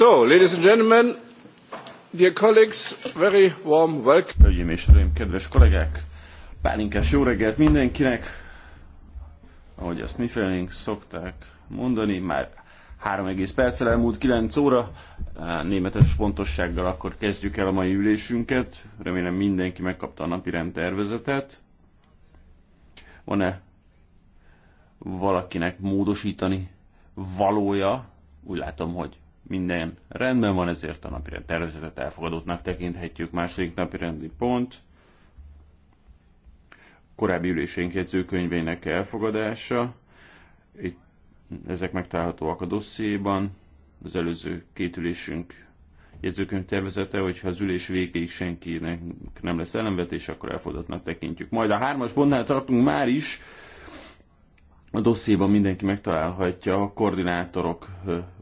ladies and gentlemen, dear colleagues, very warm welcome. Hölgyeim és uraim, kedves kollégák, pálinkás jó reggelt mindenkinek. Ahogy azt mi felénk szokták mondani, már 3 egész perccel elmúlt 9 óra. Németes pontossággal akkor kezdjük el a mai ülésünket. Remélem mindenki megkapta a napi rendtervezetet. Van-e valakinek módosítani valója? Úgy látom, hogy minden rendben van, ezért a napirend tervezetet elfogadottnak tekinthetjük. Második napirendi pont. Korábbi ülésénk jegyzőkönyvének elfogadása. Itt, ezek megtalálhatóak a dossziéban. Az előző két ülésünk jegyzőkönyv tervezete, hogyha az ülés végéig senkinek nem lesz ellenvetés, akkor elfogadottnak tekintjük. Majd a hármas pontnál tartunk már is. A dossziéban mindenki megtalálhatja a koordinátorok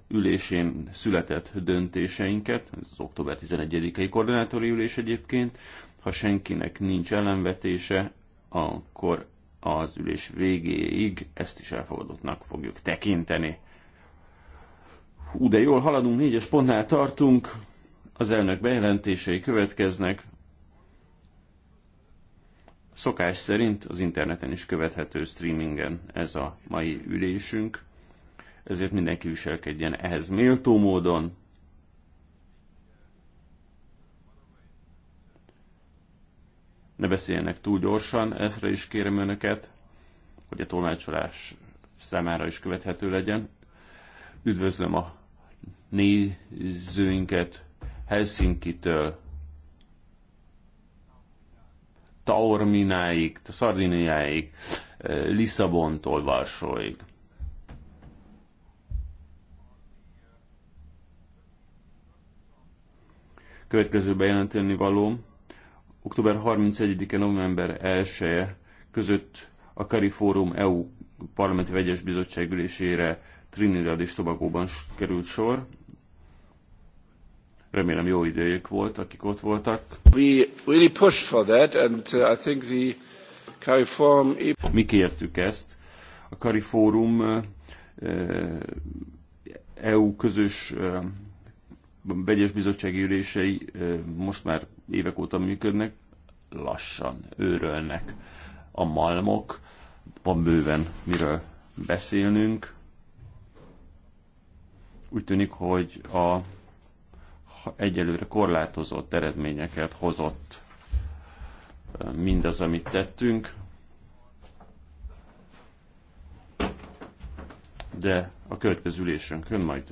ülésén született döntéseinket, ez az október 11-i koordinátori ülés egyébként, ha senkinek nincs ellenvetése, akkor az ülés végéig ezt is elfogadottnak fogjuk tekinteni. Hú, de jól haladunk, négyes pontnál tartunk, az elnök bejelentései következnek. Szokás szerint az interneten is követhető streamingen ez a mai ülésünk ezért mindenki viselkedjen ehhez méltó módon. Ne beszéljenek túl gyorsan, ezre is kérem önöket, hogy a tolmácsolás számára is követhető legyen. Üdvözlöm a nézőinket Helsinki-től Taormináig, Szardiniáig, Lisszabontól Varsóig. következő bejelenteni való. Október 31-e, november 1-e között a Kari Fórum EU Parlamenti Vegyes Bizottság ülésére Trinidad és Tobagóban került sor. Remélem jó idejük volt, akik ott voltak. We really pushed for that, and uh, I think the Cariforum... E- Mi kértük ezt. A Kari Fórum uh, uh, EU közös um, vegyes bizottsági ülései most már évek óta működnek, lassan őrölnek a malmok, van bőven miről beszélnünk. Úgy tűnik, hogy a egyelőre korlátozott eredményeket hozott mindaz, amit tettünk. de a következő ülésünkön majd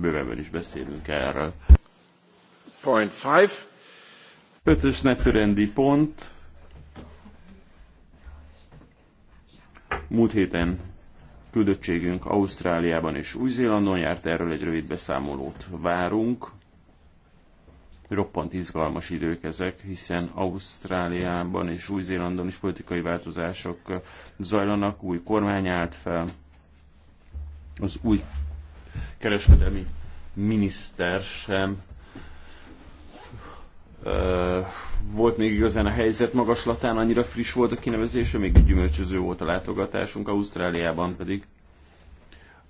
bővebben is beszélünk erről. Point five. Ötös napürendi pont. Múlt héten küldöttségünk Ausztráliában és Új-Zélandon járt, erről egy rövid beszámolót várunk. Roppant izgalmas idők ezek, hiszen Ausztráliában és Új-Zélandon is politikai változások zajlanak, új kormány állt fel, az új kereskedelmi miniszter sem volt még igazán a helyzet magaslatán, annyira friss volt a kinevezése, még gyümölcsöző volt a látogatásunk, Ausztráliában pedig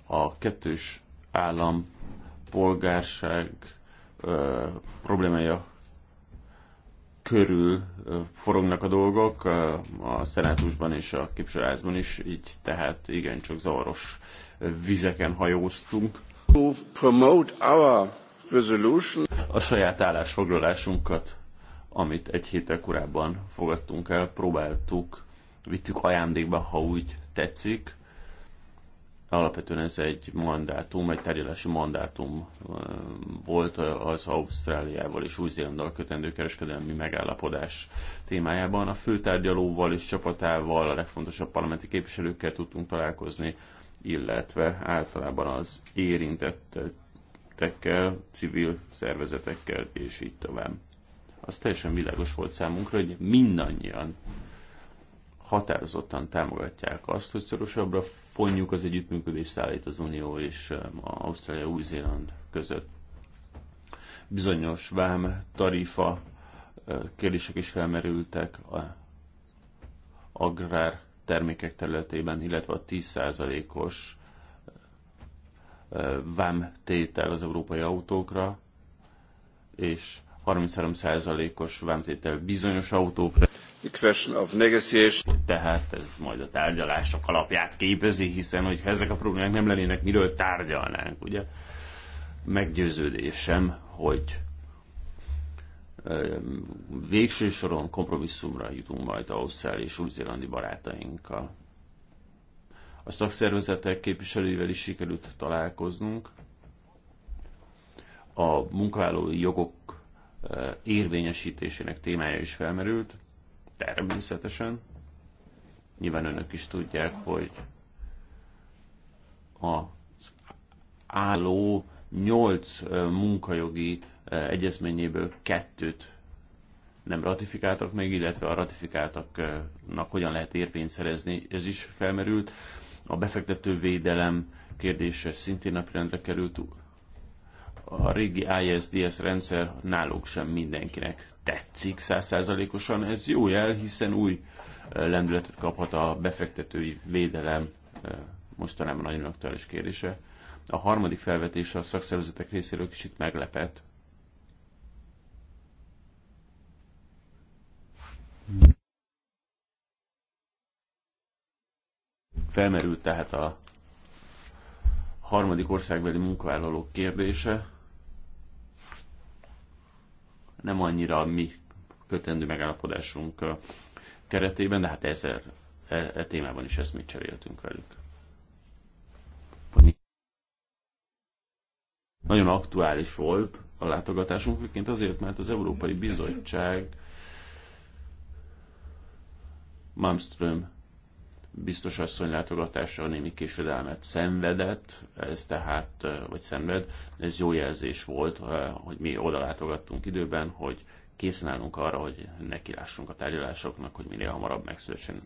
a kettős állam polgárság ö, problémája körül forognak a dolgok, a szenátusban és a képviselőházban is, így tehát igencsak zavaros vizeken hajóztunk. To promote our resolution. A saját állásfoglalásunkat, amit egy héttel korábban fogadtunk el, próbáltuk, vittük ajándékba, ha úgy tetszik, Alapvetően ez egy mandátum, egy tárgyalási mandátum volt az Ausztráliával és Új-Zélandal kötendő kereskedelmi megállapodás témájában. A főtárgyalóval és csapatával, a legfontosabb parlamenti képviselőkkel tudtunk találkozni, illetve általában az érintettekkel, civil szervezetekkel és így tovább. Az teljesen világos volt számunkra, hogy mindannyian határozottan támogatják azt, hogy szorosabbra fonjuk az együttműködés szállít az Unió és Ausztrália-Új-Zéland között. Bizonyos vám, tarifa kérdések is felmerültek a agrár termékek területében, illetve a 10%-os vám tétel az európai autókra, és 33%-os vámtétel bizonyos autókra, tehát ez majd a tárgyalások alapját képezi, hiszen hogyha ezek a problémák nem lennének, miről tárgyalnánk, ugye? Meggyőződésem, hogy végső soron kompromisszumra jutunk majd Ausztrál és új-zélandi barátainkkal. A szakszervezetek képviselőivel is sikerült találkoznunk. A munkavállalói jogok érvényesítésének témája is felmerült természetesen. Nyilván önök is tudják, hogy az álló nyolc munkajogi egyezményéből kettőt nem ratifikáltak még, illetve a ratifikáltaknak hogyan lehet érvényt szerezni, ez is felmerült. A befektető védelem kérdése szintén napirendre került. A régi ISDS rendszer náluk sem mindenkinek tetszik százszázalékosan, ez jó jel, hiszen új lendületet kaphat a befektetői védelem mostanában nagyon aktuális kérdése. A harmadik felvetés a szakszervezetek részéről kicsit meglepett. Felmerült tehát a harmadik országbeli munkavállalók kérdése, nem annyira mi kötendő megállapodásunk keretében, de hát ezer e, e témában is ezt mit cseréltünk velük. Nagyon aktuális volt a látogatásunk, főként azért, mert az Európai Bizottság Malmström biztos asszony látogatásra némi késedelmet szenvedett, ez tehát, vagy szenved, ez jó jelzés volt, hogy mi oda látogattunk időben, hogy készen állunk arra, hogy nekilássunk a tárgyalásoknak, hogy minél hamarabb megszülessen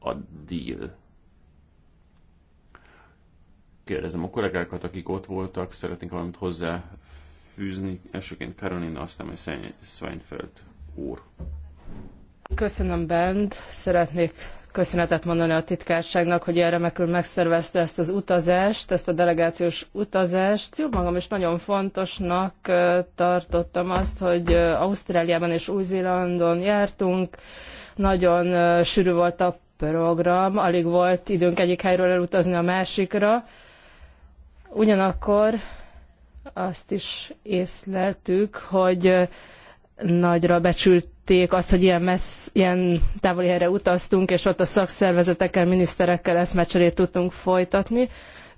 a deal. Kérdezem a kollégákat, akik ott voltak, szeretnénk valamit hozzá fűzni. Elsőként Karolina, aztán Sveinfeld úr. Köszönöm, Bend. Szeretnék köszönetet mondani a titkárságnak, hogy ilyen remekül megszervezte ezt az utazást, ezt a delegációs utazást. Jó magam is nagyon fontosnak tartottam azt, hogy Ausztráliában és Új-Zélandon jártunk. Nagyon sűrű volt a program, alig volt időnk egyik helyről elutazni a másikra. Ugyanakkor azt is észleltük, hogy nagyra becsülték azt, hogy ilyen, messz, ilyen távoli helyre utaztunk, és ott a szakszervezetekkel, miniszterekkel eszmecserét tudtunk folytatni.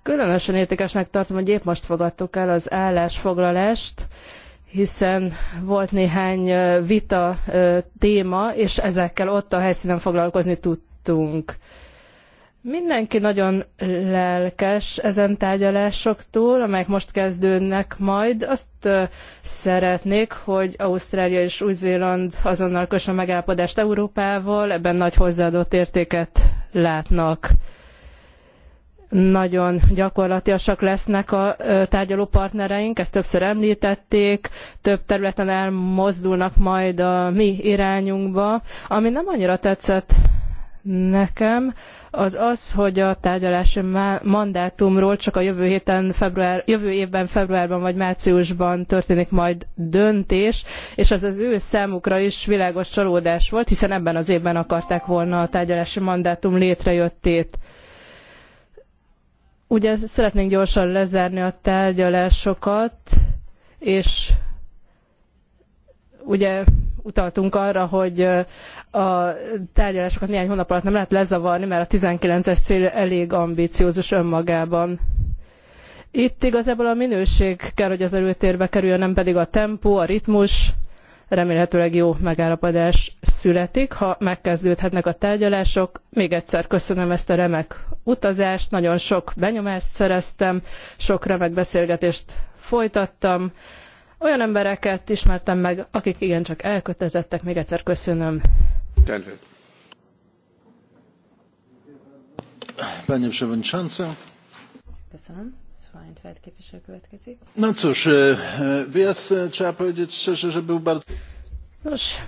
Különösen értékesnek tartom, hogy épp most fogadtuk el az állásfoglalást, hiszen volt néhány vita téma, és ezekkel ott a helyszínen foglalkozni tudtunk. Mindenki nagyon lelkes ezen tárgyalásoktól, amelyek most kezdődnek majd. Azt szeretnék, hogy Ausztrália és Új-Zéland azonnal kössön megállapodást Európával, ebben nagy hozzáadott értéket látnak. Nagyon gyakorlatiasak lesznek a tárgyaló partnereink, ezt többször említették, több területen elmozdulnak majd a mi irányunkba, ami nem annyira tetszett nekem, az az, hogy a tárgyalási mandátumról csak a jövő héten, február, jövő évben, februárban vagy márciusban történik majd döntés, és az az ő számukra is világos csalódás volt, hiszen ebben az évben akarták volna a tárgyalási mandátum létrejöttét. Ugye szeretnénk gyorsan lezárni a tárgyalásokat, és ugye utaltunk arra, hogy a tárgyalásokat néhány hónap alatt nem lehet lezavarni, mert a 19-es cél elég ambiciózus önmagában. Itt igazából a minőség kell, hogy az előtérbe kerüljön, nem pedig a tempó, a ritmus. Remélhetőleg jó megállapodás születik, ha megkezdődhetnek a tárgyalások. Még egyszer köszönöm ezt a remek utazást, nagyon sok benyomást szereztem, sok remek beszélgetést folytattam. Olyan embereket ismertem meg, akik igencsak elkötelezettek. Még egyszer köszönöm. Panie Przewodniczący. Köszönöm. Schweinfeld képviselő következik. No cóż, Bias, e, e, e, trzeba powiedzieć szczerze, że był bardzo... Nos,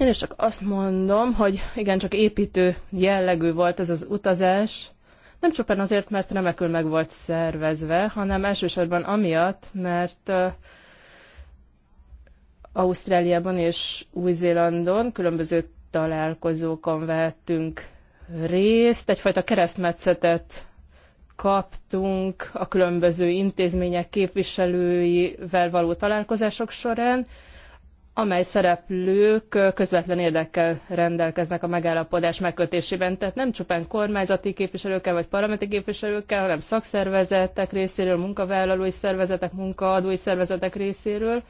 én is csak azt mondom, hogy igen, csak építő jellegű volt ez az utazás, nem csupán azért, mert remekül meg volt szervezve, hanem elsősorban amiatt, mert Ausztráliában és Új-Zélandon különböző találkozókon vettünk részt, egyfajta keresztmetszetet kaptunk a különböző intézmények képviselőivel való találkozások során, amely szereplők közvetlen érdekkel rendelkeznek a megállapodás megkötésében. Tehát nem csupán kormányzati képviselőkkel vagy parlamenti képviselőkkel, hanem szakszervezetek részéről, munkavállalói szervezetek, munkaadói szervezetek részéről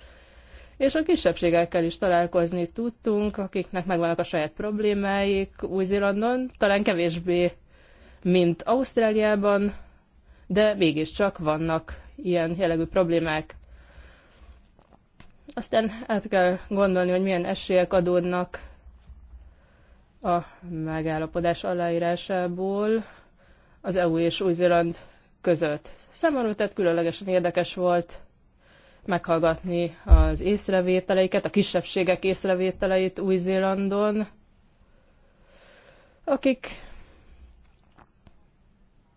és a kisebbségekkel is találkozni tudtunk, akiknek megvannak a saját problémáik Új-Zélandon, talán kevésbé, mint Ausztráliában, de mégiscsak vannak ilyen jellegű problémák. Aztán át kell gondolni, hogy milyen esélyek adódnak a megállapodás aláírásából az EU és Új-Zéland között. Számomra tehát különlegesen érdekes volt meghallgatni az észrevételeiket, a kisebbségek észrevételeit Új-Zélandon, akik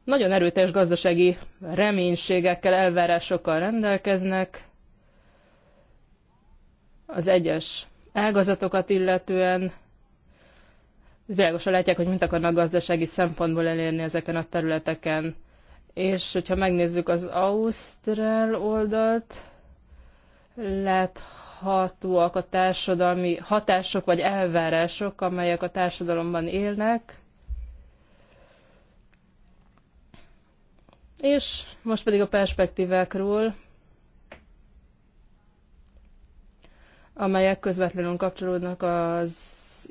nagyon erőteljes gazdasági reménységekkel, elvárásokkal rendelkeznek, az egyes ágazatokat illetően világosan látják, hogy mit akarnak gazdasági szempontból elérni ezeken a területeken. És hogyha megnézzük az Ausztrál oldalt, láthatóak a társadalmi hatások vagy elvárások, amelyek a társadalomban élnek. És most pedig a perspektívákról, amelyek közvetlenül kapcsolódnak az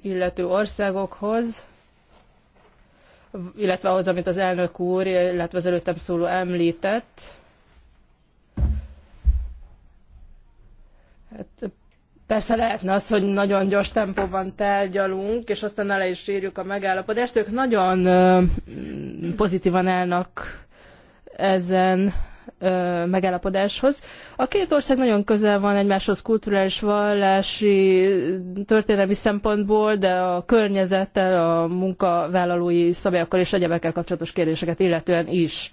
illető országokhoz, illetve ahhoz, amit az elnök úr, illetve az előttem szóló említett. Hát, persze lehetne az, hogy nagyon gyors tempóban tárgyalunk, és aztán el is írjuk a megállapodást. Ők nagyon ö, pozitívan állnak ezen ö, megállapodáshoz. A két ország nagyon közel van egymáshoz kulturális, vallási, történelmi szempontból, de a környezettel, a munkavállalói szabályokkal és egyebekkel kapcsolatos kérdéseket illetően is.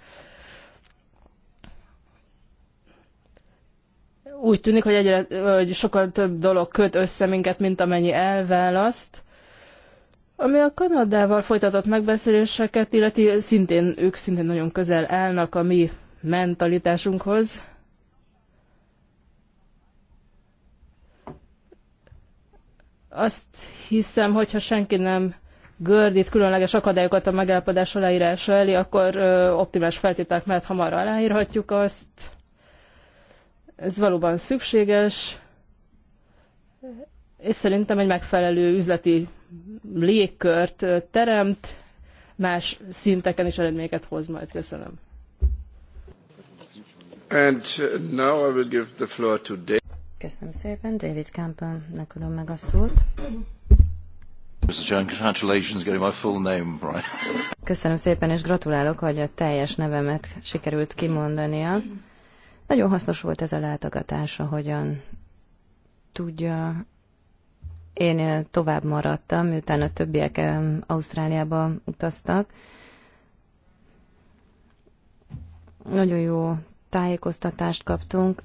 úgy tűnik, hogy, egyre, hogy sokkal több dolog köt össze minket, mint amennyi elválaszt. Ami a Kanadával folytatott megbeszéléseket illeti, szintén ők szintén nagyon közel állnak a mi mentalitásunkhoz. Azt hiszem, hogyha senki nem gördít különleges akadályokat a megállapodás aláírása elé, akkor ö, optimális feltételek mellett hamar aláírhatjuk azt. Ez valóban szükséges, és szerintem egy megfelelő üzleti légkört teremt, más szinteken is eredményeket hoz majd. Köszönöm. And uh, now I will give the floor to David. Köszönöm szépen. David Campbell-nek adom meg a szót. Köszönöm szépen, és gratulálok, hogy a teljes nevemet sikerült kimondania. Nagyon hasznos volt ez a látogatás, ahogyan tudja. Én tovább maradtam, miután a többiek Ausztráliába utaztak. Nagyon jó tájékoztatást kaptunk,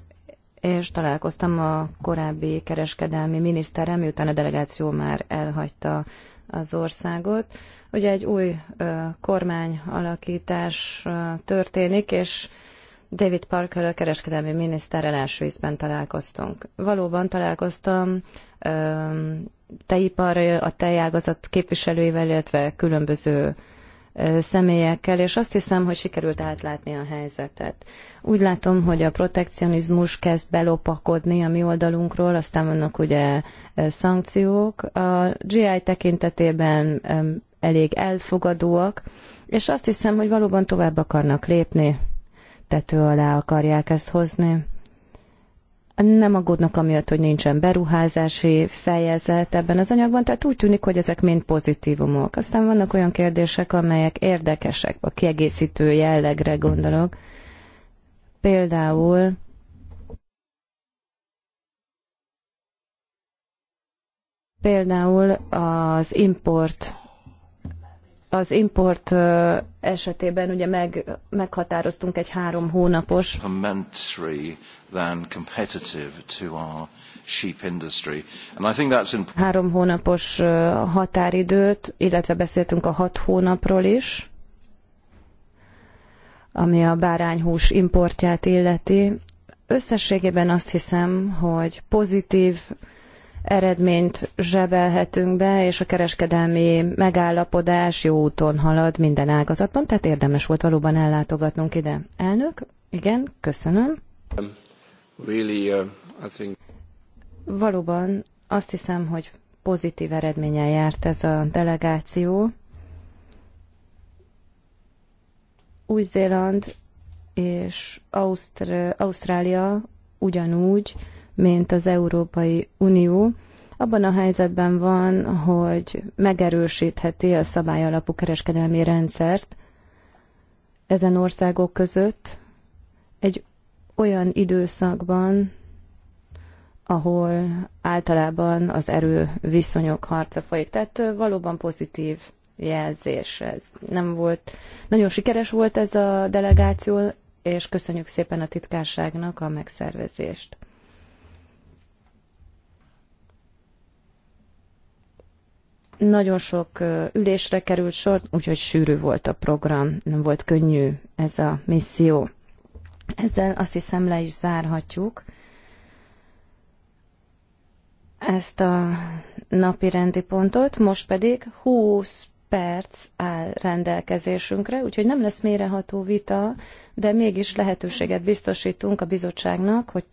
és találkoztam a korábbi kereskedelmi miniszterem, miután a delegáció már elhagyta az országot. Ugye egy új ö, kormány alakítás ö, történik, és David Parker, a kereskedelmi miniszterrel első ízben találkoztunk. Valóban találkoztam tejipar, a tejágazat képviselőivel, illetve különböző személyekkel, és azt hiszem, hogy sikerült átlátni a helyzetet. Úgy látom, hogy a protekcionizmus kezd belopakodni a mi oldalunkról, aztán vannak ugye szankciók. A GI tekintetében elég elfogadóak, és azt hiszem, hogy valóban tovább akarnak lépni tető alá akarják ezt hozni. Nem aggódnak amiatt, hogy nincsen beruházási fejezet ebben az anyagban, tehát úgy tűnik, hogy ezek mind pozitívumok. Aztán vannak olyan kérdések, amelyek érdekesek, a kiegészítő jellegre gondolok. Például például az import az import esetében ugye meg, meghatároztunk egy három hónapos három hónapos határidőt, illetve beszéltünk a hat hónapról is, ami a bárányhús importját illeti. Összességében azt hiszem, hogy pozitív eredményt zsebelhetünk be, és a kereskedelmi megállapodás jó úton halad minden ágazatban, tehát érdemes volt valóban ellátogatnunk ide. Elnök, igen, köszönöm. Um, really, uh, I think... Valóban azt hiszem, hogy pozitív eredménnyel járt ez a delegáció. Új-Zéland és Ausztr- Ausztrália ugyanúgy mint az Európai Unió, abban a helyzetben van, hogy megerősítheti a szabályalapú kereskedelmi rendszert ezen országok között egy olyan időszakban, ahol általában az erő viszonyok harca folyik. Tehát valóban pozitív jelzés ez. Nem volt, nagyon sikeres volt ez a delegáció, és köszönjük szépen a titkárságnak a megszervezést. Nagyon sok ülésre került sor, úgyhogy sűrű volt a program, nem volt könnyű ez a misszió. Ezzel azt hiszem le is zárhatjuk ezt a napi rendi pontot, most pedig 20 perc áll rendelkezésünkre, úgyhogy nem lesz méreható vita, de mégis lehetőséget biztosítunk a bizottságnak, hogy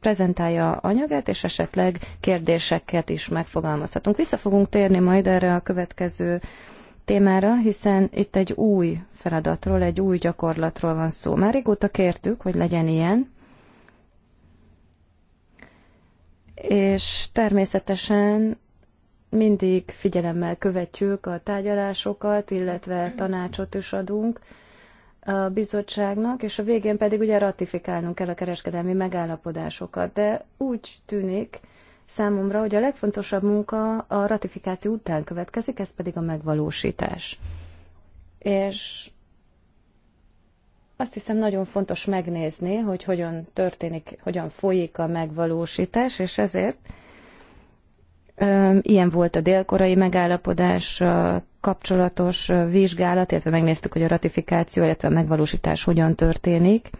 prezentálja anyagát, és esetleg kérdéseket is megfogalmazhatunk. Vissza fogunk térni majd erre a következő témára, hiszen itt egy új feladatról, egy új gyakorlatról van szó. Már régóta kértük, hogy legyen ilyen, és természetesen mindig figyelemmel követjük a tárgyalásokat, illetve tanácsot is adunk a bizottságnak, és a végén pedig ugye ratifikálnunk kell a kereskedelmi megállapodásokat. De úgy tűnik számomra, hogy a legfontosabb munka a ratifikáció után következik, ez pedig a megvalósítás. És azt hiszem nagyon fontos megnézni, hogy hogyan történik, hogyan folyik a megvalósítás, és ezért Ilyen volt a délkorai megállapodás kapcsolatos vizsgálat, illetve megnéztük, hogy a ratifikáció, illetve a megvalósítás hogyan történik.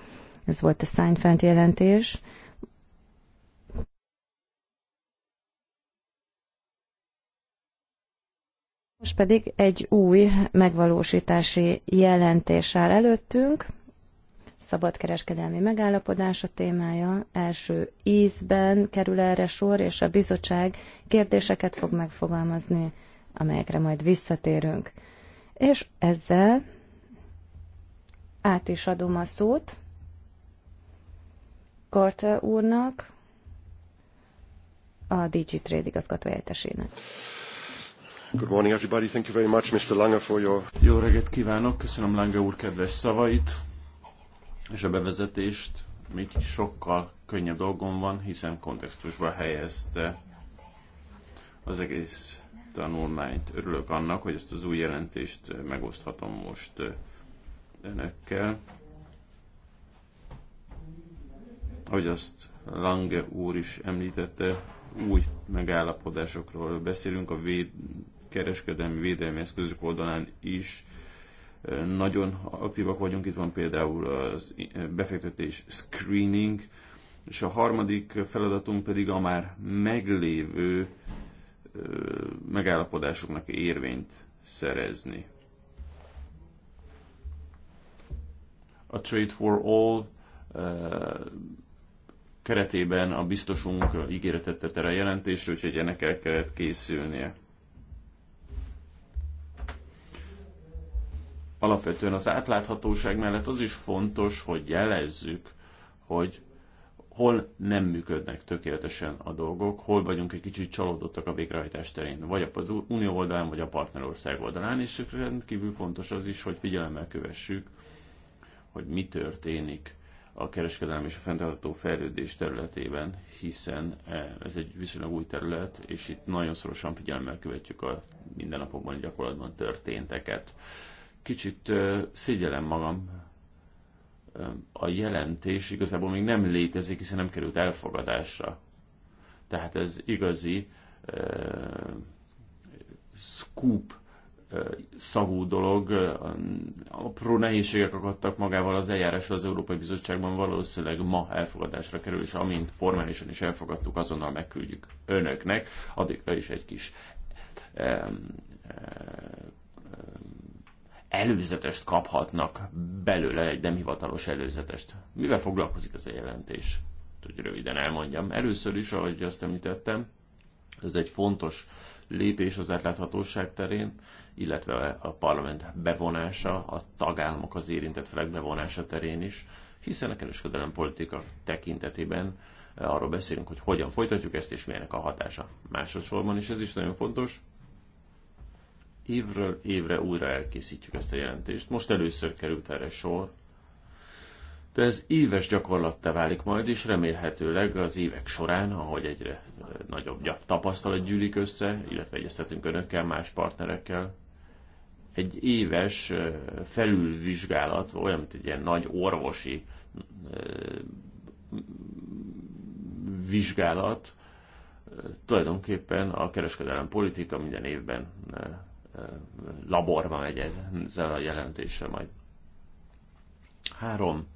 Ez volt a Seinfeld jelentés. Most pedig egy új megvalósítási jelentés áll előttünk szabadkereskedelmi megállapodás a témája. Első ízben kerül erre sor, és a bizottság kérdéseket fog megfogalmazni, amelyekre majd visszatérünk. És ezzel át is adom a szót Korte úrnak, a DigiTrade igazgató helyettesének. Good morning everybody, thank you very much Mr. Lange for your... Jó reggelt kívánok, köszönöm Lange úr kedves szavait és a bevezetést még sokkal könnyebb dolgom van, hiszen kontextusba helyezte az egész tanulmányt. Örülök annak, hogy ezt az új jelentést megoszthatom most önökkel. Ahogy azt Lange úr is említette, új megállapodásokról beszélünk a véd, kereskedelmi védelmi eszközök oldalán is nagyon aktívak vagyunk, itt van például az befektetés screening, és a harmadik feladatunk pedig a már meglévő megállapodásoknak érvényt szerezni. A Trade for All keretében a biztosunk ígéretet tett erre a jelentésre, úgyhogy ennek el kellett készülnie. Alapvetően az átláthatóság mellett az is fontos, hogy jelezzük, hogy hol nem működnek tökéletesen a dolgok, hol vagyunk egy kicsit csalódottak a végrehajtás terén, vagy az unió oldalán, vagy a partnerország oldalán, és rendkívül fontos az is, hogy figyelemmel kövessük, hogy mi történik a kereskedelem és a fenntartható fejlődés területében, hiszen eh, ez egy viszonylag új terület, és itt nagyon szorosan figyelemmel követjük a mindennapokban gyakorlatban történteket kicsit szégyellem magam. A jelentés igazából még nem létezik, hiszen nem került elfogadásra. Tehát ez igazi scoop szagú dolog. Apró nehézségek akadtak magával az eljárásra az Európai Bizottságban, valószínűleg ma elfogadásra kerül, és amint formálisan is elfogadtuk, azonnal megküldjük önöknek, addigra is egy kis előzetest kaphatnak belőle, egy nem hivatalos előzetest. Mivel foglalkozik ez a jelentés? Hogy röviden elmondjam. Először is, ahogy azt említettem, ez egy fontos lépés az átláthatóság terén, illetve a parlament bevonása, a tagállamok az érintett felek bevonása terén is, hiszen a kereskedelem politika tekintetében eh, arról beszélünk, hogy hogyan folytatjuk ezt és milyenek a hatása. Másodszorban is ez is nagyon fontos, évről évre újra elkészítjük ezt a jelentést. Most először került erre sor, de ez éves gyakorlattá válik majd, és remélhetőleg az évek során, ahogy egyre nagyobb tapasztalat gyűlik össze, illetve egyeztetünk önökkel, más partnerekkel, egy éves felülvizsgálat, olyan, mint egy ilyen nagy orvosi vizsgálat, tulajdonképpen a kereskedelem politika minden évben Laborban megy ezzel a jelentéssel majd. Három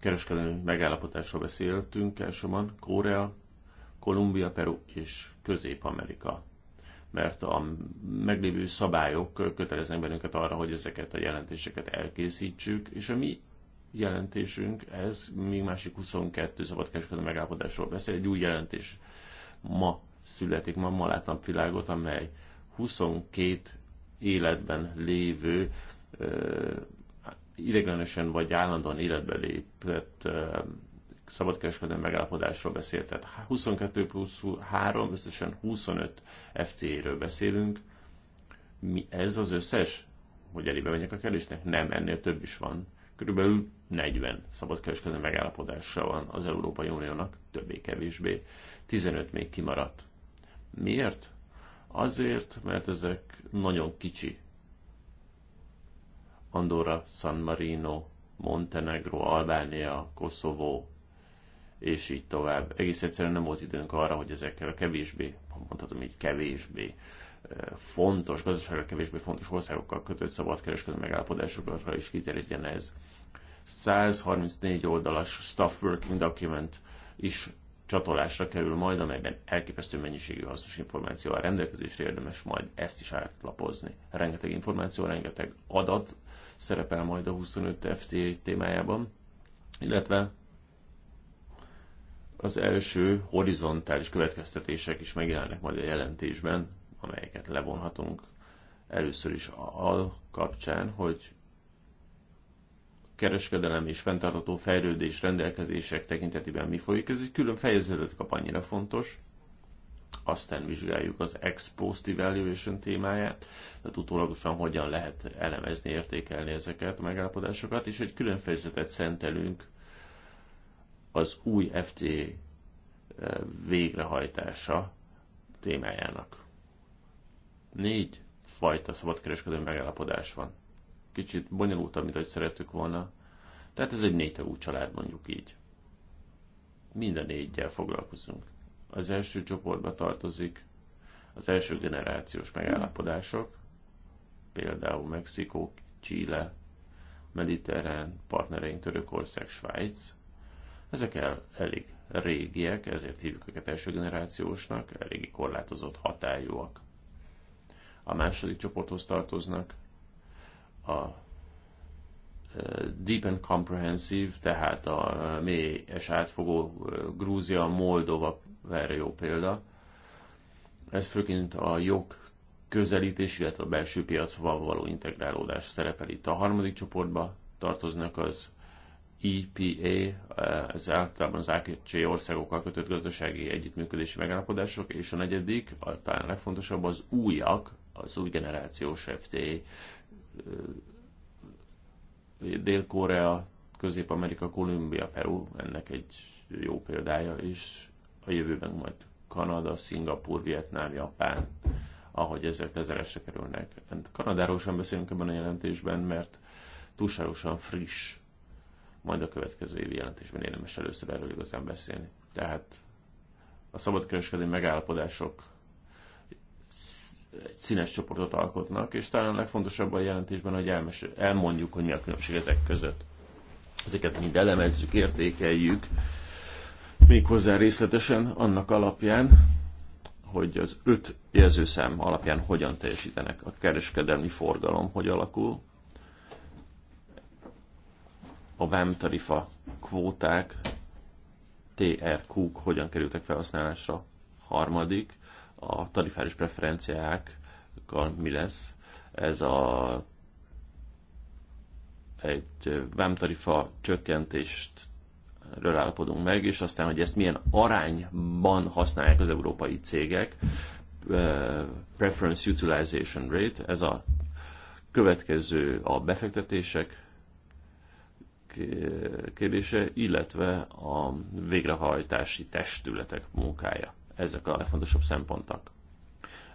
kereskedelmi megállapodásról beszéltünk elsőban, Korea, Kolumbia, Peru és Közép-Amerika mert a meglévő szabályok köteleznek bennünket arra, hogy ezeket a jelentéseket elkészítsük, és a mi jelentésünk, ez még másik 22 szabadkereskedelmi megállapodásról beszél, egy új jelentés ma születik, ma, ma láttam világot, amely 22 életben lévő ideiglenesen vagy állandóan életbe lépett szabadkereskedelmi megállapodásról beszélt. Tehát 22 plusz 3, összesen 25 fc ről beszélünk. Mi ez az összes? Hogy elébe menjek a kerülésnek? Nem, ennél több is van. Körülbelül 40 szabadkereskedelmi megállapodása van az Európai Uniónak, többé-kevésbé. 15 még kimaradt. Miért? Azért, mert ezek nagyon kicsi. Andorra, San Marino, Montenegro, Albánia, Koszovó, és így tovább. Egész egyszerűen nem volt időnk arra, hogy ezekkel a kevésbé, mondhatom így kevésbé, eh, fontos, gazdaságra kevésbé fontos országokkal kötött szabadkereskedő megállapodásokra is kiterjedjen ez. 134 oldalas staff working document is csatolásra kerül majd, amelyben elképesztő mennyiségű hasznos információ a rendelkezésre, érdemes majd ezt is átlapozni. Rengeteg információ, rengeteg adat szerepel majd a 25 FT témájában, illetve az első horizontális következtetések is megjelennek majd a jelentésben, amelyeket levonhatunk először is a kapcsán, hogy kereskedelem és fenntartható fejlődés rendelkezések tekintetében mi folyik. Ez egy külön fejezetet kap annyira fontos. Aztán vizsgáljuk az ex post evaluation témáját, tehát utólagosan hogyan lehet elemezni, értékelni ezeket a megállapodásokat, és egy külön fejezetet szentelünk az új FT e, eh, végrehajtása témájának. Négy fajta szabadkereskedő megállapodás van kicsit bonyolultabb, mint ahogy szerettük volna. Tehát ez egy négytagú család, mondjuk így. Minden négyel foglalkozunk. Az első csoportba tartozik az első generációs megállapodások, például Mexikó, Chile, Mediterrán, partnereink Törökország, Svájc. Ezek el, elég régiek, ezért hívjuk őket első generációsnak, eléggé korlátozott hatályúak. A második csoporthoz tartoznak a deep and comprehensive, tehát a mély és átfogó Grúzia, Moldova erre jó példa. Ez főként a jog közelítés, illetve a belső piacval való integrálódás szerepel itt. A harmadik csoportba tartoznak az EPA, ez általában az AKC országokkal kötött gazdasági együttműködési megállapodások, és a negyedik, a talán legfontosabb az újak, az új generációs FTA Dél-Korea, Közép-Amerika, Kolumbia, Peru, ennek egy jó példája, és a jövőben majd Kanada, Szingapur, Vietnám, Japán, ahogy ezek lezeresse kerülnek. Hát Kanadáról sem beszélünk ebben a jelentésben, mert túlságosan friss, majd a következő évi jelentésben érdemes először erről igazán beszélni. Tehát a szabadkereskedelmi megállapodások egy színes csoportot alkotnak, és talán a legfontosabb a jelentésben, hogy elmesél, elmondjuk, hogy mi a különbség ezek között. Ezeket mind elemezzük, értékeljük, méghozzá részletesen annak alapján, hogy az öt jelzőszám alapján hogyan teljesítenek a kereskedelmi forgalom, hogy alakul, a vámtarifa kvóták, TRQ-k hogyan kerültek felhasználásra, harmadik, a tarifáris preferenciákkal mi lesz. Ez a egy vámtarifa csökkentést ről állapodunk meg, és aztán, hogy ezt milyen arányban használják az európai cégek, preference utilization rate, ez a következő a befektetések kérdése, illetve a végrehajtási testületek munkája. Ezek a legfontosabb szempontok.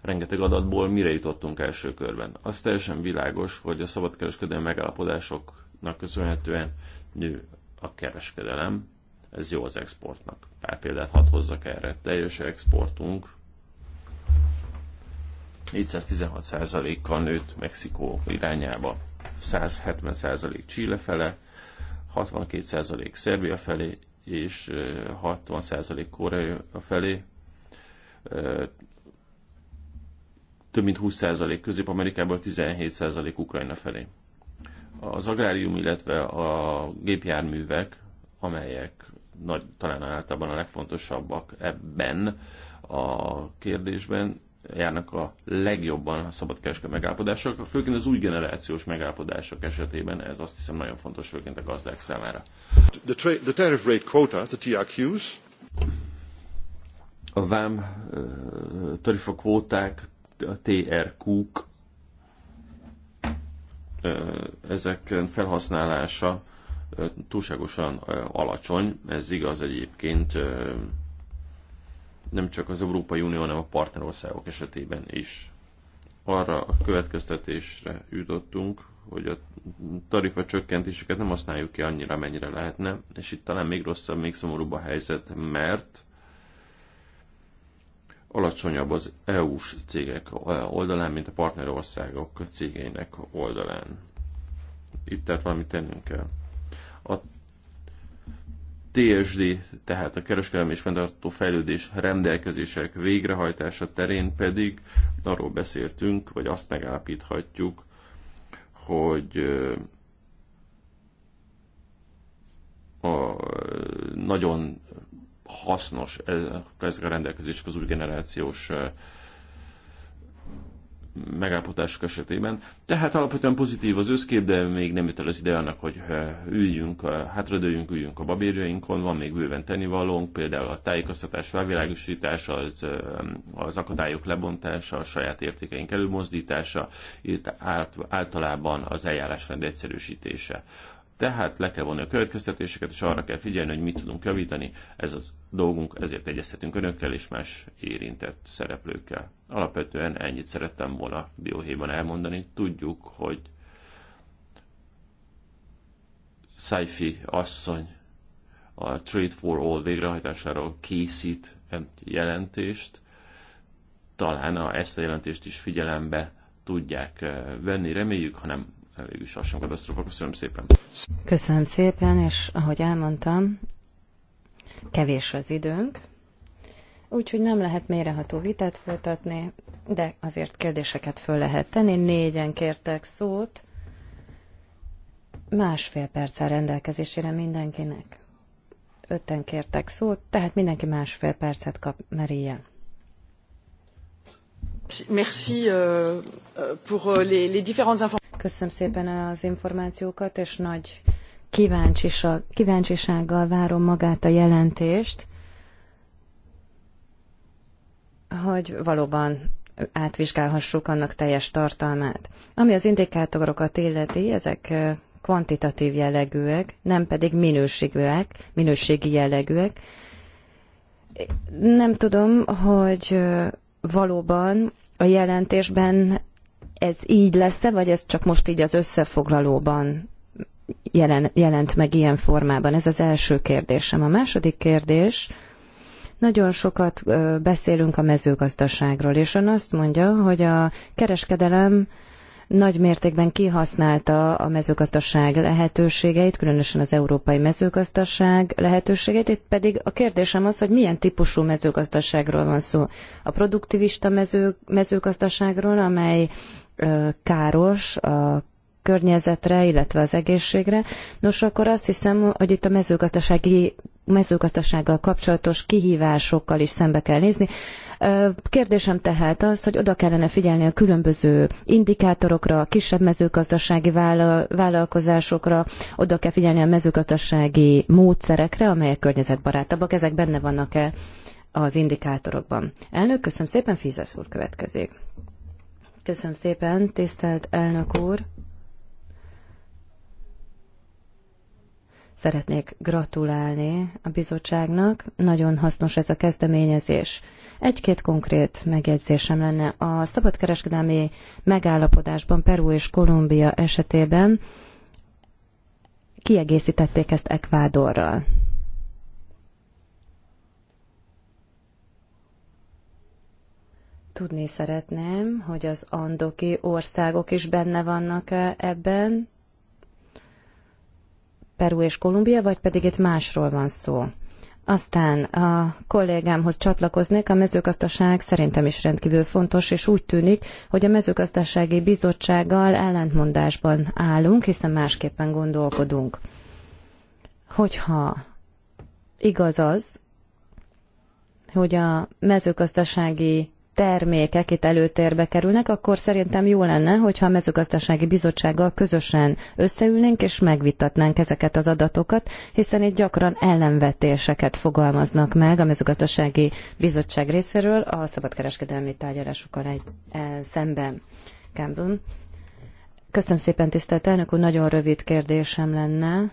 Rengeteg adatból mire jutottunk első körben. Az teljesen világos, hogy a szabadkereskedelmi megállapodásoknak köszönhetően nő a kereskedelem, ez jó az exportnak. Pár példát hadd hozzak erre. Teljes exportunk 416%-kal nőtt Mexikó irányába, 170% Chile fele, 62% Szerbia felé és 60% Korea felé, több mint 20% Közép-Amerikából, 17% Ukrajna felé. Az agrárium, illetve a gépjárművek, amelyek nagy, talán általában a legfontosabbak ebben a kérdésben, járnak a legjobban a szabadkereskedelmi megállapodások, főként az új generációs megállapodások esetében ez azt hiszem nagyon fontos, főként a gazdák számára. The, tra- the tariff rate quota, the TRQs a vám tarifakvóták, a TRQ-k, ezek felhasználása túlságosan alacsony. Ez igaz egyébként nem csak az Európai Unió, hanem a partnerországok esetében is. Arra a következtetésre jutottunk, hogy a tarifa csökkentéseket nem használjuk ki annyira, mennyire lehetne, és itt talán még rosszabb, még szomorúbb a helyzet, mert alacsonyabb az EU-s cégek oldalán, mint a partnerországok cégeinek oldalán. Itt tehát valamit tennünk kell. A TSD, tehát a kereskedelmi és fenntartó fejlődés rendelkezések végrehajtása terén pedig arról beszéltünk, vagy azt megállapíthatjuk, hogy a nagyon hasznos ezek a rendelkezések az új generációs megállapodások esetében. Tehát alapvetően pozitív az összkép, de még nem jut el az ide annak, hogy üljünk, hátradőjünk, üljünk a babérjainkon, van még bőven tennivalónk, például a tájékoztatás, felvilágosítás, az, az akadályok lebontása, a saját értékeink előmozdítása, itt általában az eljárásrend egyszerűsítése. Tehát le kell vonni a következtetéseket, és arra kell figyelni, hogy mit tudunk javítani. Ez az dolgunk, ezért egyeztetünk önökkel és más érintett szereplőkkel. Alapvetően ennyit szerettem volna dióhéjban elmondani. Tudjuk, hogy Saifi asszony a Trade for All végrehajtásáról készít jelentést. Talán a ezt a jelentést is figyelembe tudják eh, venni, reméljük, hanem végül is katasztrófa. Köszönöm szépen. Köszönöm szépen, és ahogy elmondtam, kevés az időnk, úgyhogy nem lehet mélyreható vitát folytatni, de azért kérdéseket föl lehet tenni. Négyen kértek szót, másfél perccel rendelkezésére mindenkinek. Ötten kértek szót, tehát mindenki másfél percet kap, Maria. Merci euh, euh, pour euh, les, les différentes informations. Köszönöm szépen az információkat, és nagy kíváncsisággal várom magát a jelentést, hogy valóban átvizsgálhassuk annak teljes tartalmát. Ami az indikátorokat illeti, ezek kvantitatív jellegűek, nem pedig minőségűek, minőségi jellegűek. Nem tudom, hogy valóban a jelentésben ez így lesz-e, vagy ez csak most így az összefoglalóban jelen, jelent meg ilyen formában? Ez az első kérdésem. A második kérdés, nagyon sokat beszélünk a mezőgazdaságról, és ön azt mondja, hogy a kereskedelem nagy mértékben kihasználta a mezőgazdaság lehetőségeit, különösen az európai mezőgazdaság lehetőségeit. Itt pedig a kérdésem az, hogy milyen típusú mezőgazdaságról van szó. A produktivista mező, mezőgazdaságról, amely káros a környezetre, illetve az egészségre. Nos, akkor azt hiszem, hogy itt a mezőgazdasági mezőgazdasággal kapcsolatos kihívásokkal is szembe kell nézni. Kérdésem tehát az, hogy oda kellene figyelni a különböző indikátorokra, a kisebb mezőgazdasági vállalkozásokra, oda kell figyelni a mezőgazdasági módszerekre, amelyek környezetbarátabbak. Ezek benne vannak-e az indikátorokban? Elnök, köszönöm szépen, Fízes úr következik. Köszönöm szépen, tisztelt elnök úr! Szeretnék gratulálni a bizottságnak, nagyon hasznos ez a kezdeményezés. Egy-két konkrét megjegyzésem lenne. A szabadkereskedelmi megállapodásban Peru és Kolumbia esetében kiegészítették ezt Ekvádorral. Tudni szeretném, hogy az andoki országok is benne vannak -e ebben, Peru és Kolumbia, vagy pedig itt másról van szó. Aztán a kollégámhoz csatlakoznék, a mezőgazdaság szerintem is rendkívül fontos, és úgy tűnik, hogy a mezőgazdasági bizottsággal ellentmondásban állunk, hiszen másképpen gondolkodunk. Hogyha igaz az, hogy a mezőgazdasági termékek itt előtérbe kerülnek, akkor szerintem jó lenne, hogyha a mezőgazdasági bizottsággal közösen összeülnénk és megvitatnánk ezeket az adatokat, hiszen itt gyakran ellenvetéseket fogalmaznak meg a mezőgazdasági bizottság részéről a szabadkereskedelmi tárgyalásokkal egy, e, szemben. Campbell. Köszönöm szépen, tisztelt elnök úr, nagyon rövid kérdésem lenne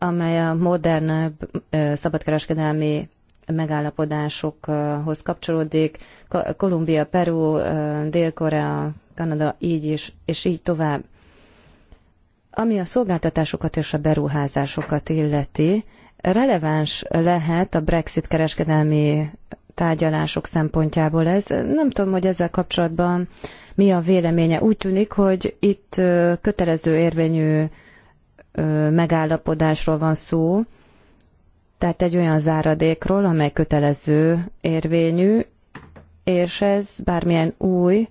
amely a modernebb e, szabadkereskedelmi megállapodásokhoz kapcsolódik. Kolumbia, Peru, Dél-Korea, Kanada, így is, és így tovább. Ami a szolgáltatásokat és a beruházásokat illeti, releváns lehet a Brexit kereskedelmi tárgyalások szempontjából ez. Nem tudom, hogy ezzel kapcsolatban mi a véleménye. Úgy tűnik, hogy itt kötelező érvényű megállapodásról van szó, tehát egy olyan záradékról, amely kötelező érvényű, és ez bármilyen új,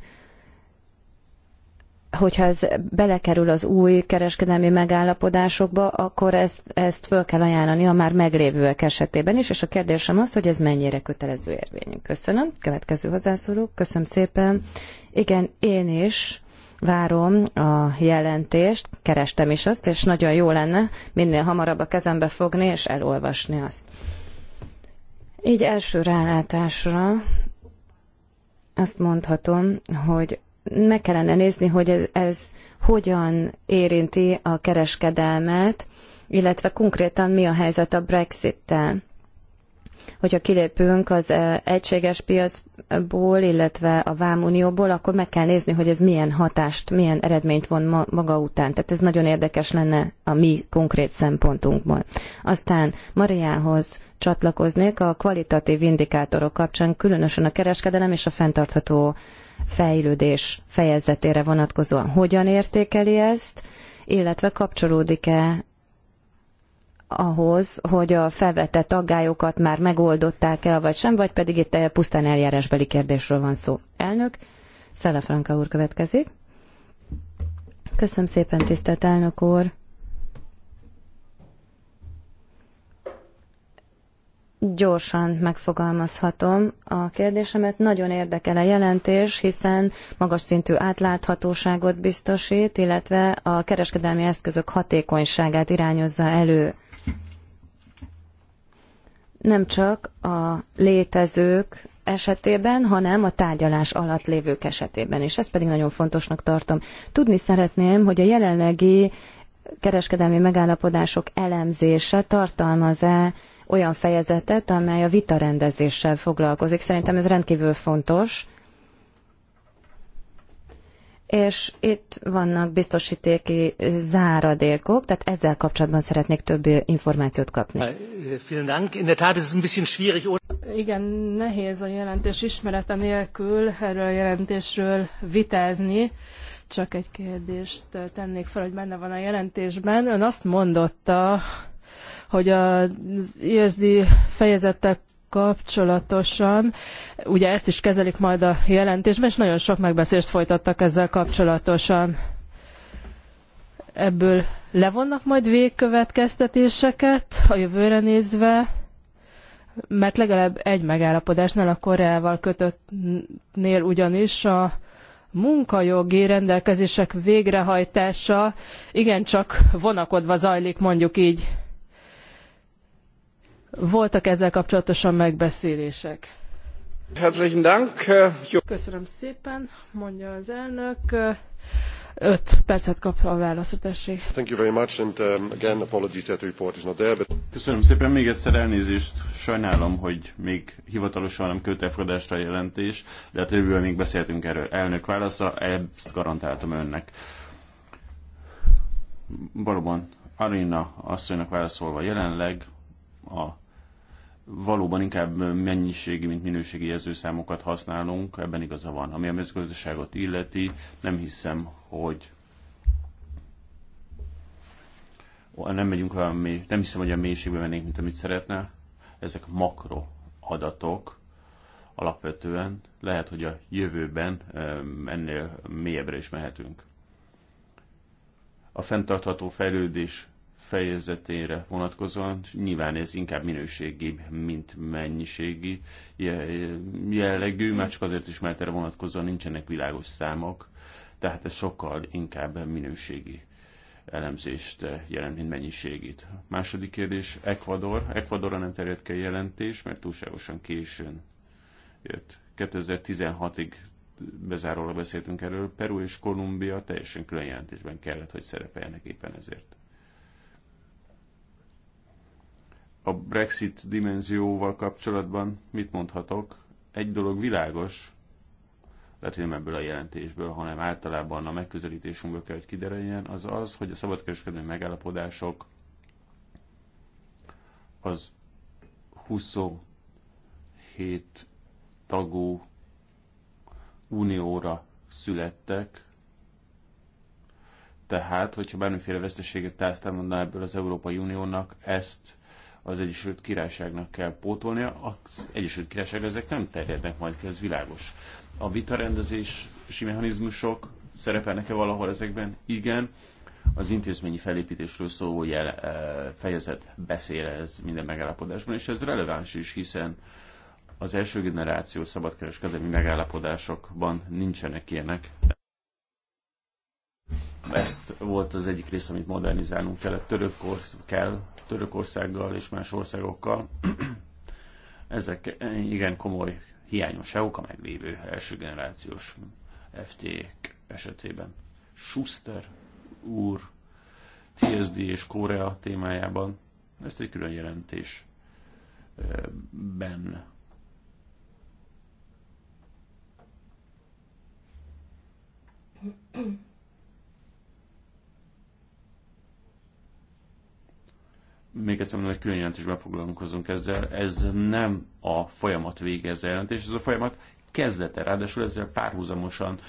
hogyha ez belekerül az új kereskedelmi megállapodásokba, akkor ezt, ezt föl kell ajánlani a már meglévőek esetében is, és a kérdésem az, hogy ez mennyire kötelező érvényű. Köszönöm. Következő hozzászóló. Köszönöm szépen. Igen, én is várom a jelentést, kerestem is azt, és nagyon jó lenne minél hamarabb a kezembe fogni és elolvasni azt. Így első rálátásra azt mondhatom, hogy meg kellene nézni, hogy ez, ez hogyan érinti a kereskedelmet, illetve konkrétan mi a helyzet a Brexit-tel hogyha kilépünk az egységes piacból, illetve a vámunióból, akkor meg kell nézni, hogy ez milyen hatást, milyen eredményt von maga után. Tehát ez nagyon érdekes lenne a mi konkrét szempontunkból. Aztán Mariához csatlakoznék a kvalitatív indikátorok kapcsán, különösen a kereskedelem és a fenntartható fejlődés fejezetére vonatkozóan. Hogyan értékeli ezt, illetve kapcsolódik-e ahhoz, hogy a felvetett aggályokat már megoldották el, vagy sem, vagy pedig itt eh, pusztán eljárásbeli kérdésről van szó. Elnök, Szele Franka úr következik. Köszönöm szépen, tisztelt elnök úr. Gyorsan megfogalmazhatom a kérdésemet. Nagyon érdekel a jelentés, hiszen magas szintű átláthatóságot biztosít, illetve a kereskedelmi eszközök hatékonyságát irányozza elő nem csak a létezők esetében, hanem a tárgyalás alatt lévők esetében, és ezt pedig nagyon fontosnak tartom. Tudni szeretném, hogy a jelenlegi kereskedelmi megállapodások elemzése tartalmaz-e olyan fejezetet, amely a vitarendezéssel foglalkozik. Szerintem ez rendkívül fontos, és itt vannak biztosítéki záradékok, tehát ezzel kapcsolatban szeretnék több információt kapni. Igen, nehéz a jelentés ismerete nélkül erről a jelentésről vitázni. Csak egy kérdést tennék fel, hogy benne van a jelentésben. Ön azt mondotta, hogy az ISD fejezettel kapcsolatosan. Ugye ezt is kezelik majd a jelentésben, és nagyon sok megbeszélést folytattak ezzel kapcsolatosan. Ebből levonnak majd végkövetkeztetéseket a jövőre nézve, mert legalább egy megállapodásnál a Koreával kötöttnél ugyanis a munkajogi rendelkezések végrehajtása igencsak vonakodva zajlik, mondjuk így. Voltak ezzel kapcsolatosan megbeszélések. Herzlichen Dank. Köszönöm szépen, mondja az elnök. Öt percet kap a válaszra, tessék. Thank you very much, and um, again, apologies that the report is not there, but... Köszönöm szépen, még egyszer elnézést, sajnálom, hogy még hivatalosan nem költ elfogadásra a jelentés, de hát jövőben még beszéltünk erről. Elnök válasza, ezt garantáltam önnek. Valóban Arina asszonynak válaszolva jelenleg a valóban inkább mennyiségi, mint minőségi jelzőszámokat használunk, ebben igaza van. Ami a mezőgazdaságot illeti, nem hiszem, hogy nem megyünk olyan mély, nem hiszem, hogy a mélységbe mennénk, mint amit szeretne. Ezek makro adatok alapvetően. Lehet, hogy a jövőben ennél mélyebbre is mehetünk. A fenntartható fejlődés fejezetére vonatkozóan nyilván ez inkább minőségi, mint mennyiségi jellegű, már csak azért is, mert erre vonatkozóan nincsenek világos számok, tehát ez sokkal inkább minőségi elemzést jelent, mint mennyiségét. Második kérdés, Ecuador. Ecuadorra nem terjedt ki a jelentés, mert túlságosan későn jött. 2016-ig bezárólag beszéltünk erről. Peru és Kolumbia teljesen külön jelentésben kellett, hogy szerepeljenek éppen ezért. a Brexit dimenzióval kapcsolatban mit mondhatok? Egy dolog világos, lehet, hogy nem ebből a jelentésből, hanem általában a megközelítésünkből kell, hogy kiderüljen, az az, hogy a szabadkereskedelmi megállapodások az 27 tagú unióra születtek, tehát, hogyha bármiféle veszteséget tártál mondaná ebből az Európai Uniónak, ezt az Egyesült Királyságnak kell pótolnia, az Egyesült Királyság ezek nem terjednek majd ki, ez világos. A vitarendezési mechanizmusok szerepelnek-e valahol ezekben? Igen. Az intézményi felépítésről szóló jel, e, fejezet beszél ez minden megállapodásban, és ez releváns is, hiszen az első generáció szabadkereskedelmi megállapodásokban nincsenek ilyenek. Ezt volt az egyik rész, amit modernizálnunk kellett. Törökkor kell Törökországgal és más országokkal. Ezek igen komoly hiányosságok a meglévő első generációs FT-k esetében. Schuster úr TSD és Korea témájában ezt egy külön jelentésben még egyszer mondom, hogy külön jelentésben foglalkozunk ezzel. Ez nem a folyamat vége ez a jelentés, ez a folyamat kezdete. Ráadásul ezzel párhuzamosan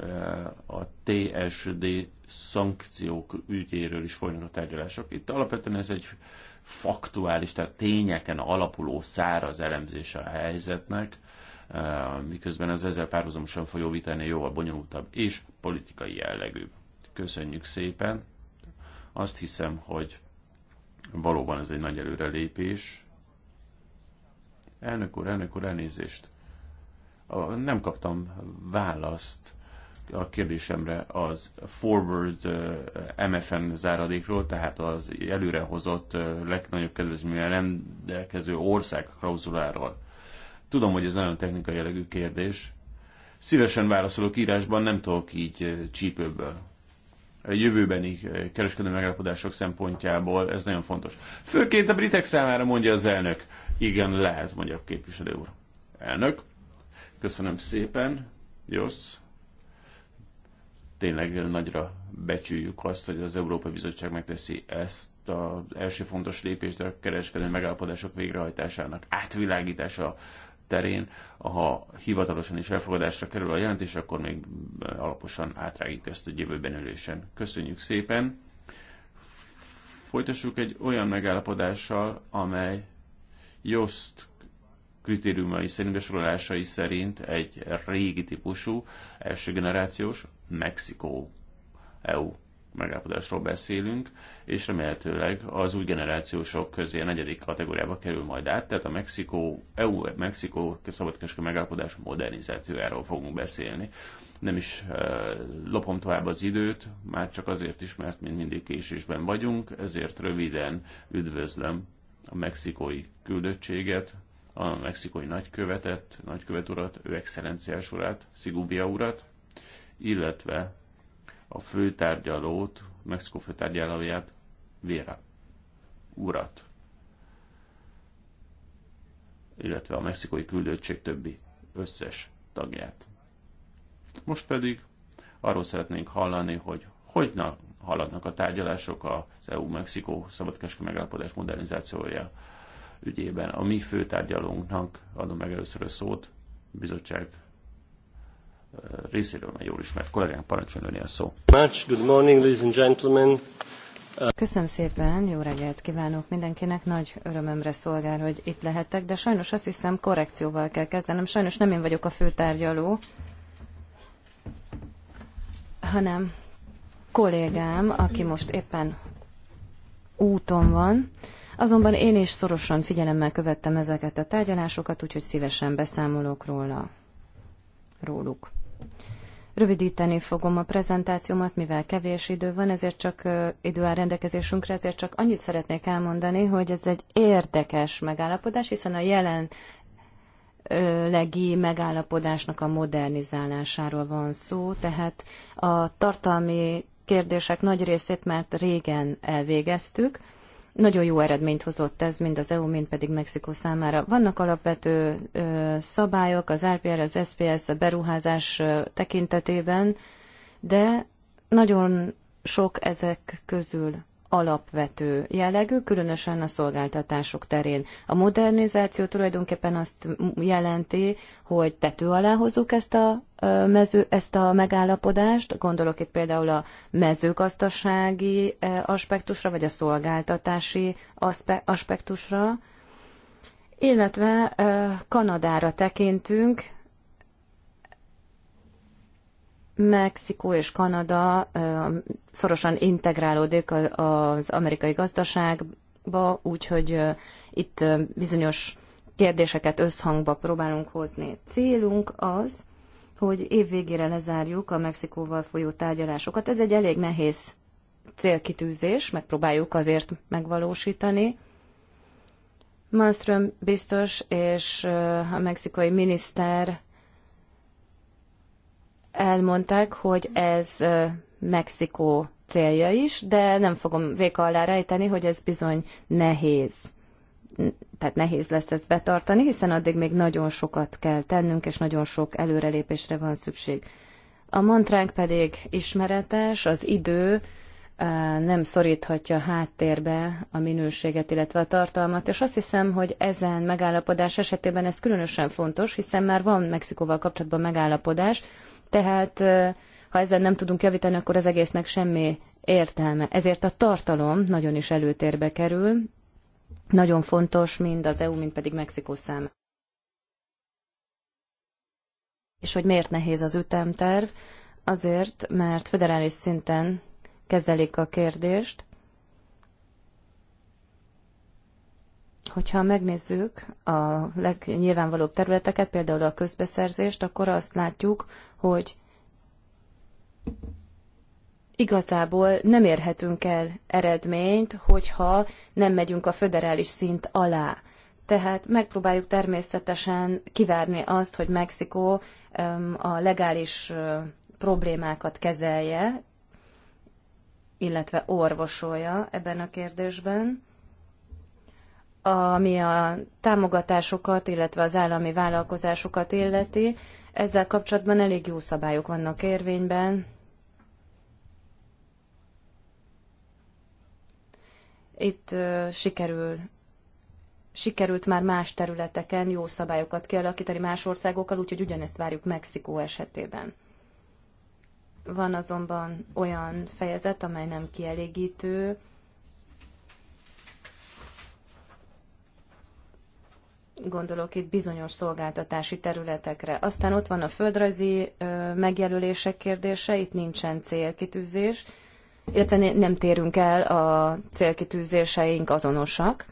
eh, a TSD szankciók ügyéről is folynak a tárgyalások. Itt alapvetően ez egy faktuális, tehát tényeken alapuló száraz elemzése a helyzetnek, eh, miközben az ezzel párhuzamosan folyó vitáni jóval bonyolultabb és politikai jellegű. Köszönjük szépen! Azt hiszem, hogy Valóban ez egy nagy előrelépés. Elnök úr, elnök úr, elnézést. Nem kaptam választ a kérdésemre az forward eh, MFN záradékról, tehát az előrehozott eh, legnagyobb kedvezményen rendelkező ország klauzuláról. Tudom, hogy ez nagyon technikai jellegű kérdés. Szívesen válaszolok írásban, nem tudok így eh, csípőből jövőbeni eh, kereskedő megállapodások szempontjából ez nagyon fontos. Főként a britek számára mondja az elnök. Igen, lehet, mondja a képviselő úr. Elnök, köszönöm szépen, Jossz. Tényleg nagyra becsüljük azt, hogy az Európai Bizottság megteszi ezt az első fontos lépést a kereskedő megállapodások végrehajtásának átvilágítása terén, ha hivatalosan is elfogadásra kerül a jelentés, akkor még alaposan átrágjuk ezt a jövőben ülésen. Köszönjük szépen! Folytassuk egy olyan megállapodással, amely Jost kritériumai szerint, besorolásai szerint egy régi típusú, első generációs Mexikó EU megállapodásról beszélünk, és remélhetőleg az új generációsok közé a negyedik kategóriába kerül majd át, tehát a Mexikó, EU-Mexikó szabadkereskedelmi megállapodás modernizációjáról fogunk beszélni. Nem is eh, lopom tovább az időt, már csak azért is, mert mind mindig késésben vagyunk, ezért röviden üdvözlöm a mexikói küldöttséget, a mexikói nagykövetet, nagykövet urat, ő excellenciás urat, Szigubia urat, illetve a főtárgyalót, Mexikó főtárgyalóját, Vera urat, illetve a mexikói küldöttség többi összes tagját. Most pedig arról szeretnénk hallani, hogy hogyan haladnak a tárgyalások az EU-Mexikó szabadkereskedelmi megállapodás modernizációja ügyében. A mi főtárgyalónknak adom meg először a szót, bizottság részéről már jól ismert kollégánk parancsolni a szó. Good morning, ladies and gentlemen. Köszönöm szépen, jó reggelt kívánok mindenkinek, nagy örömömre szolgál, hogy itt lehetek, de sajnos azt hiszem korrekcióval kell kezdenem, sajnos nem én vagyok a főtárgyaló, hanem kollégám, aki most éppen úton van, azonban én is szorosan figyelemmel követtem ezeket a tárgyalásokat, úgyhogy szívesen beszámolok róla, róluk. Rövidíteni fogom a prezentációmat, mivel kevés idő van, ezért csak idő áll rendelkezésünkre, ezért csak annyit szeretnék elmondani, hogy ez egy érdekes megállapodás, hiszen a jelen legi megállapodásnak a modernizálásáról van szó, tehát a tartalmi kérdések nagy részét már régen elvégeztük, nagyon jó eredményt hozott ez mind az EU, mind pedig Mexikó számára. Vannak alapvető ö, szabályok, az RPR, az SPS, a beruházás ö, tekintetében, de nagyon sok ezek közül alapvető jellegű, különösen a szolgáltatások terén. A modernizáció tulajdonképpen azt jelenti, hogy tető alá hozzuk ezt a, mező, ezt a megállapodást, gondolok itt például a mezőgazdasági aspektusra, vagy a szolgáltatási aspektusra, illetve Kanadára tekintünk, Mexikó és Kanada szorosan integrálódik az amerikai gazdaságba, úgyhogy itt bizonyos kérdéseket összhangba próbálunk hozni. Célunk az, hogy év végére lezárjuk a Mexikóval folyó tárgyalásokat. Ez egy elég nehéz célkitűzés, megpróbáljuk azért megvalósítani. Malmström biztos és a mexikai miniszter elmondták, hogy ez Mexikó célja is, de nem fogom véka alá rejteni, hogy ez bizony nehéz. Tehát nehéz lesz ezt betartani, hiszen addig még nagyon sokat kell tennünk, és nagyon sok előrelépésre van szükség. A mantránk pedig ismeretes, az idő nem szoríthatja háttérbe a minőséget, illetve a tartalmat, és azt hiszem, hogy ezen megállapodás esetében ez különösen fontos, hiszen már van Mexikóval kapcsolatban megállapodás, tehát ha ezen nem tudunk javítani, akkor az egésznek semmi értelme. Ezért a tartalom nagyon is előtérbe kerül, nagyon fontos mind az EU, mind pedig Mexikó számára. És hogy miért nehéz az ütemterv? Azért, mert föderális szinten kezelik a kérdést. Hogyha megnézzük a legnyilvánvalóbb területeket, például a közbeszerzést, akkor azt látjuk, hogy igazából nem érhetünk el eredményt, hogyha nem megyünk a föderális szint alá. Tehát megpróbáljuk természetesen kivárni azt, hogy Mexikó a legális problémákat kezelje, illetve orvosolja ebben a kérdésben, ami a támogatásokat, illetve az állami vállalkozásokat illeti ezzel kapcsolatban elég jó szabályok vannak érvényben. Itt sikerül sikerült már más területeken jó szabályokat kialakítani más országokkal, úgyhogy ugyanezt várjuk Mexikó esetében. Van azonban olyan fejezet, amely nem kielégítő, gondolok itt bizonyos szolgáltatási területekre. Aztán ott van a földrajzi megjelölések kérdése, itt nincsen célkitűzés, illetve nem térünk el, a célkitűzéseink azonosak.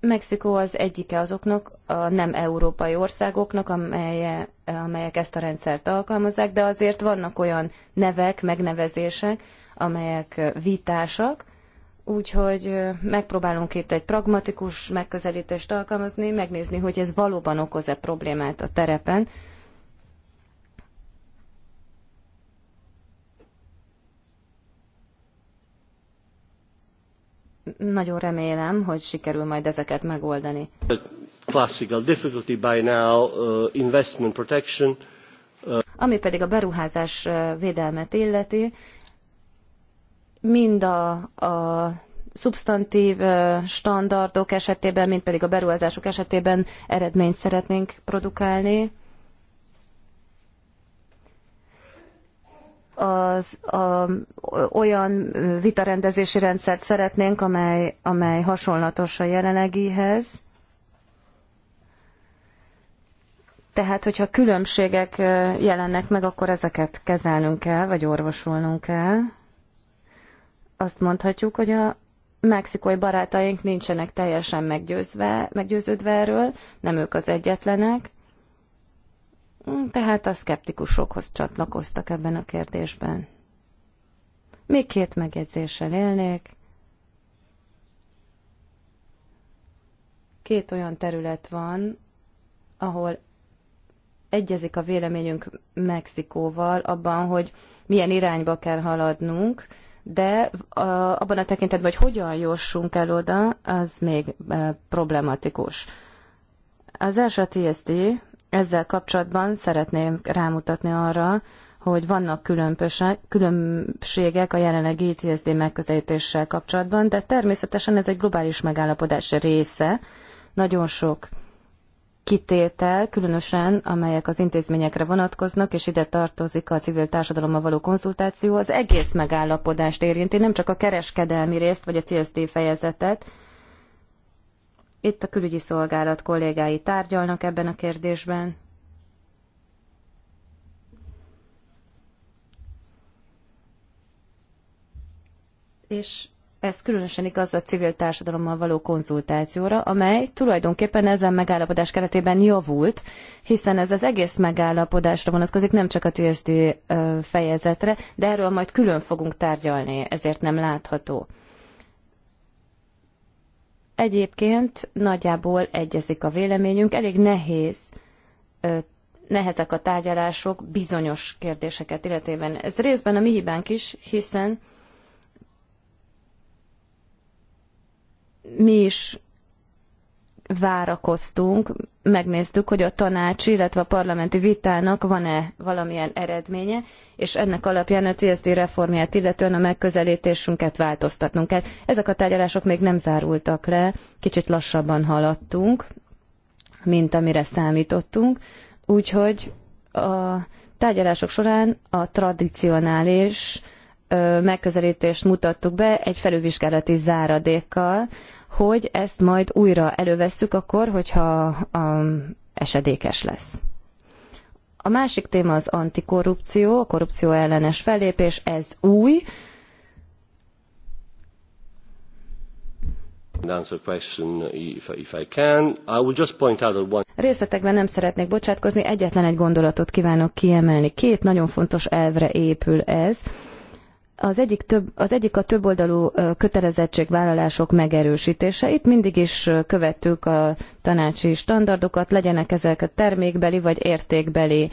Mexikó az egyike azoknak a nem európai országoknak, amelye, amelyek ezt a rendszert alkalmazzák, de azért vannak olyan nevek, megnevezések, amelyek vitásak, Úgyhogy megpróbálunk itt egy pragmatikus megközelítést alkalmazni, megnézni, hogy ez valóban okoz-e problémát a terepen. Nagyon remélem, hogy sikerül majd ezeket megoldani. Classical difficulty by now, uh, investment protection. Uh, Ami pedig a beruházás védelmet illeti, mind a, a szubstantív standardok esetében, mint pedig a beruházások esetében eredményt szeretnénk produkálni. az a, olyan vitarendezési rendszert szeretnénk, amely, amely hasonlatos a jelenlegihez. Tehát, hogyha különbségek jelennek meg, akkor ezeket kezelnünk kell, vagy orvosolnunk kell azt mondhatjuk, hogy a mexikói barátaink nincsenek teljesen meggyőzve, meggyőződve erről, nem ők az egyetlenek, mm, tehát a szkeptikusokhoz csatlakoztak ebben a kérdésben. Még két megjegyzéssel élnék. Két olyan terület van, ahol egyezik a véleményünk Mexikóval abban, hogy milyen irányba kell haladnunk, de abban a tekintetben, hogy hogyan jussunk el oda, az még problematikus. Az első a TSD, ezzel kapcsolatban szeretném rámutatni arra, hogy vannak különbségek a jelenlegi TSD megközelítéssel kapcsolatban, de természetesen ez egy globális megállapodás része. Nagyon sok kitétel, különösen amelyek az intézményekre vonatkoznak, és ide tartozik a civil társadalommal való konzultáció, az egész megállapodást érinti, nem csak a kereskedelmi részt, vagy a CSD fejezetet. Itt a külügyi szolgálat kollégái tárgyalnak ebben a kérdésben. És ez különösen igaz a civil társadalommal való konzultációra, amely tulajdonképpen ezen megállapodás keretében javult, hiszen ez az egész megállapodásra vonatkozik, nem csak a TSD fejezetre, de erről majd külön fogunk tárgyalni, ezért nem látható. Egyébként nagyjából egyezik a véleményünk, elég nehéz nehezek a tárgyalások bizonyos kérdéseket illetében. Ez részben a mi hibánk is, hiszen mi is várakoztunk, megnéztük, hogy a tanács, illetve a parlamenti vitának van-e valamilyen eredménye, és ennek alapján a CSD reformját illetően a megközelítésünket változtatnunk kell. Ezek a tárgyalások még nem zárultak le, kicsit lassabban haladtunk, mint amire számítottunk, úgyhogy a tárgyalások során a tradicionális megközelítést mutattuk be egy felülvizsgálati záradékkal, hogy ezt majd újra elővesszük akkor, hogyha um, esedékes lesz. A másik téma az antikorrupció, a korrupció ellenes fellépés, ez új. Részletekben nem szeretnék bocsátkozni, egyetlen egy gondolatot kívánok kiemelni. Két nagyon fontos elvre épül ez az egyik, több, az egyik a többoldalú kötelezettségvállalások megerősítése. Itt mindig is követtük a tanácsi standardokat, legyenek ezek a termékbeli vagy értékbeli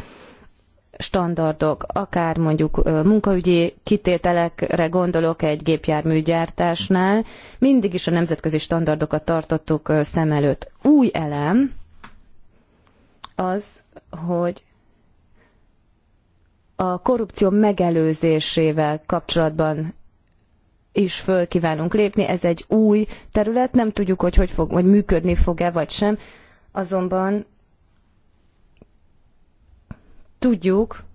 standardok, akár mondjuk munkaügyi kitételekre gondolok egy gépjárműgyártásnál, mindig is a nemzetközi standardokat tartottuk szem előtt. Új elem az, hogy a korrupció megelőzésével kapcsolatban is föl kívánunk lépni. Ez egy új terület, nem tudjuk, hogy hogy fog, vagy működni fog-e, vagy sem. Azonban tudjuk,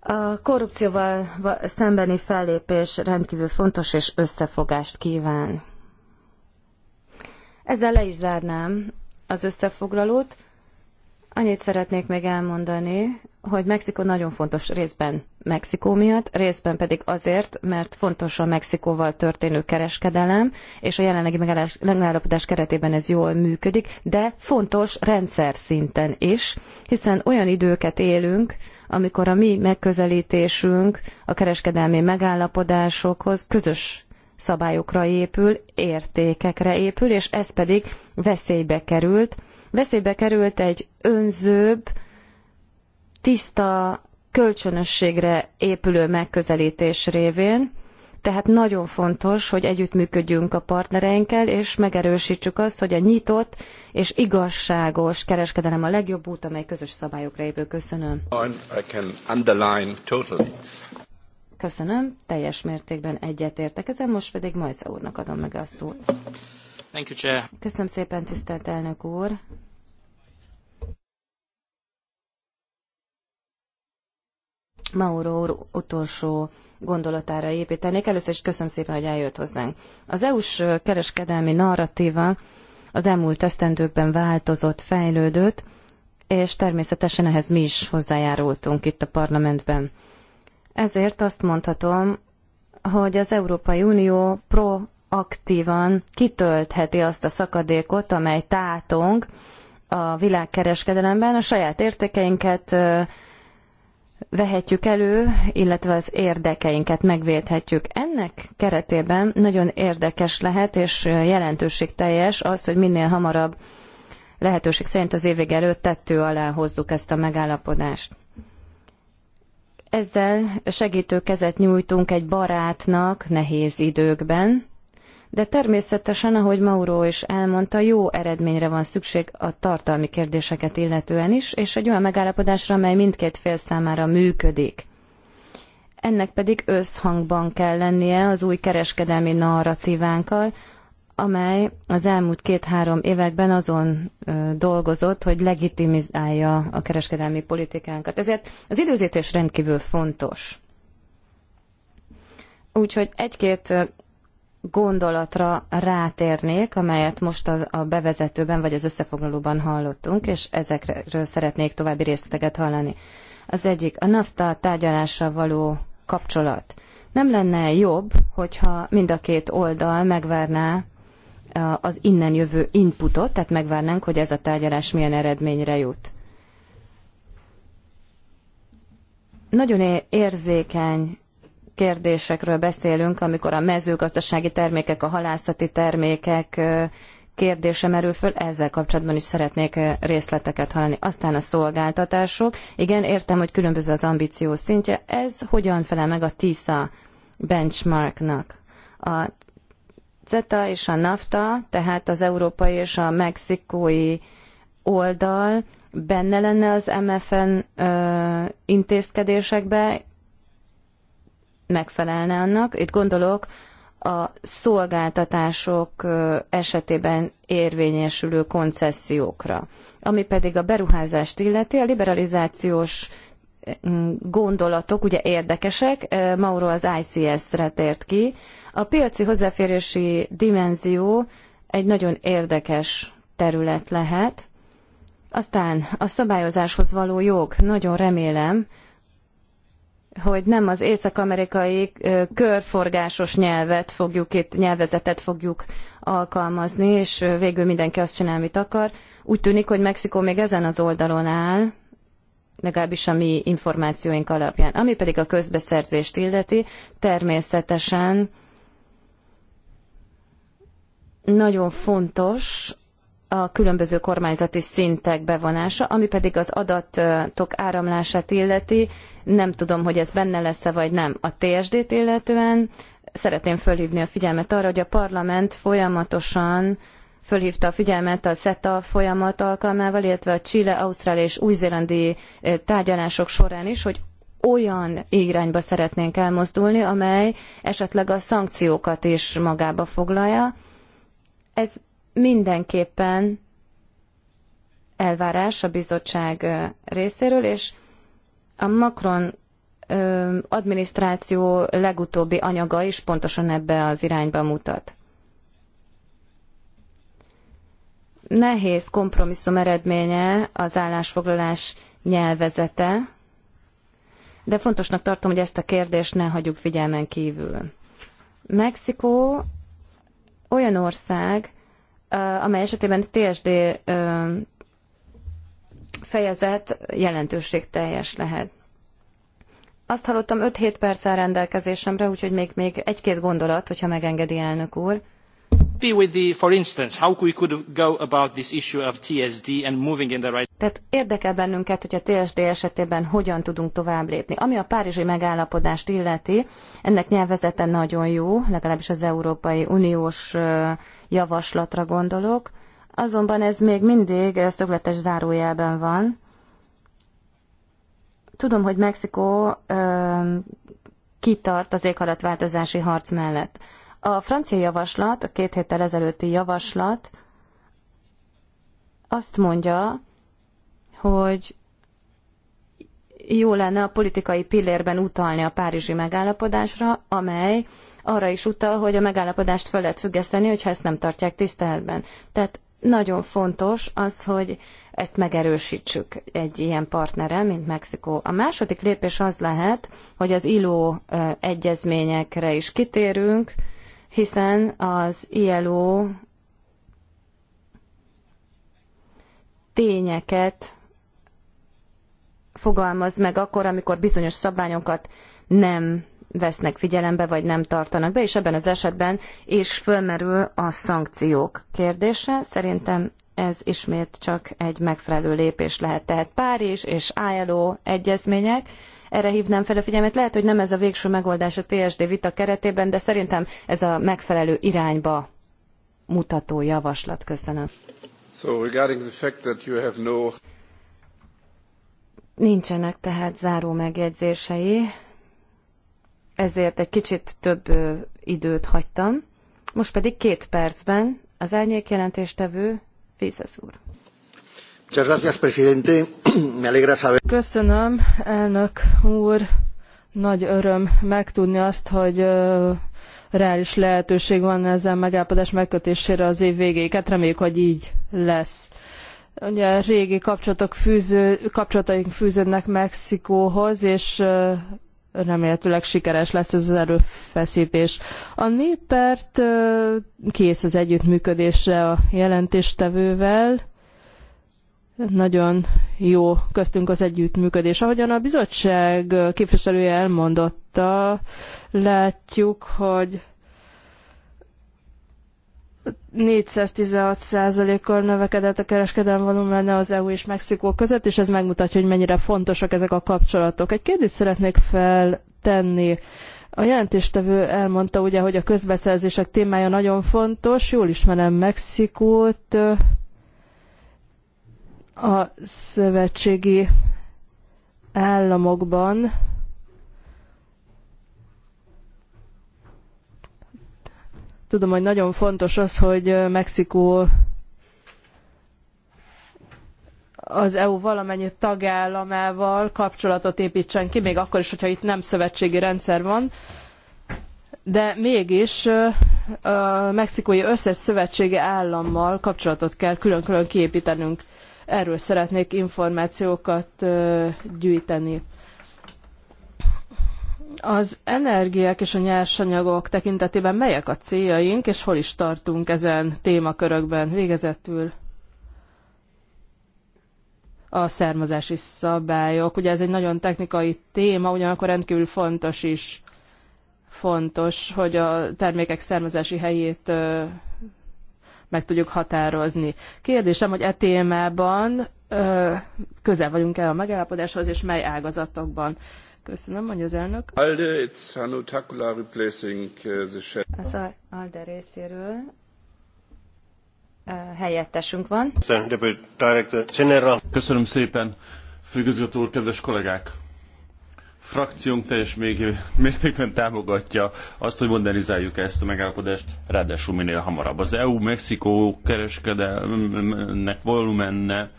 A korrupcióval szembeni fellépés rendkívül fontos és összefogást kíván. Ezzel le is zárnám az összefoglalót. Annyit szeretnék még elmondani, hogy Mexikó nagyon fontos részben Mexikó miatt, részben pedig azért, mert fontos a Mexikóval történő kereskedelem, és a jelenlegi megállapodás keretében ez jól működik, de fontos rendszer szinten is, hiszen olyan időket élünk, amikor a mi megközelítésünk a kereskedelmi megállapodásokhoz közös szabályokra épül, értékekre épül, és ez pedig veszélybe került. Veszélybe került egy önzőbb, tiszta kölcsönösségre épülő megközelítés révén, tehát nagyon fontos, hogy együttműködjünk a partnereinkkel, és megerősítsük azt, hogy a nyitott és igazságos kereskedelem a legjobb út, amely közös szabályokra épül. Köszönöm. Köszönöm, teljes mértékben egyetértek ezen, most pedig Majza úrnak adom meg a szót. Thank you, Chair. Köszönöm szépen, tisztelt elnök úr. Mauro úr utolsó gondolatára építenék. Először is köszönöm szépen, hogy eljött hozzánk. Az EU-s kereskedelmi narratíva az elmúlt esztendőkben változott, fejlődött, és természetesen ehhez mi is hozzájárultunk itt a parlamentben. Ezért azt mondhatom, hogy az Európai Unió proaktívan kitöltheti azt a szakadékot, amely tátong a világkereskedelemben, a saját értékeinket vehetjük elő, illetve az érdekeinket megvédhetjük. Ennek keretében nagyon érdekes lehet és jelentőségteljes az, hogy minél hamarabb lehetőség szerint az évvég előtt tettő alá hozzuk ezt a megállapodást. Ezzel segítő kezet nyújtunk egy barátnak nehéz időkben, de természetesen, ahogy Mauro is elmondta, jó eredményre van szükség a tartalmi kérdéseket illetően is, és egy olyan megállapodásra, amely mindkét fél számára működik. Ennek pedig összhangban kell lennie az új kereskedelmi narratívánkkal, amely az elmúlt két-három években azon dolgozott, hogy legitimizálja a kereskedelmi politikánkat. Ezért az időzítés rendkívül fontos. Úgyhogy egy-két gondolatra rátérnék, amelyet most a, bevezetőben vagy az összefoglalóban hallottunk, és ezekről szeretnék további részleteket hallani. Az egyik a NAFTA tárgyalással való kapcsolat. Nem lenne jobb, hogyha mind a két oldal megvárná az innen jövő inputot, tehát megvárnánk, hogy ez a tárgyalás milyen eredményre jut. Nagyon érzékeny kérdésekről beszélünk, amikor a mezőgazdasági termékek, a halászati termékek kérdése merül föl, ezzel kapcsolatban is szeretnék részleteket hallani. Aztán a szolgáltatások. Igen, értem, hogy különböző az ambíció szintje. Ez hogyan felel meg a TISA benchmarknak? A CETA és a NAFTA, tehát az európai és a mexikói oldal benne lenne az MFN ö, intézkedésekbe, megfelelne annak. Itt gondolok a szolgáltatások esetében érvényesülő koncessziókra, Ami pedig a beruházást illeti, a liberalizációs gondolatok ugye érdekesek, Mauro az ICS-re tért ki. A piaci hozzáférési dimenzió egy nagyon érdekes terület lehet. Aztán a szabályozáshoz való jog, nagyon remélem, hogy nem az észak-amerikai körforgásos nyelvet fogjuk itt, nyelvezetet fogjuk alkalmazni, és végül mindenki azt csinál, amit akar. Úgy tűnik, hogy Mexikó még ezen az oldalon áll, legalábbis a mi információink alapján. Ami pedig a közbeszerzést illeti, természetesen nagyon fontos a különböző kormányzati szintek bevonása, ami pedig az adatok áramlását illeti, nem tudom, hogy ez benne lesz-e vagy nem. A TSD-t illetően szeretném fölhívni a figyelmet arra, hogy a parlament folyamatosan fölhívta a figyelmet a SETA folyamat alkalmával, illetve a Chile, Ausztrália és új-zélandi eh, tárgyalások során is, hogy olyan irányba szeretnénk elmozdulni, amely esetleg a szankciókat is magába foglalja. Ez mindenképpen elvárás a bizottság eh, részéről, és a Macron eh, adminisztráció legutóbbi anyaga is pontosan ebbe az irányba mutat. nehéz kompromisszum eredménye az állásfoglalás nyelvezete, de fontosnak tartom, hogy ezt a kérdést ne hagyjuk figyelmen kívül. Mexikó olyan ország, amely esetében TSD fejezet jelentőségteljes lehet. Azt hallottam, 5-7 perc áll rendelkezésemre, úgyhogy még, még egy-két gondolat, hogyha megengedi elnök úr. With the, for instance, how we could go about this issue of TSD and moving in the right... Tehát érdekel bennünket, hogy a TSD esetében hogyan tudunk tovább lépni. Ami a párizsi megállapodást illeti, ennek nyelvezete nagyon jó, legalábbis az Európai Uniós javaslatra gondolok, azonban ez még mindig szögletes zárójelben van. Tudom, hogy Mexikó ö, kitart az éghajlatváltozási harc mellett. A francia javaslat, a két héttel ezelőtti javaslat azt mondja, hogy jó lenne a politikai pillérben utalni a párizsi megállapodásra, amely arra is utal, hogy a megállapodást föl lehet függeszteni, hogyha ezt nem tartják tiszteletben. Tehát nagyon fontos az, hogy ezt megerősítsük egy ilyen partnerrel, mint Mexikó. A második lépés az lehet, hogy az ILO egyezményekre is kitérünk, hiszen az ILO tényeket fogalmaz meg akkor, amikor bizonyos szabályokat nem vesznek figyelembe, vagy nem tartanak be, és ebben az esetben is fölmerül a szankciók kérdése. Szerintem ez ismét csak egy megfelelő lépés lehet. Tehát Párizs és ILO egyezmények, erre hívnám fel a figyelmet. Lehet, hogy nem ez a végső megoldás a TSD vita keretében, de szerintem ez a megfelelő irányba mutató javaslat. Köszönöm. So regarding the fact that you have no... Nincsenek tehát záró megjegyzései, ezért egy kicsit több ö, időt hagytam. Most pedig két percben az árnyék jelentéstevő Fészesz úr. Köszönöm, elnök úr. Nagy öröm megtudni azt, hogy reális lehetőség van ezen megállapodás megkötésére az év végéig. Hát reméljük, hogy így lesz. Ugye régi kapcsolatok fűző, kapcsolataink fűződnek Mexikóhoz, és remélhetőleg sikeres lesz ez az erőfeszítés. A néppárt kész az együttműködésre a jelentéstevővel nagyon jó köztünk az együttműködés. Ahogyan a bizottság képviselője elmondotta, látjuk, hogy 416%-kal növekedett a kereskedelmi volumen az EU és Mexikó között, és ez megmutatja, hogy mennyire fontosak ezek a kapcsolatok. Egy kérdést szeretnék feltenni. A jelentéstevő elmondta ugye, hogy a közbeszerzések témája nagyon fontos, jól ismerem Mexikót, a szövetségi államokban tudom, hogy nagyon fontos az, hogy Mexikó az EU valamennyi tagállamával kapcsolatot építsen ki, még akkor is, hogyha itt nem szövetségi rendszer van de mégis a mexikói összes szövetségi állammal kapcsolatot kell külön-külön kiépítenünk. Erről szeretnék információkat gyűjteni. Az energiák és a nyersanyagok tekintetében melyek a céljaink, és hol is tartunk ezen témakörökben végezetül? A származási szabályok. Ugye ez egy nagyon technikai téma, ugyanakkor rendkívül fontos is fontos, hogy a termékek származási helyét meg tudjuk határozni. Kérdésem, hogy e témában közel vagyunk-e a megállapodáshoz, és mely ágazatokban? Köszönöm, mondja az elnök. Alde, it's Hanu Takula replacing uh, the chef. Az Alde részéről uh, helyettesünk van. Köszönöm szépen, főigazgató úr, kedves kollégák! frakciónk teljes még mértékben támogatja azt, hogy modernizáljuk ezt a megállapodást, ráadásul minél hamarabb. Az EU-Mexikó kereskedelmnek volumenne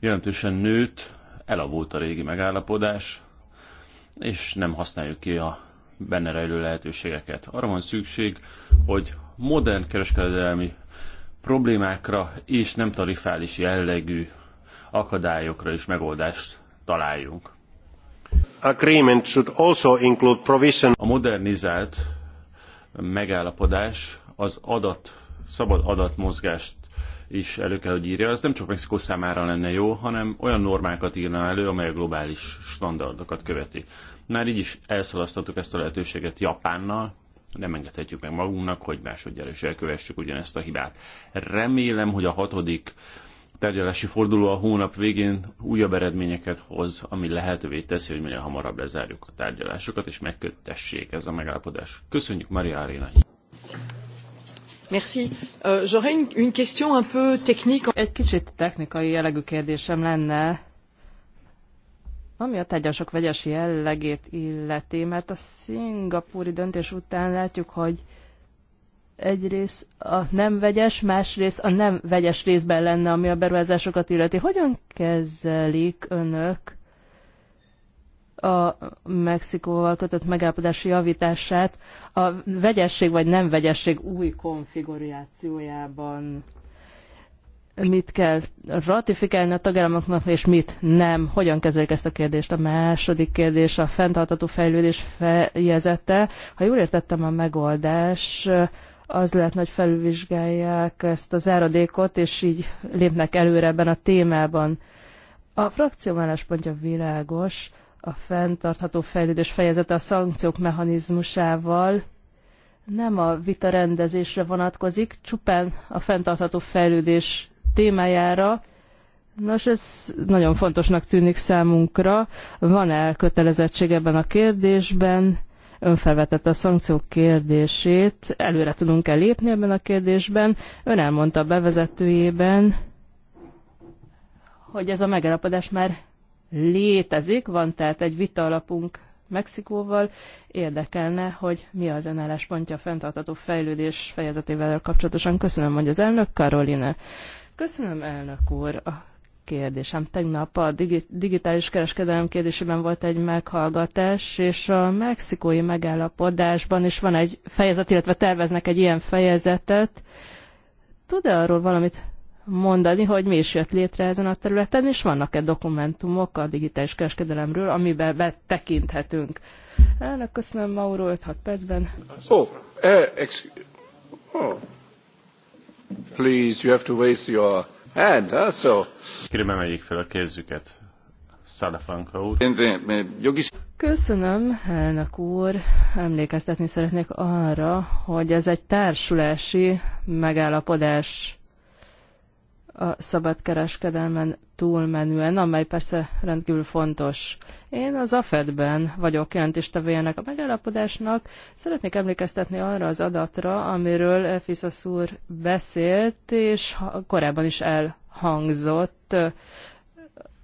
jelentősen nőtt, elavult a régi megállapodás, és nem használjuk ki a benne rejlő lehetőségeket. Arra van szükség, hogy modern kereskedelmi problémákra és nem tarifális jellegű akadályokra is megoldást találjunk. A modernizált megállapodás az adat, szabad adatmozgást is elő kell, hogy írja. Ez nem csak Mexikó számára lenne jó, hanem olyan normákat írna elő, amely a globális standardokat követi. Már így is elszalasztottuk ezt a lehetőséget Japánnal, nem engedhetjük meg magunknak, hogy másodjára is elkövessük ugyanezt a hibát. Remélem, hogy a hatodik tárgyalási forduló a hónap végén újabb eredményeket hoz, ami lehetővé teszi, hogy minél hamarabb lezárjuk a tárgyalásokat, és megköttessék ez a megállapodás. Köszönjük, Maria Arena! Merci. Uh, une, question un peu technique. Egy kicsit technikai jellegű kérdésem lenne, ami a tárgyalások vegyes jellegét illeti, mert a szingapúri döntés után látjuk, hogy egyrészt a nem vegyes, másrészt a nem vegyes részben lenne, ami a beruházásokat illeti. Hogyan kezelik önök a Mexikóval kötött megállapodási javítását a vegyesség vagy nem vegyesség új konfigurációjában? Mit kell ratifikálni a tagállamoknak, és mit nem? Hogyan kezelik ezt a kérdést? A második kérdés a fenntartató fejlődés fejezete. Ha jól értettem, a megoldás az lehet, hogy felülvizsgálják ezt az áradékot, és így lépnek előre ebben a témában. A frakció álláspontja világos, a fenntartható fejlődés fejezete a szankciók mechanizmusával nem a vita rendezésre vonatkozik, csupán a fenntartható fejlődés témájára. Nos, ez nagyon fontosnak tűnik számunkra. Van-e elkötelezettség ebben a kérdésben? Ön felvetette a szankciók kérdését, előre tudunk-e lépni ebben a kérdésben. Ön elmondta a bevezetőjében, hogy ez a megállapodás már létezik, van tehát egy vita alapunk Mexikóval. Érdekelne, hogy mi az önálláspontja a fenntartató fejlődés fejezetével kapcsolatosan. Köszönöm, hogy az elnök Karolina. Köszönöm, elnök úr. A kérdésem. Tegnap a digitális kereskedelem kérdésében volt egy meghallgatás, és a mexikói megállapodásban is van egy fejezet, illetve terveznek egy ilyen fejezetet. Tud-e arról valamit mondani, hogy mi is jött létre ezen a területen, és vannak-e dokumentumok a digitális kereskedelemről, amiben betekinthetünk? Elnök, köszönöm, Mauro, 5-6 percben. Oh, eh, excuse. Oh. Please, you have to waste your And also... Uh, Kérem, emeljék fel a kézüket. Szalafranka úr. Köszönöm, elnök úr. Emlékeztetni szeretnék arra, hogy ez egy társulási megállapodás a szabadkereskedelmen túlmenően, amely persze rendkívül fontos. Én az AFED-ben vagyok jelentéstevőjének a megállapodásnak. Szeretnék emlékeztetni arra az adatra, amiről Fiszasz úr beszélt, és korábban is elhangzott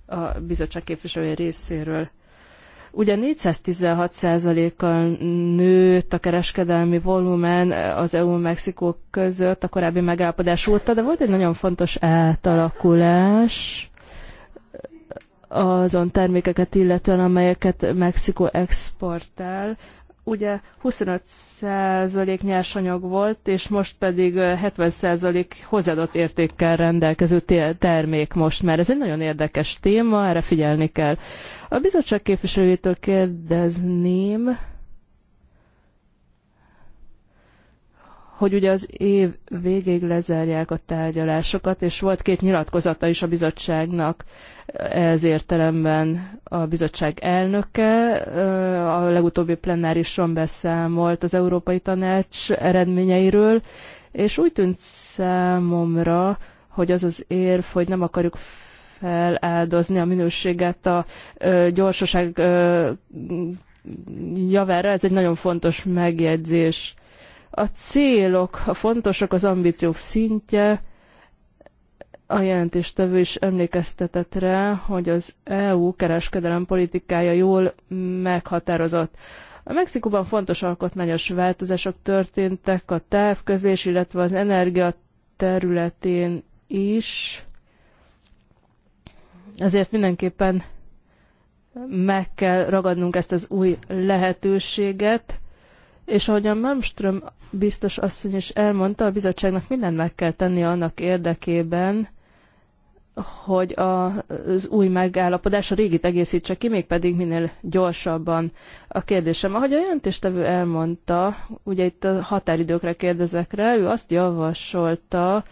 a bizottság képviselői részéről. Ugye 416%-kal nőtt a kereskedelmi volumen az EU-Mexikó között a korábbi megállapodás óta, de volt egy nagyon fontos átalakulás azon termékeket illetően, amelyeket Mexikó exportál ugye 25% nyersanyag volt, és most pedig 70% hozzáadott értékkel rendelkező termék most már. Ez egy nagyon érdekes téma, erre figyelni kell. A bizottság képviselőjétől kérdezném, hogy ugye az év végéig lezárják a tárgyalásokat, és volt két nyilatkozata is a bizottságnak ez értelemben a bizottság elnöke. A legutóbbi plenárison beszámolt az Európai Tanács eredményeiről, és úgy tűnt számomra, hogy az az érv, hogy nem akarjuk feláldozni a minőséget a gyorsaság javára, ez egy nagyon fontos megjegyzés a célok, a fontosak, az ambíciók szintje, a jelentéstevő is emlékeztetett rá, hogy az EU kereskedelem politikája jól meghatározott. A Mexikóban fontos alkotmányos változások történtek a távközlés, illetve az energia területén is. Ezért mindenképpen meg kell ragadnunk ezt az új lehetőséget. És ahogy a Malmström biztos asszony is elmondta, a bizottságnak mindent meg kell tenni annak érdekében, hogy a, az új megállapodás a régit egészítse ki, mégpedig minél gyorsabban. A kérdésem, ahogy a jelentéstevő elmondta, ugye itt a határidőkre kérdezek rá, ő azt javasolta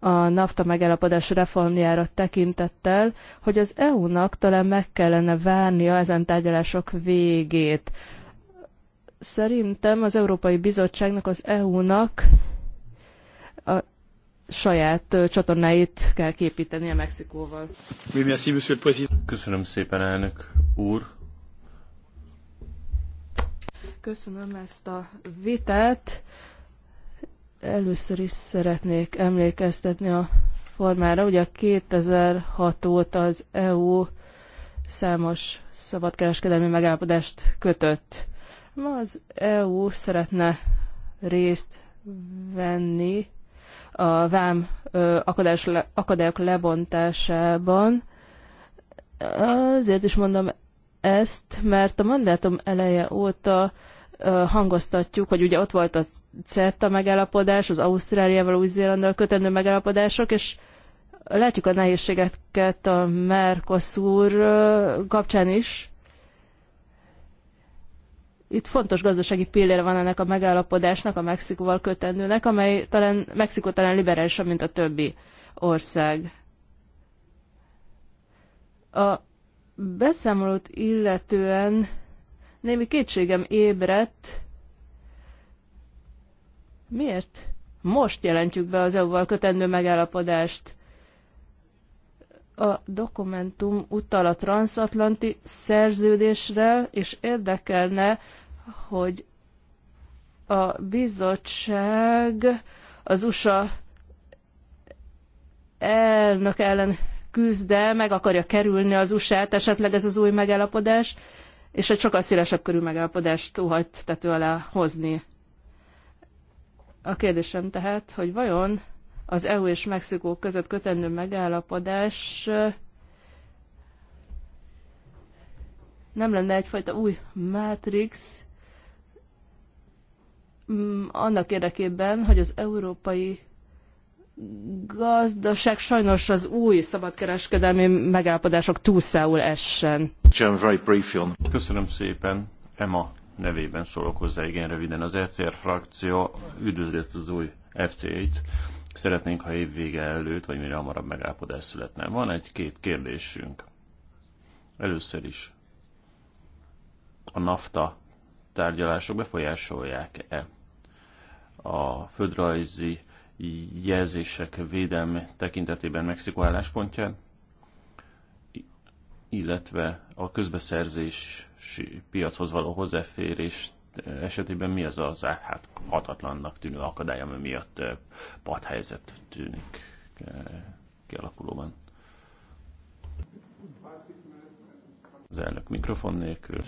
a NAFTA megállapodás reformjára tekintettel, hogy az EU-nak talán meg kellene várnia ezen tárgyalások végét. Szerintem az Európai Bizottságnak, az EU-nak a saját csatornáit kell képíteni a Mexikóval. Köszönöm szépen, elnök úr. Köszönöm ezt a vitát. Először is szeretnék emlékeztetni a formára. Ugye 2006 óta az EU számos szabadkereskedelmi megállapodást kötött. Ma az EU szeretne részt venni a vám akadályos, akadályok lebontásában. Azért is mondom ezt, mert a mandátum eleje óta hangoztatjuk, hogy ugye ott volt a CETA megállapodás, az Ausztráliával, Új-Zélandal kötendő megállapodások, és látjuk a nehézségeket a Mercosur kapcsán is, itt fontos gazdasági pillére van ennek a megállapodásnak, a Mexikóval kötendőnek, amely talán Mexikó talán liberálisabb, mint a többi ország. A beszámolót illetően némi kétségem ébredt. Miért? Most jelentjük be az EU-val kötendő megállapodást. A dokumentum utal a transatlanti szerződésre, és érdekelne, hogy a bizottság az USA elnök ellen küzde, meg akarja kerülni az USA-t, esetleg ez az új megállapodás, és egy sokkal szélesebb körű megállapodást óhajt tető alá hozni. A kérdésem tehát, hogy vajon az EU és Mexikó között kötendő megállapodás nem lenne egyfajta új matrix, Mm, annak érdekében, hogy az európai gazdaság sajnos az új szabadkereskedelmi megállapodások túlszául essen. Köszönöm szépen. Emma nevében szólok hozzá igen röviden. Az ECR frakció üdvözli ezt az új FC-t. Szeretnénk, ha évvége előtt, vagy mire hamarabb megállapodás születne. Van egy-két kérdésünk. Először is. A NAFTA tárgyalások befolyásolják-e a földrajzi jelzések védelme tekintetében Mexikó álláspontján, illetve a közbeszerzési piachoz való hozzáférés esetében mi az az hát hatatlannak tűnő akadály, ami miatt eh, padhelyzet tűnik eh, kialakulóban. Az elnök mikrofon nélkül.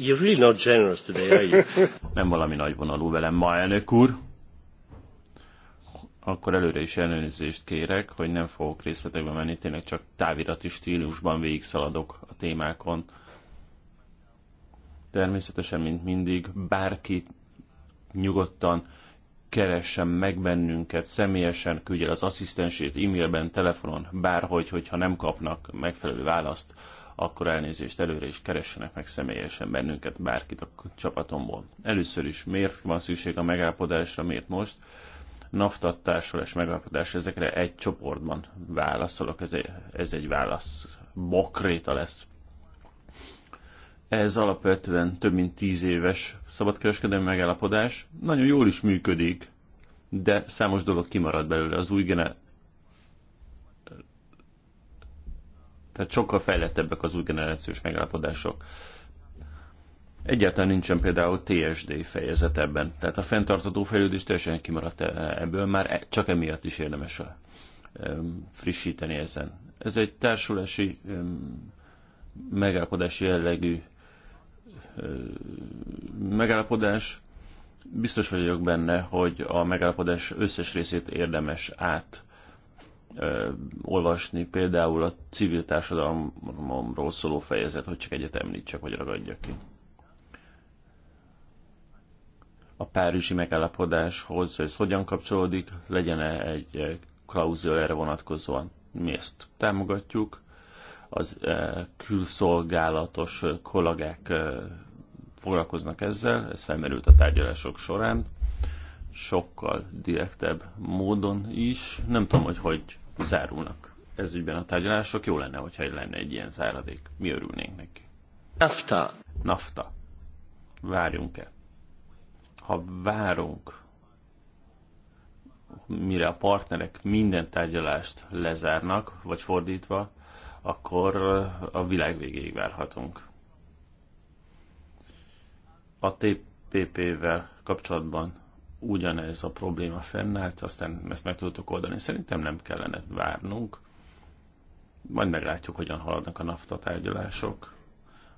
You're really not generous today, are you? Nem valami nagy vonalú velem ma, elnök úr. Akkor előre is ellenőrzést kérek, hogy nem fogok részletekbe menni, tényleg csak távirati stílusban végigszaladok a témákon. Természetesen, mint mindig, bárki nyugodtan keressen meg bennünket személyesen, küldje az asszisztensét e-mailben, telefonon, bárhogy, hogyha nem kapnak megfelelő választ, akkor elnézést előre is keressenek meg személyesen bennünket, bárkit a csapatomból. Először is miért van szükség a megállapodásra, miért most? NAFTA és megállapodás, ezekre egy csoportban válaszolok, ez egy, ez egy válasz bokréta lesz. Ez alapvetően több mint tíz éves szabadkereskedelmi megállapodás. Nagyon jól is működik, de számos dolog kimarad belőle. Az új gener- Tehát sokkal fejlettebbek az új generációs megállapodások. Egyáltalán nincsen például TSD fejezet ebben. Tehát a fenntartató fejlődés teljesen kimaradt e- e- ebből, már e- csak emiatt is érdemes a frissíteni ezen. Ez egy társulási megállapodási jellegű megállapodás. Biztos vagyok benne, hogy a megállapodás összes részét érdemes át olvasni, például a civil társadalomról szóló fejezet, hogy csak egyet említsek, hogy ragadjak ki. A párizsi megállapodáshoz ez hogyan kapcsolódik, legyen-e egy klauzula erre vonatkozóan? Mi ezt támogatjuk, az külszolgálatos kollégák foglalkoznak ezzel, ez felmerült a tárgyalások során, sokkal direktebb módon is. Nem tudom, hogy hogy zárulnak ez ügyben a tárgyalások. Jó lenne, hogyha lenne egy ilyen záradék. Mi örülnénk neki. Nafta. Nafta. Várjunk-e? Ha várunk, mire a partnerek minden tárgyalást lezárnak, vagy fordítva, akkor a világ végéig várhatunk. A TPP-vel kapcsolatban ugyanez a probléma fennállt, aztán ezt meg tudtuk oldani. Szerintem nem kellene várnunk. Majd meglátjuk, hogyan haladnak a NAFTA tárgyalások,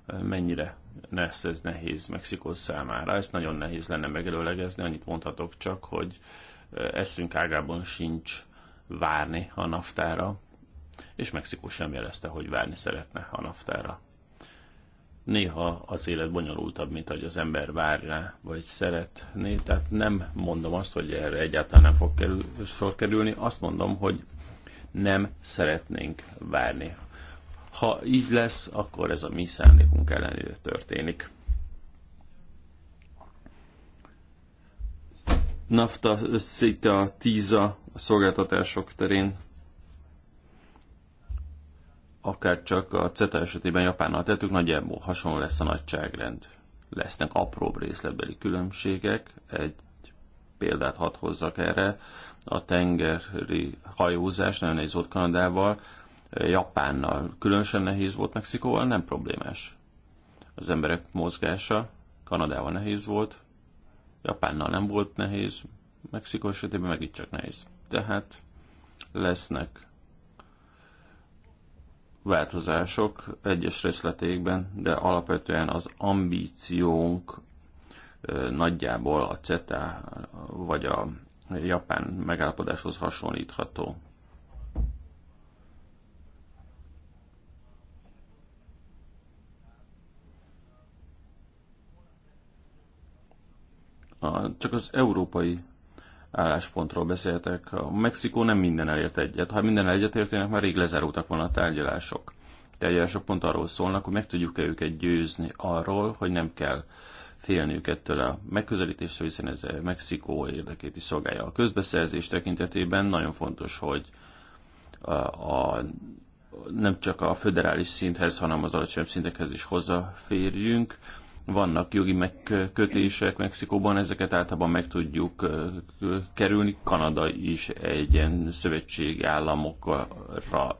mennyire lesz ez nehéz Mexikó számára. Ezt nagyon nehéz lenne megelőlegezni, annyit mondhatok csak, hogy eszünk ágában sincs várni a naftára, és Mexikó sem jelezte, hogy várni szeretne a naftára néha az élet bonyolultabb, mint ahogy az ember várná, vagy szeretné. Tehát nem mondom azt, hogy erre egyáltalán nem fog kerül, sor kerülni, azt mondom, hogy nem szeretnénk várni. Ha így lesz, akkor ez a mi szándékunk ellenére történik. NAFTA, szita, tíza a szolgáltatások terén akár csak a CETA esetében Japánnal tettük, nagyjából hasonló lesz a nagyságrend. Lesznek apróbb részletbeli különbségek, egy példát hadd hozzak erre. A tengeri hajózás nagyon nehéz volt Kanadával, Japánnal különösen nehéz volt Mexikóval, nem problémás. Az emberek mozgása Kanadával nehéz volt, Japánnal nem volt nehéz, Mexikó esetében meg itt csak nehéz. Tehát lesznek változások egyes részletékben, de alapvetően az ambíciónk nagyjából a CETA vagy a japán megállapodáshoz hasonlítható. csak az európai álláspontról beszéltek. A Mexikó nem minden elért egyet. Ha minden egyet értének, már rég lezárultak volna a tárgyalások. A tárgyalások pont arról szólnak, hogy meg tudjuk-e őket győzni arról, hogy nem kell félniük ettől a megközelítésről, hiszen ez a Mexikó érdekét is szolgálja. A közbeszerzés tekintetében nagyon fontos, hogy a, a nem csak a föderális szinthez, hanem az alacsonyabb szintekhez is hozzáférjünk vannak jogi megkötések Mexikóban, ezeket általában meg tudjuk kerülni. Kanada is egy ilyen szövetségi államokra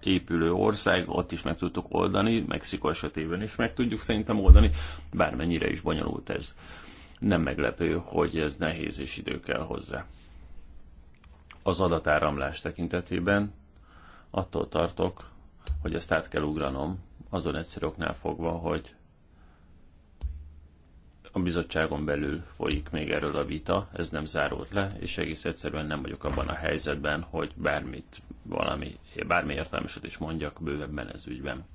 épülő ország, ott is meg tudtuk oldani, Mexikó esetében is meg tudjuk szerintem oldani, bármennyire is bonyolult ez. Nem meglepő, hogy ez nehéz és idő kell hozzá. Az adatáramlás tekintetében attól tartok, hogy ezt át kell ugranom, azon egyszerű oknál fogva, hogy a bizottságon belül folyik még erről a vita, ez nem zárult le, és egész egyszerűen nem vagyok abban a helyzetben, hogy bármit, valami, bármi értelmeset is mondjak bővebben ez ügyben.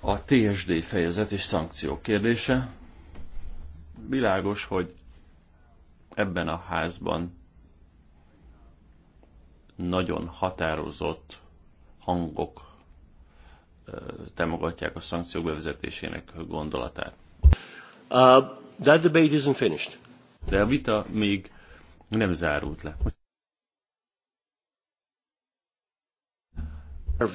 A TSD fejezet és szankciók kérdése. Világos, hogy ebben a házban nagyon határozott hangok támogatják a szankciók bevezetésének gondolatát. Uh, that debate isn't finished. De a vita még nem zárult le.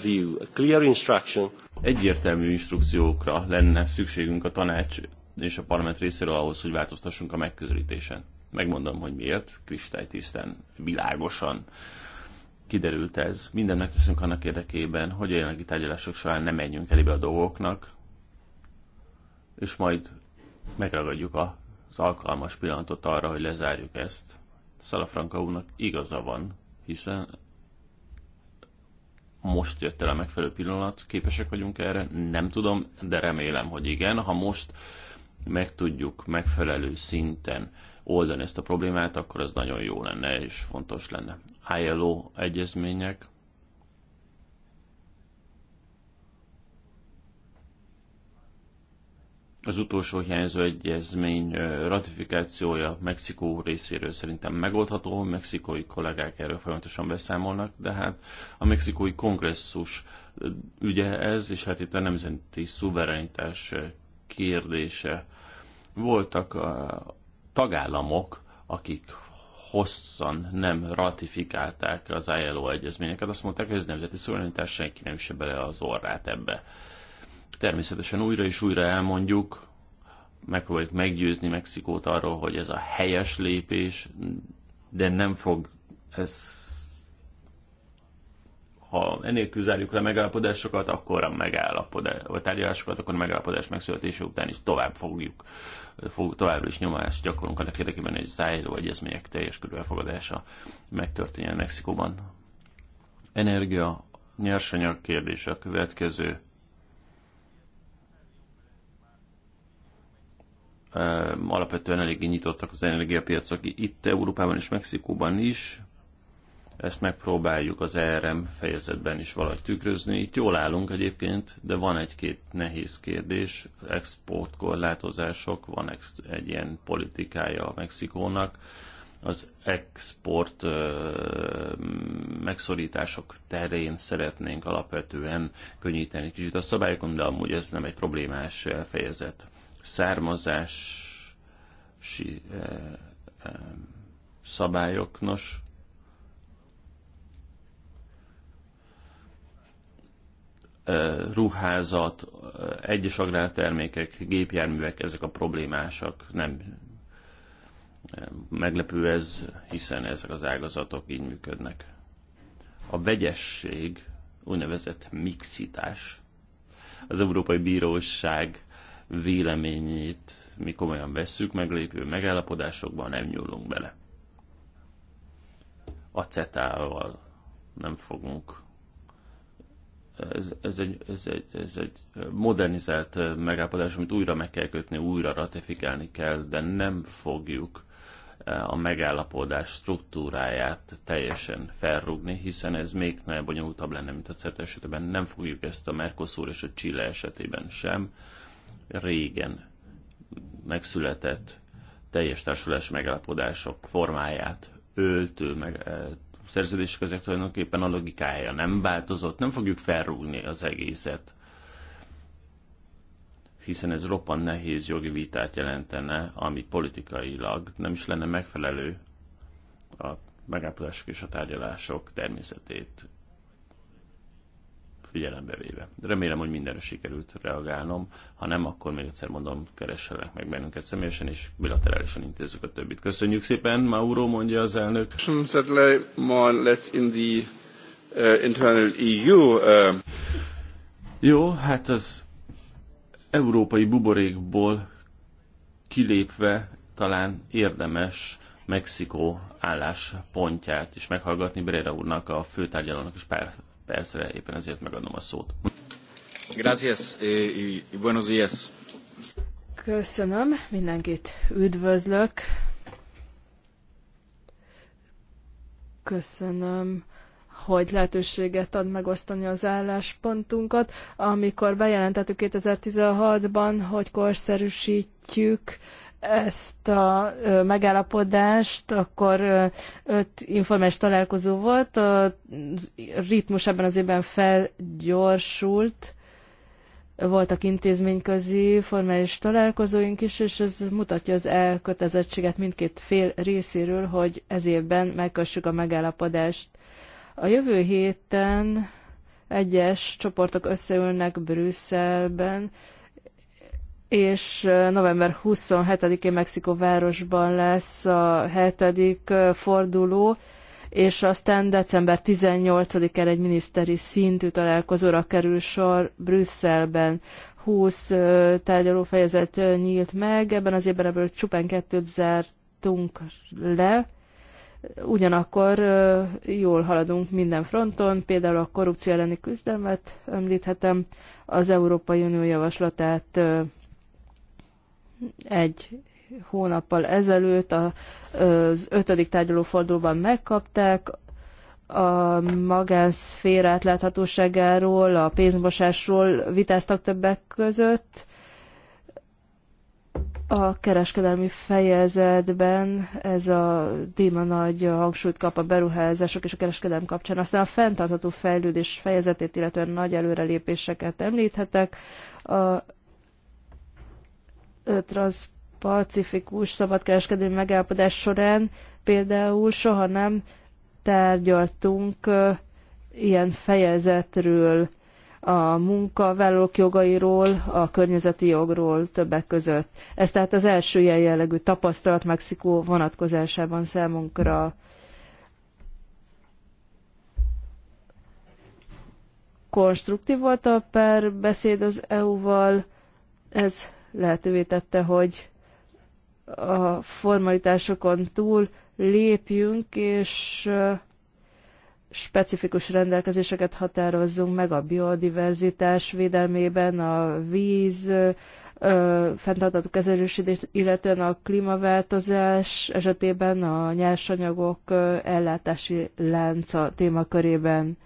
View, a clear instruction. Egyértelmű instrukciókra lenne szükségünk a tanács és a parlament részéről ahhoz, hogy változtassunk a megközelítésen. Megmondom, hogy miért, kristálytisztán, világosan kiderült ez. Mindent megteszünk annak érdekében, hogy a jelenlegi tárgyalások során nem menjünk elébe a dolgoknak, és majd megragadjuk az alkalmas pillanatot arra, hogy lezárjuk ezt. Szalafranka úrnak igaza van, hiszen most jött el a megfelelő pillanat, képesek vagyunk erre, nem tudom, de remélem, hogy igen. Ha most meg tudjuk megfelelő szinten oldani ezt a problémát, akkor az nagyon jó lenne és fontos lenne. ILO egyezmények, az utolsó hiányzó egyezmény ratifikációja Mexikó részéről szerintem megoldható, a mexikói kollégák erről folyamatosan beszámolnak, de hát a mexikói kongresszus ügye ez, és hát itt a nemzeti szuverenitás kérdése. Voltak a tagállamok, akik hosszan nem ratifikálták az ILO egyezményeket, azt mondták, hogy ez nemzeti szuverenitás, senki nem üsse bele az orrát ebbe. Természetesen újra és újra elmondjuk, megpróbáljuk meggyőzni Mexikót arról, hogy ez a helyes lépés, de nem fog ez ha enélkül zárjuk le megállapodásokat, akkor a megállapodás, vagy tárgyalásokat, akkor a megállapodás megszületése után is tovább fogjuk, fog, továbbra is nyomást gyakorlunk annak érdekében, hogy zájló egyezmények teljes körű elfogadása megtörténjen Mexikóban. Energia, nyersanyag kérdése a következő alapvetően eléggé nyitottak az energiapiacok itt Európában és Mexikóban is. Ezt megpróbáljuk az ERM fejezetben is valahogy tükrözni. Itt jól állunk egyébként, de van egy-két nehéz kérdés. Exportkorlátozások, van egy ilyen politikája a Mexikónak. Az export megszorítások terén szeretnénk alapvetően könnyíteni kicsit a szabályokon, de amúgy ez nem egy problémás fejezet származási eh, eh, szabályoknos. Eh, ruházat, egyes agrártermékek, gépjárművek, ezek a problémásak. Nem meglepő ez, hiszen ezek az ágazatok így működnek. A vegyesség, úgynevezett mixitás, az Európai Bíróság véleményét mi komolyan vesszük, meglépő megállapodásokban nem nyúlunk bele. A ceta nem fogunk. Ez, ez, egy, ez, egy, ez egy modernizált megállapodás, amit újra meg kell kötni, újra ratifikálni kell, de nem fogjuk eh, a megállapodás struktúráját teljesen felrúgni, hiszen ez még nagyon bonyolultabb lenne, mint a CETA esetében. Nem fogjuk ezt a Mercosur és a Chile esetében sem régen megszületett teljes társulás megállapodások formáját öltő meg, eh, szerződések ezek tulajdonképpen a logikája nem változott, nem fogjuk felrúgni az egészet, hiszen ez roppan nehéz jogi vitát jelentene, ami politikailag nem is lenne megfelelő a megállapodások és a tárgyalások természetét figyelembe véve. Remélem, hogy mindenre sikerült reagálnom, ha nem, akkor még egyszer mondom, keresselek meg bennünket személyesen, és bilaterálisan intézzük a többit. Köszönjük szépen, Mauro, mondja az elnök. Jó, hát az európai buborékból kilépve talán érdemes Mexikó álláspontját is meghallgatni Brera úrnak, a főtárgyalónak és pár percre, éppen ezért megadom a szót. Gracias, eh, y buenos días. Köszönöm, mindenkit üdvözlök. Köszönöm hogy lehetőséget ad megosztani az álláspontunkat. Amikor bejelentettük 2016-ban, hogy korszerűsítjük ezt a megállapodást, akkor öt informális találkozó volt, a ritmus ebben az évben felgyorsult, voltak intézményközi formális találkozóink is, és ez mutatja az elkötelezettséget mindkét fél részéről, hogy ez évben megkössük a megállapodást. A jövő héten egyes csoportok összeülnek Brüsszelben, és november 27-én Mexikó városban lesz a hetedik forduló, és aztán december 18-án egy miniszteri szintű találkozóra kerül sor Brüsszelben. 20 tárgyalófejezet nyílt meg, ebben az évben ebből csupán kettőt zártunk le, ugyanakkor jól haladunk minden fronton, például a korrupció elleni küzdelmet említhetem, az Európai Unió javaslatát egy hónappal ezelőtt az ötödik tárgyalófordulóban megkapták, a magánszféra átláthatóságáról, a pénzmosásról vitáztak többek között. A kereskedelmi fejezetben ez a díma nagy hangsúlyt kap a beruházások és a kereskedelem kapcsán. Aztán a fenntartható fejlődés fejezetét, illetően nagy előrelépéseket említhetek. A transpacifikus szabadkereskedelmi megállapodás során például soha nem tárgyaltunk ilyen fejezetről, a munkavállalók jogairól, a környezeti jogról többek között. Ez tehát az első ilyen jellegű tapasztalat Mexikó vonatkozásában számunkra. Konstruktív volt a párbeszéd az EU-val, ez lehetővé tette, hogy a formalitásokon túl lépjünk, és specifikus rendelkezéseket határozzunk meg a biodiverzitás védelmében, a víz, fenntartató kezelését, illetően a klímaváltozás esetében a nyersanyagok ellátási lánca témakörében.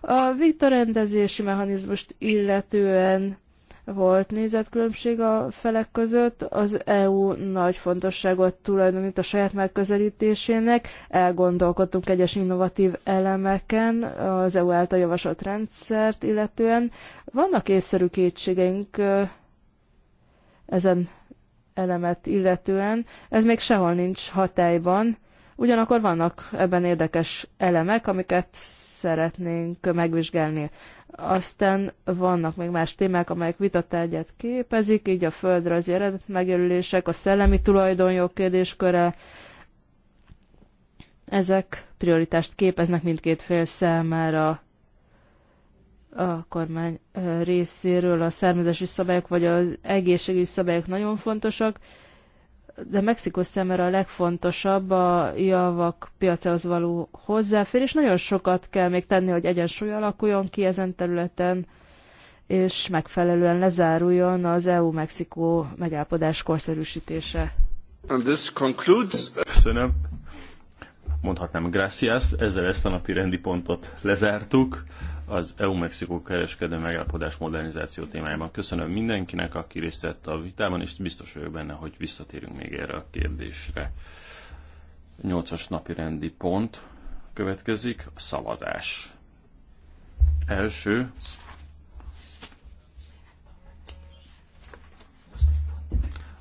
A vitarendezési mechanizmust illetően volt nézetkülönbség a felek között. Az EU nagy fontosságot tulajdonít a saját megközelítésének. Elgondolkodtunk egyes innovatív elemeken az EU által javasolt rendszert illetően. Vannak észszerű kétségeink ezen elemet illetően. Ez még sehol nincs hatályban. Ugyanakkor vannak ebben érdekes elemek, amiket szeretnénk megvizsgálni. Aztán vannak még más témák, amelyek vitatárgyát képezik, így a földrajzi eredet megjelölések, a szellemi tulajdonjog kérdésköre, ezek prioritást képeznek mindkét fél számára a kormány részéről a származási szabályok vagy az egészségügyi szabályok nagyon fontosak, de Mexikó szemére a legfontosabb a javak piacához való És Nagyon sokat kell még tenni, hogy egyensúly alakuljon ki ezen területen, és megfelelően lezáruljon az EU-Mexikó megállapodás korszerűsítése. And this concludes... Köszönöm. Mondhatnám gracias, ezzel ezt a napi rendi pontot lezártuk az EU-Mexikó kereskedelmi megállapodás modernizáció témájában. Köszönöm mindenkinek, aki részt vett a vitában, és biztos vagyok benne, hogy visszatérünk még erre a kérdésre. Nyolcas napi rendi pont következik, a szavazás. Első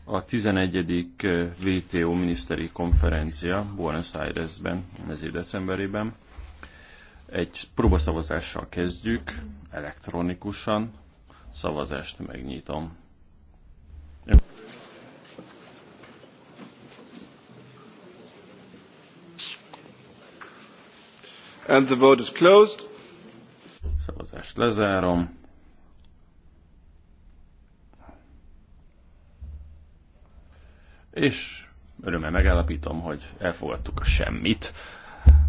a 11. Eh, WTO miniszteri konferencia Buenos Airesben, ez decemberében. Egy próbaszavazással kezdjük, elektronikusan. Szavazást megnyitom. And the vote is closed. Szavazást lezárom. És örömmel megállapítom, hogy elfogadtuk a semmit.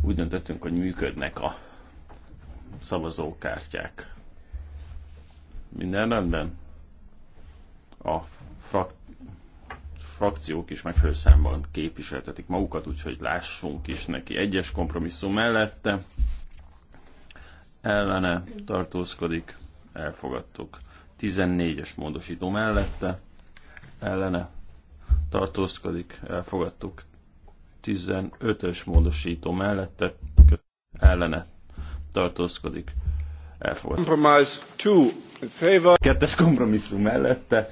Úgy döntöttünk, hogy működnek a szavazókártyák. Minden rendben? A frak- frakciók is megfelelő számban képviseltetik magukat, úgyhogy lássunk is neki egyes kompromisszum mellette. Ellene tartózkodik, elfogadtuk. 14-es módosító mellette, ellene tartózkodik, elfogadtuk. 15-ös módosító mellette, ellene tartózkodik, Elfogadtuk. Kettes kompromisszum mellette,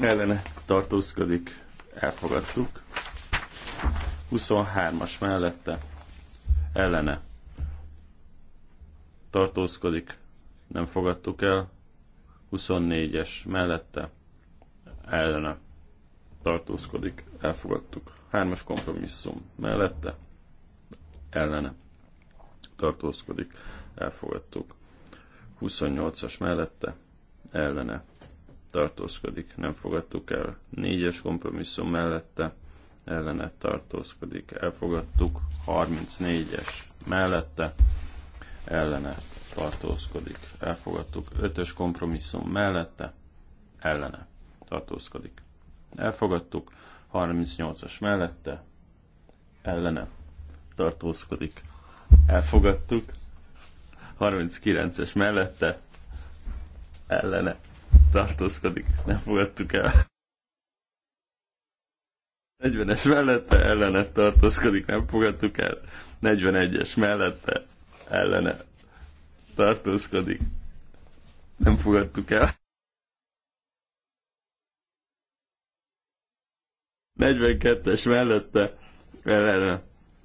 ellene tartózkodik, elfogadtuk. 23-as mellette, ellene tartózkodik, nem fogadtuk el. 24-es mellette, ellene tartózkodik, elfogadtuk. 3-as kompromisszum mellette, ellene tartózkodik, elfogadtuk. 28-as mellette ellene tartózkodik, nem fogadtuk el. 4-es kompromisszum mellette ellene tartózkodik, elfogadtuk. 34-es mellette ellene tartózkodik, elfogadtuk. 5-ös kompromisszum mellette ellene tartózkodik. Elfogadtuk. 38-as mellette ellene tartózkodik. Elfogadtuk. 39-es mellette ellene tartózkodik. Nem fogadtuk el. 40-es mellette ellene tartózkodik. Nem fogadtuk el. 41-es mellette ellene tartózkodik. Nem fogadtuk el. 42-es mellette ellene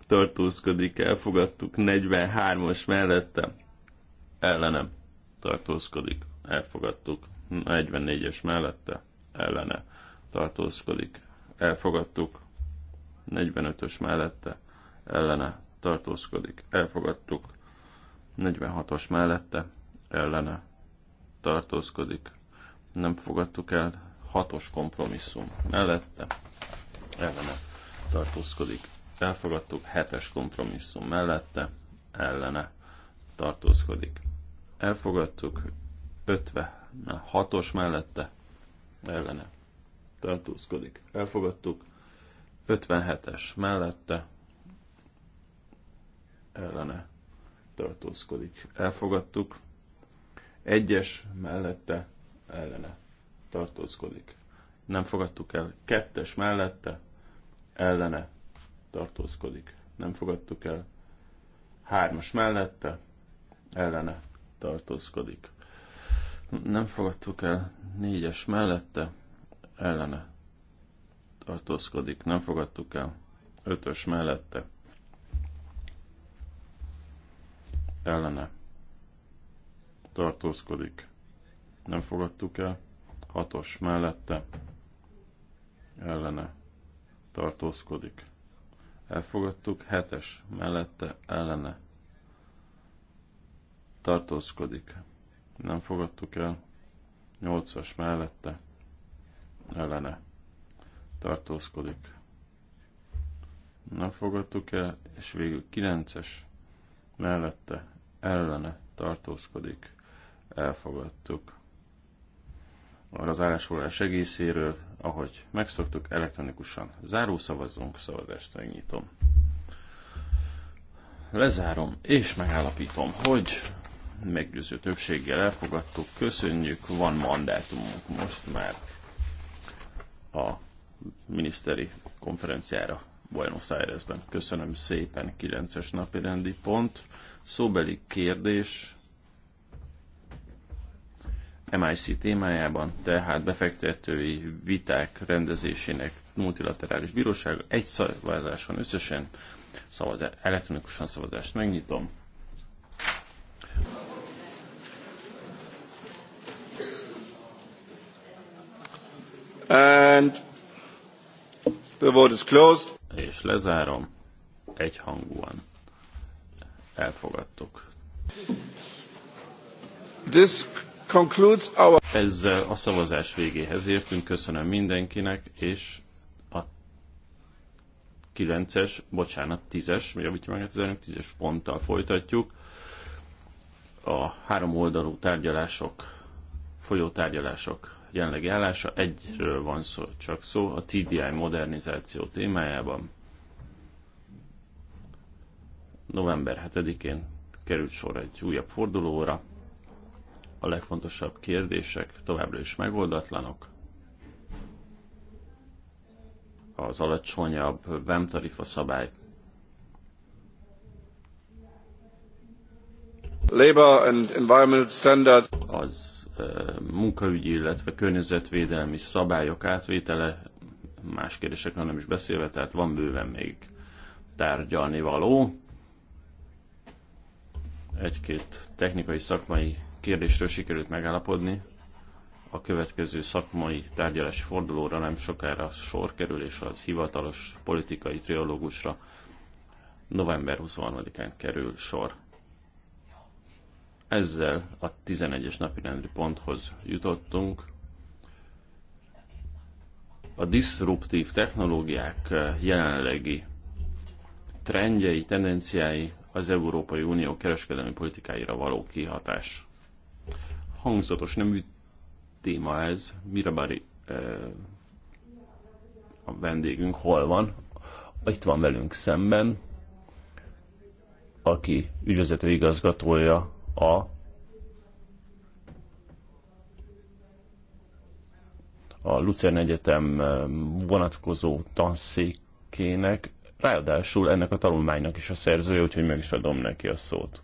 tartózkodik, elfogadtuk 43-as mellette ellene tartózkodik, elfogadtuk. 44-es mellette ellene tartózkodik, elfogadtuk. 45-ös mellette ellene tartózkodik, elfogadtuk. 46-os mellette ellene tartózkodik, nem fogadtuk el. 6-os kompromisszum mellette ellene tartózkodik, elfogadtuk. 7-es kompromisszum mellette ellene tartózkodik, elfogadtuk 56-os mellette ellene tartózkodik. Elfogadtuk 57-es mellette ellene tartózkodik. Elfogadtuk egyes mellette ellene tartózkodik. Nem fogadtuk el kettes mellette ellene tartózkodik. Nem fogadtuk el hármas mellette ellene tartózkodik. Nem fogadtuk el négyes mellette, ellene tartózkodik, nem fogadtuk el ötös mellette, ellene tartózkodik, nem fogadtuk el hatos mellette, ellene tartózkodik. Elfogadtuk hetes mellette, ellene tartózkodik. Nem fogadtuk el. Nyolcas mellette ellene tartózkodik. Nem fogadtuk el, és végül kilences mellette ellene tartózkodik. Elfogadtuk. Arra az állásolás egészéről, ahogy megszoktuk, elektronikusan zárószavazunk, szavazást megnyitom lezárom és megállapítom, hogy meggyőző többséggel elfogadtuk. Köszönjük, van mandátumunk most már a miniszteri konferenciára Buenos Airesben. Köszönöm szépen, 9-es napi rendi pont. Szóbeli kérdés MIC témájában, tehát befektetői viták rendezésének multilaterális bíróság egy szavazáson összesen szavazás, elektronikusan szavazást megnyitom. And the vote is closed. És lezárom. Egyhangúan. Elfogadtuk. This concludes our... Ezzel a szavazás végéhez értünk. Köszönöm mindenkinek, és a 9-es, bocsánat, 10-es, javítja meg az elnök, 10-es ponttal folytatjuk. A három oldalú tárgyalások, folyó tárgyalások jelenlegi állása, egyről van szó, csak szó, a TDI modernizáció témájában. November 7-én került sor egy újabb fordulóra. A legfontosabb kérdések továbbra is megoldatlanok. Az alacsonyabb VEM tarifa szabály Labor and environmental standard. Az munkaügyi, illetve környezetvédelmi szabályok átvétele, más kérdésekről nem is beszélve, tehát van bőven még tárgyalni való. Egy-két technikai, szakmai kérdésről sikerült megállapodni. A következő szakmai tárgyalási fordulóra nem sokára sor kerül, és az hivatalos politikai triológusra november 23-án kerül sor. Ezzel a 11-es napi rendi ponthoz jutottunk. A diszruptív technológiák jelenlegi trendjei, tendenciái az Európai Unió kereskedelmi politikáira való kihatás. Hangzatos nemű téma ez, Mirabari eh, a vendégünk hol van. Itt van velünk szemben, aki ügyvezető igazgatója a a Lucern Egyetem eh, vonatkozó tanszékének, ráadásul ennek a tanulmánynak is a szerzője, úgyhogy meg is adom neki a szót.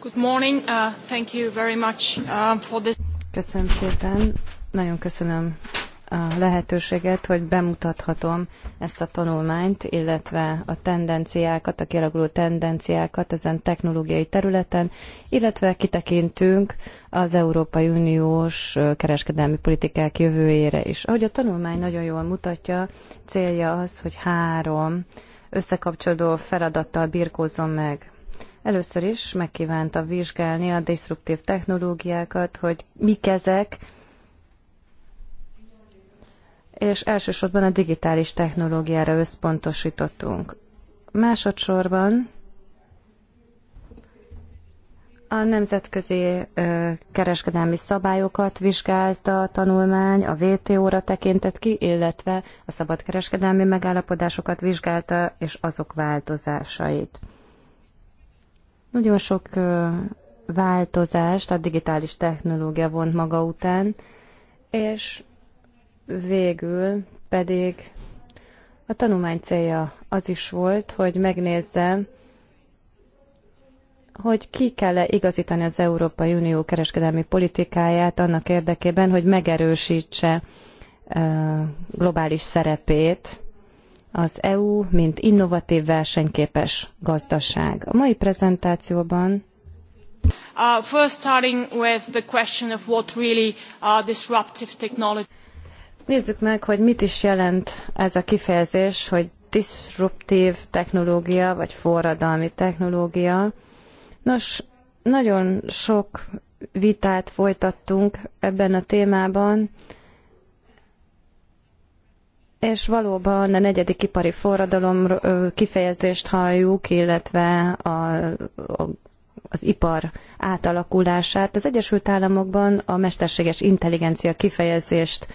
Good morning. Uh, thank you very much uh, for this. Köszönöm szépen. Nagyon köszönöm a lehetőséget, hogy bemutathatom ezt a tanulmányt, illetve a tendenciákat, a kialakuló tendenciákat ezen technológiai területen, illetve kitekintünk az Európai Uniós kereskedelmi politikák jövőjére is. Ahogy a tanulmány nagyon jól mutatja, célja az, hogy három összekapcsolódó feladattal birkózom meg. Először is megkívánta vizsgálni a disruptív technológiákat, hogy mik ezek, és elsősorban a digitális technológiára összpontosítottunk. Másodszorban a nemzetközi ö, kereskedelmi szabályokat vizsgálta a tanulmány, a WTO-ra tekintett ki, illetve a szabadkereskedelmi megállapodásokat vizsgálta, és azok változásait. Nagyon sok ö, változást a digitális technológia vont maga után, és Végül pedig a tanulmány célja az is volt, hogy megnézze, hogy ki kell -e igazítani az Európai Unió kereskedelmi politikáját annak érdekében, hogy megerősítse globális szerepét az EU, mint innovatív versenyképes gazdaság. A mai prezentációban Uh, first starting with the question of what really uh, disruptive technology. Nézzük meg, hogy mit is jelent ez a kifejezés, hogy disruptív technológia, vagy forradalmi technológia. Nos, nagyon sok vitát folytattunk ebben a témában, és valóban a negyedik ipari forradalom kifejezést halljuk, illetve a, a, az ipar átalakulását. Az Egyesült Államokban a mesterséges intelligencia kifejezést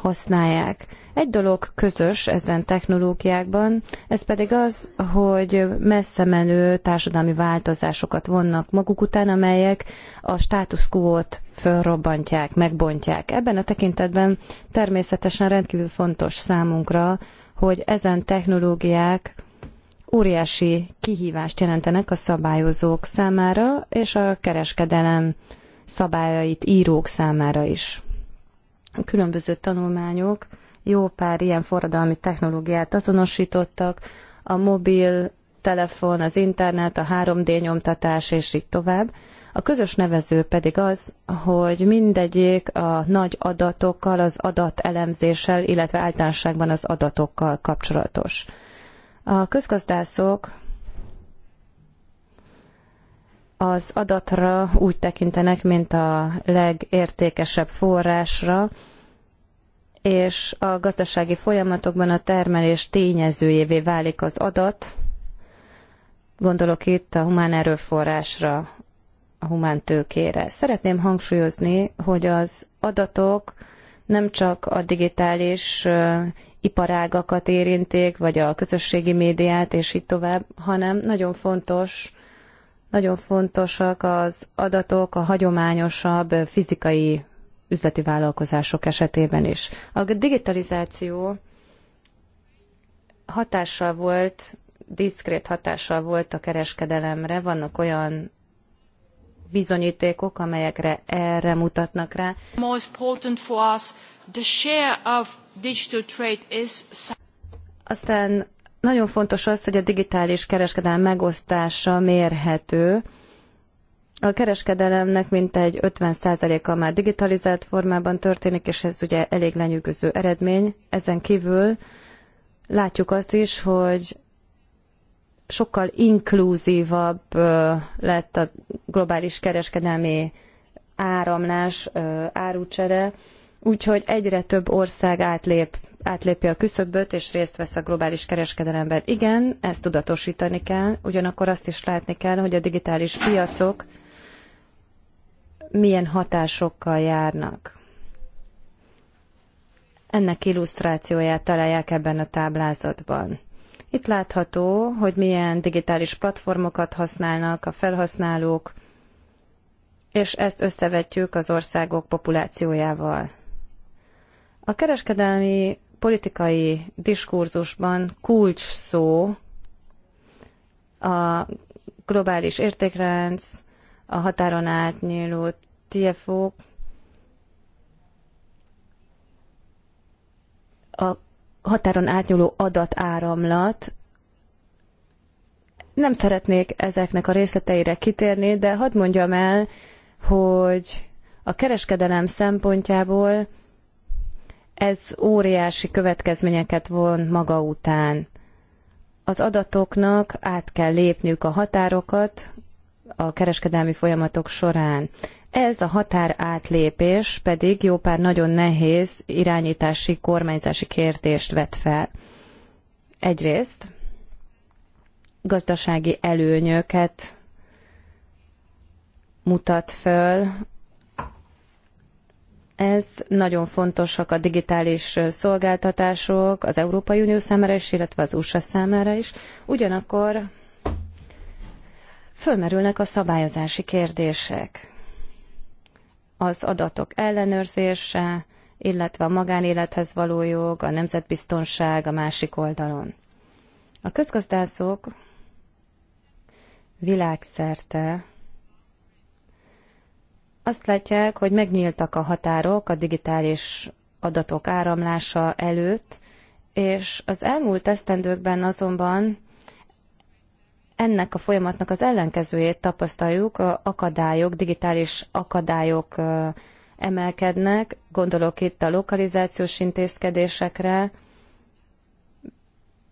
használják. Egy dolog közös ezen technológiákban, ez pedig az, hogy messze menő társadalmi változásokat vonnak maguk után, amelyek a status quo-t fölrobbantják, megbontják. Ebben a tekintetben természetesen rendkívül fontos számunkra, hogy ezen technológiák óriási kihívást jelentenek a szabályozók számára és a kereskedelem szabályait írók számára is különböző tanulmányok jó pár ilyen forradalmi technológiát azonosítottak, a mobil, telefon, az internet, a 3D nyomtatás, és így tovább. A közös nevező pedig az, hogy mindegyik a nagy adatokkal, az adatelemzéssel, illetve általánosságban az adatokkal kapcsolatos. A közgazdászok az adatra úgy tekintenek, mint a legértékesebb forrásra, és a gazdasági folyamatokban a termelés tényezőjévé válik az adat. Gondolok itt a humán erőforrásra, a humán tőkére. Szeretném hangsúlyozni, hogy az adatok nem csak a digitális iparágakat érintik, vagy a közösségi médiát, és így tovább, hanem nagyon fontos nagyon fontosak az adatok a hagyományosabb fizikai üzleti vállalkozások esetében is. A digitalizáció hatással volt, diszkrét hatással volt a kereskedelemre. Vannak olyan bizonyítékok, amelyekre erre mutatnak rá. Aztán nagyon fontos az, hogy a digitális kereskedelem megosztása mérhető. A kereskedelemnek mintegy 50%-a már digitalizált formában történik, és ez ugye elég lenyűgöző eredmény. Ezen kívül látjuk azt is, hogy sokkal inkluzívabb lett a globális kereskedelmi áramlás, árucsere, úgyhogy egyre több ország átlép átlépi a küszöböt és részt vesz a globális kereskedelemben. Igen, ezt tudatosítani kell, ugyanakkor azt is látni kell, hogy a digitális piacok milyen hatásokkal járnak. Ennek illusztrációját találják ebben a táblázatban. Itt látható, hogy milyen digitális platformokat használnak a felhasználók, és ezt összevetjük az országok populációjával. A kereskedelmi politikai diskurzusban kulcs szó a globális értékrend, a határon átnyíló TFO, a határon átnyúló adatáramlat. Nem szeretnék ezeknek a részleteire kitérni, de hadd mondjam el, hogy a kereskedelem szempontjából ez óriási következményeket von maga után. Az adatoknak át kell lépniük a határokat a kereskedelmi folyamatok során. Ez a határ átlépés pedig jó pár nagyon nehéz irányítási, kormányzási kérdést vet fel. Egyrészt gazdasági előnyöket mutat föl ez nagyon fontosak a digitális szolgáltatások az Európai Unió számára is, illetve az USA számára is. Ugyanakkor fölmerülnek a szabályozási kérdések. Az adatok ellenőrzése, illetve a magánélethez való jog, a nemzetbiztonság a másik oldalon. A közgazdászok világszerte azt látják, hogy megnyíltak a határok a digitális adatok áramlása előtt, és az elmúlt esztendőkben azonban ennek a folyamatnak az ellenkezőjét tapasztaljuk, a akadályok, digitális akadályok emelkednek, gondolok itt a lokalizációs intézkedésekre,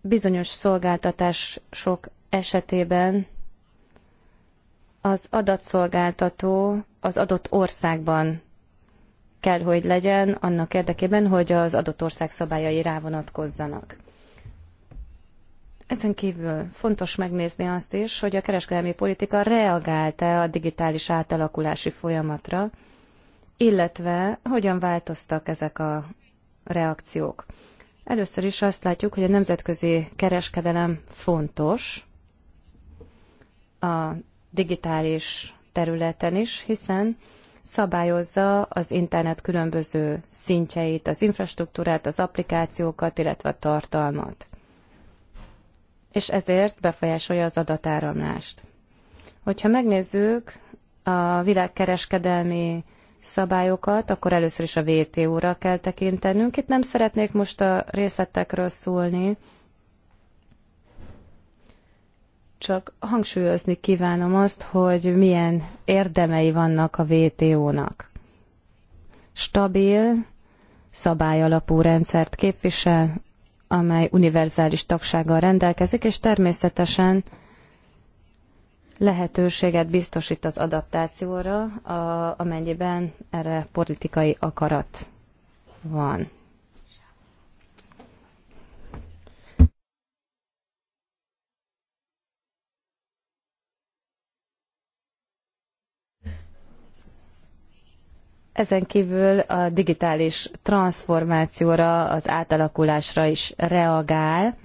bizonyos szolgáltatások esetében az adatszolgáltató az adott országban kell, hogy legyen annak érdekében, hogy az adott ország szabályai vonatkozzanak. Ezen kívül fontos megnézni azt is, hogy a kereskedelmi politika reagált-e a digitális átalakulási folyamatra, illetve hogyan változtak ezek a reakciók. Először is azt látjuk, hogy a nemzetközi kereskedelem fontos a digitális területen is, hiszen szabályozza az internet különböző szintjeit, az infrastruktúrát, az applikációkat, illetve a tartalmat. És ezért befolyásolja az adatáramlást. Hogyha megnézzük a világkereskedelmi szabályokat, akkor először is a WTO-ra kell tekintenünk. Itt nem szeretnék most a részletekről szólni, csak hangsúlyozni kívánom azt, hogy milyen érdemei vannak a VTO-nak. Stabil, szabályalapú rendszert képvisel, amely univerzális tagsággal rendelkezik, és természetesen lehetőséget biztosít az adaptációra, amennyiben erre politikai akarat van. Ezen kívül a digitális transformációra, az átalakulásra is reagál.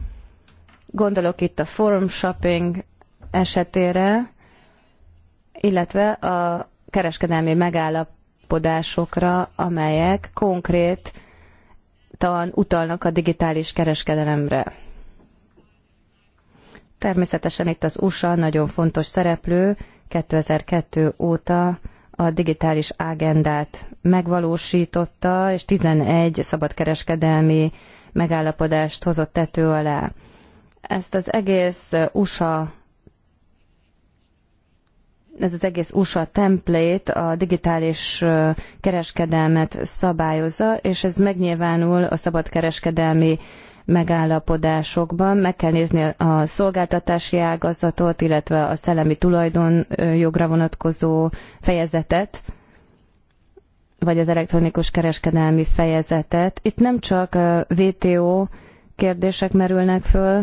Gondolok itt a forum shopping esetére, illetve a kereskedelmi megállapodásokra, amelyek konkrétan utalnak a digitális kereskedelemre. Természetesen itt az USA nagyon fontos szereplő 2002 óta a digitális agendát megvalósította, és 11 szabadkereskedelmi megállapodást hozott tető alá. Ezt az egész USA ez az egész USA template a digitális kereskedelmet szabályozza, és ez megnyilvánul a szabadkereskedelmi megállapodásokban. Meg kell nézni a szolgáltatási ágazatot, illetve a szellemi tulajdonjogra vonatkozó fejezetet, vagy az elektronikus kereskedelmi fejezetet. Itt nem csak WTO kérdések merülnek föl,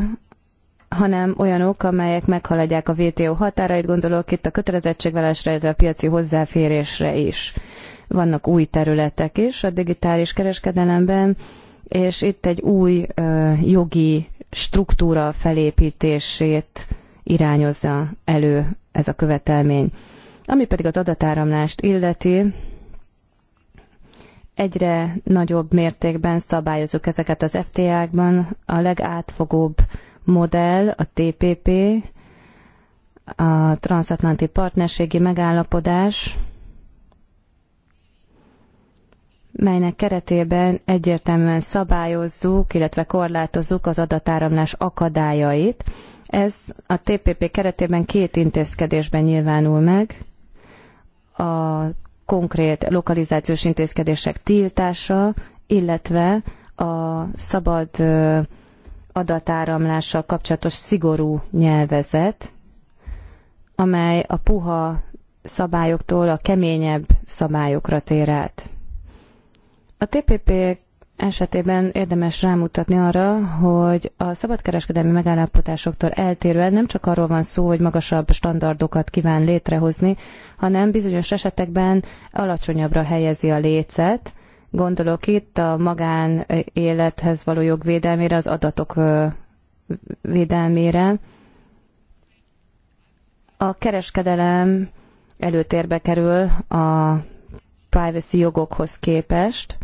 hanem olyanok, amelyek meghaladják a WTO határait, gondolok itt a kötelezettségvállásra, illetve a piaci hozzáférésre is. Vannak új területek is a digitális kereskedelemben, és itt egy új jogi struktúra felépítését irányozza elő ez a követelmény. Ami pedig az adatáramlást illeti, egyre nagyobb mértékben szabályozunk ezeket az FTA-kban. A legátfogóbb modell a TPP, a transatlanti partnerségi megállapodás, melynek keretében egyértelműen szabályozzuk, illetve korlátozzuk az adatáramlás akadályait. Ez a TPP keretében két intézkedésben nyilvánul meg. A konkrét lokalizációs intézkedések tiltása, illetve a szabad adatáramlással kapcsolatos szigorú nyelvezet, amely a puha szabályoktól a keményebb szabályokra tér át. A TPP esetében érdemes rámutatni arra, hogy a szabadkereskedelmi megállapodásoktól eltérően nem csak arról van szó, hogy magasabb standardokat kíván létrehozni, hanem bizonyos esetekben alacsonyabbra helyezi a lécet. Gondolok itt a magánélethez való jogvédelmére, az adatok védelmére. A kereskedelem előtérbe kerül a privacy jogokhoz képest,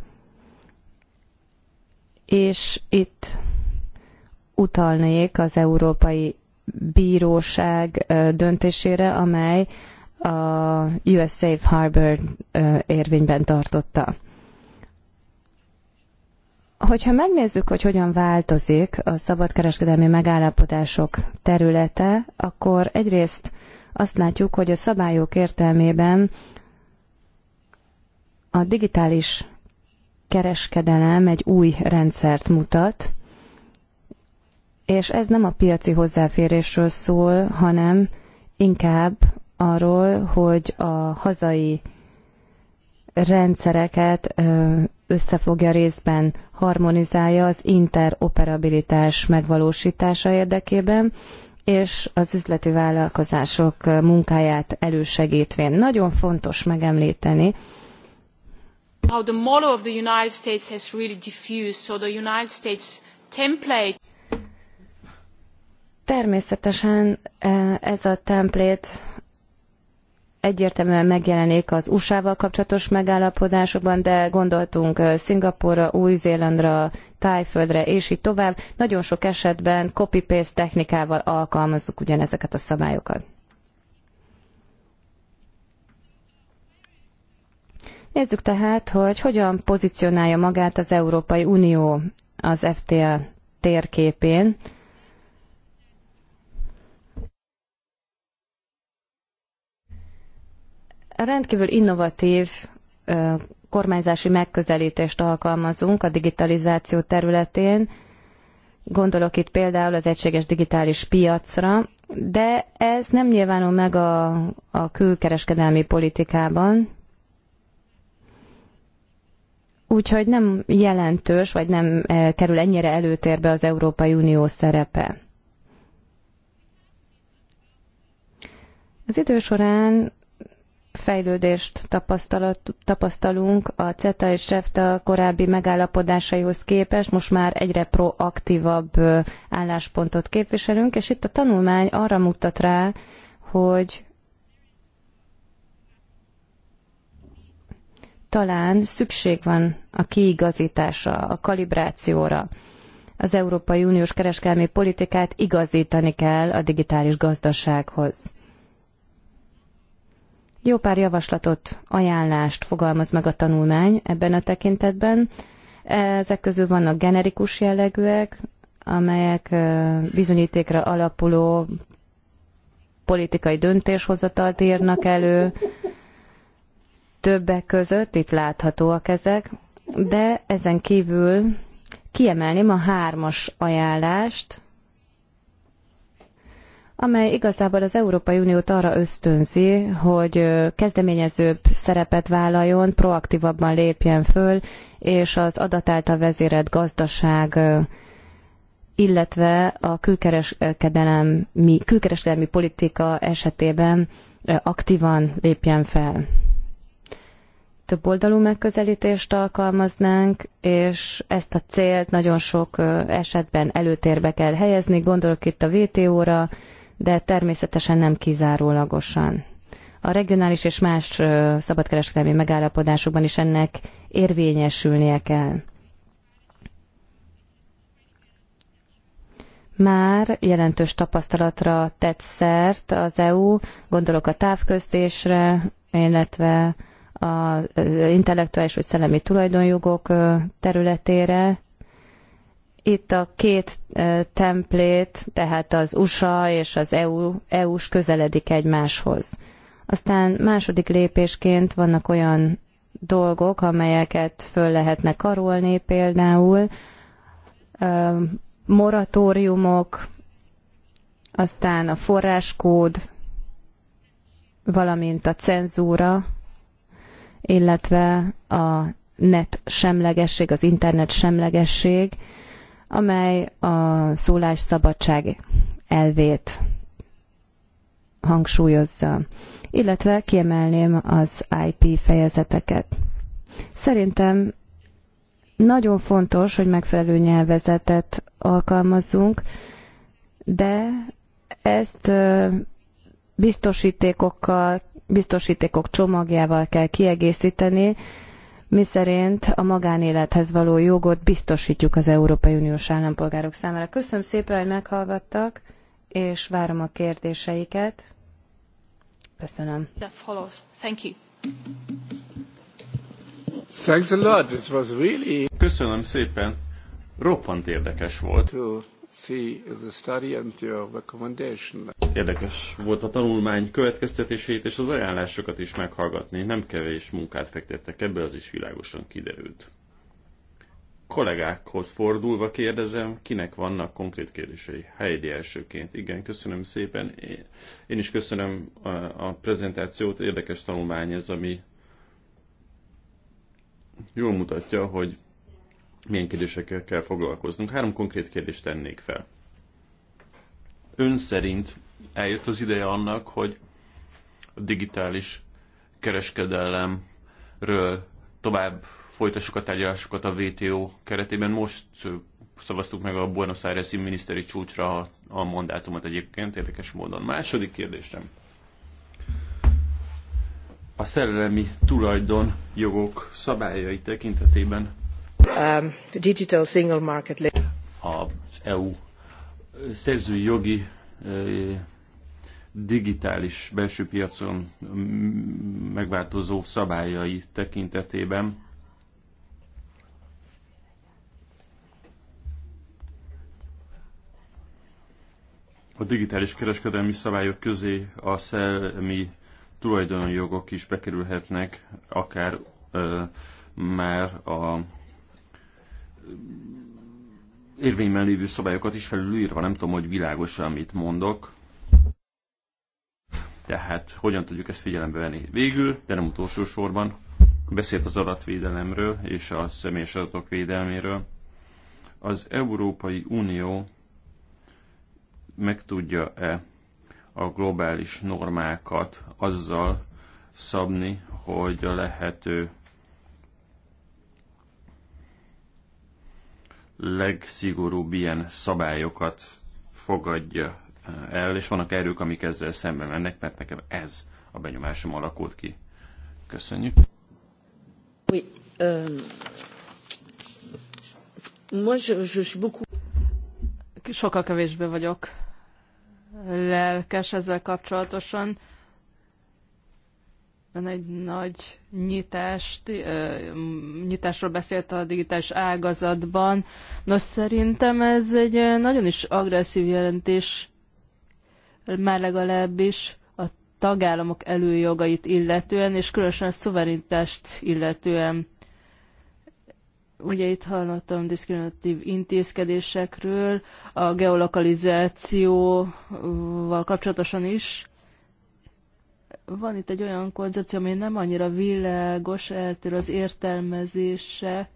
és itt utalnék az Európai Bíróság döntésére, amely a US Safe Harbor érvényben tartotta. Hogyha megnézzük, hogy hogyan változik a szabadkereskedelmi megállapodások területe, akkor egyrészt azt látjuk, hogy a szabályok értelmében a digitális kereskedelem egy új rendszert mutat, és ez nem a piaci hozzáférésről szól, hanem inkább arról, hogy a hazai rendszereket összefogja részben harmonizálja az interoperabilitás megvalósítása érdekében, és az üzleti vállalkozások munkáját elősegítvén. Nagyon fontos megemlíteni, How the model of the United States has really diffused, so the United States template Természetesen e, ez a templét egyértelműen megjelenik az USA-val kapcsolatos megállapodásokban, de gondoltunk e, Szingapurra, Új-Zélandra, Tájföldre, és így tovább. Nagyon sok esetben copy-paste technikával alkalmazzuk ugyanezeket a szabályokat. Nézzük tehát, hogy hogyan pozícionálja magát az Európai Unió az FTA térképén. Rendkívül innovatív kormányzási megközelítést alkalmazunk a digitalizáció területén. Gondolok itt például az egységes digitális piacra, de ez nem nyilvánul meg a, a külkereskedelmi politikában, úgyhogy nem jelentős, vagy nem e, kerül ennyire előtérbe az Európai Unió szerepe. Az idő során fejlődést tapasztalunk a CETA és CEFTA korábbi megállapodásaihoz képest, most már egyre proaktívabb álláspontot képviselünk, és itt a tanulmány arra mutat rá, hogy talán szükség van a kiigazításra, a kalibrációra. Az Európai Uniós kereskedelmi politikát igazítani kell a digitális gazdasághoz. Jó pár javaslatot, ajánlást fogalmaz meg a tanulmány ebben a tekintetben. Ezek közül vannak generikus jellegűek, amelyek bizonyítékra alapuló politikai döntéshozatalt írnak elő, többek között, itt láthatóak ezek, de ezen kívül kiemelném a hármas ajánlást, amely igazából az Európai Uniót arra ösztönzi, hogy kezdeményezőbb szerepet vállaljon, proaktívabban lépjen föl, és az adatáltal által vezérelt gazdaság, illetve a külkereskedelmi, külkereskedelmi politika esetében aktívan lépjen fel több oldalú megközelítést alkalmaznánk, és ezt a célt nagyon sok esetben előtérbe kell helyezni, gondolok itt a vto ra de természetesen nem kizárólagosan. A regionális és más szabadkereskedelmi megállapodásokban is ennek érvényesülnie kell. Már jelentős tapasztalatra tett szert az EU, gondolok a távköztésre, illetve az intellektuális vagy szellemi tulajdonjogok területére. Itt a két templét, tehát az USA és az EU, EU-s közeledik egymáshoz. Aztán második lépésként vannak olyan dolgok, amelyeket föl lehetne karolni például, moratóriumok, aztán a forráskód, valamint a cenzúra, illetve a net semlegesség, az internet semlegesség, amely a szólásszabadság elvét hangsúlyozza, illetve kiemelném az IP fejezeteket. Szerintem nagyon fontos, hogy megfelelő nyelvezetet alkalmazzunk, de ezt biztosítékokkal, biztosítékok csomagjával kell kiegészíteni, miszerint a magánélethez való jogot biztosítjuk az Európai Uniós állampolgárok számára. Köszönöm szépen, hogy meghallgattak, és várom a kérdéseiket. Köszönöm. That follows. Thank you. Thanks a lot. This was really... Köszönöm szépen. Roppant érdekes volt. Érdekes volt a tanulmány következtetését és az ajánlásokat is meghallgatni. Nem kevés munkát fektettek ebbe, az is világosan kiderült. Kollégákhoz fordulva kérdezem, kinek vannak konkrét kérdései? Heidi elsőként. Igen, köszönöm szépen. Én is köszönöm a, a prezentációt. Érdekes tanulmány ez, ami jól mutatja, hogy milyen kérdésekkel kell foglalkoznunk. Három konkrét kérdést tennék fel. Ön szerint eljött az ideje annak, hogy a digitális kereskedelemről tovább folytassuk a tárgyalásokat a WTO keretében. Most szavaztuk meg a Buenos aires miniszteri csúcsra a mandátumot egyébként, érdekes módon. Második kérdésem. A szellemi tulajdon jogok szabályai tekintetében Um, digital single market Az EU szerzői jogi digitális belső piacon megváltozó szabályai tekintetében a digitális kereskedelmi szabályok közé a szellemi tulajdonjogok is bekerülhetnek, akár ö, már a érvényben lévő szabályokat is felülírva, nem tudom, hogy világos, amit mondok. Tehát hogyan tudjuk ezt figyelembe venni? Végül, de nem utolsó sorban, beszélt az adatvédelemről és a személyes adatok védelméről. Az Európai Unió meg tudja-e a globális normákat azzal szabni, hogy a lehető legszigorúbb ilyen szabályokat fogadja eh, el, és vannak erők, amik ezzel szembe mennek, mert nekem ez a benyomásom alakult ki. Köszönjük. Oui, euh... Moi, je, je suis beaucoup... Sokkal kevésbé vagyok lelkes ezzel kapcsolatosan. Ön egy nagy nyitást, nyitásról beszélt a digitális ágazatban. Nos, szerintem ez egy nagyon is agresszív jelentés, már legalábbis a tagállamok előjogait illetően, és különösen a szuverenitást illetően. Ugye itt hallottam diszkriminatív intézkedésekről, a geolokalizációval kapcsolatosan is, van itt egy olyan koncepció, ami nem annyira világos, eltér az értelmezése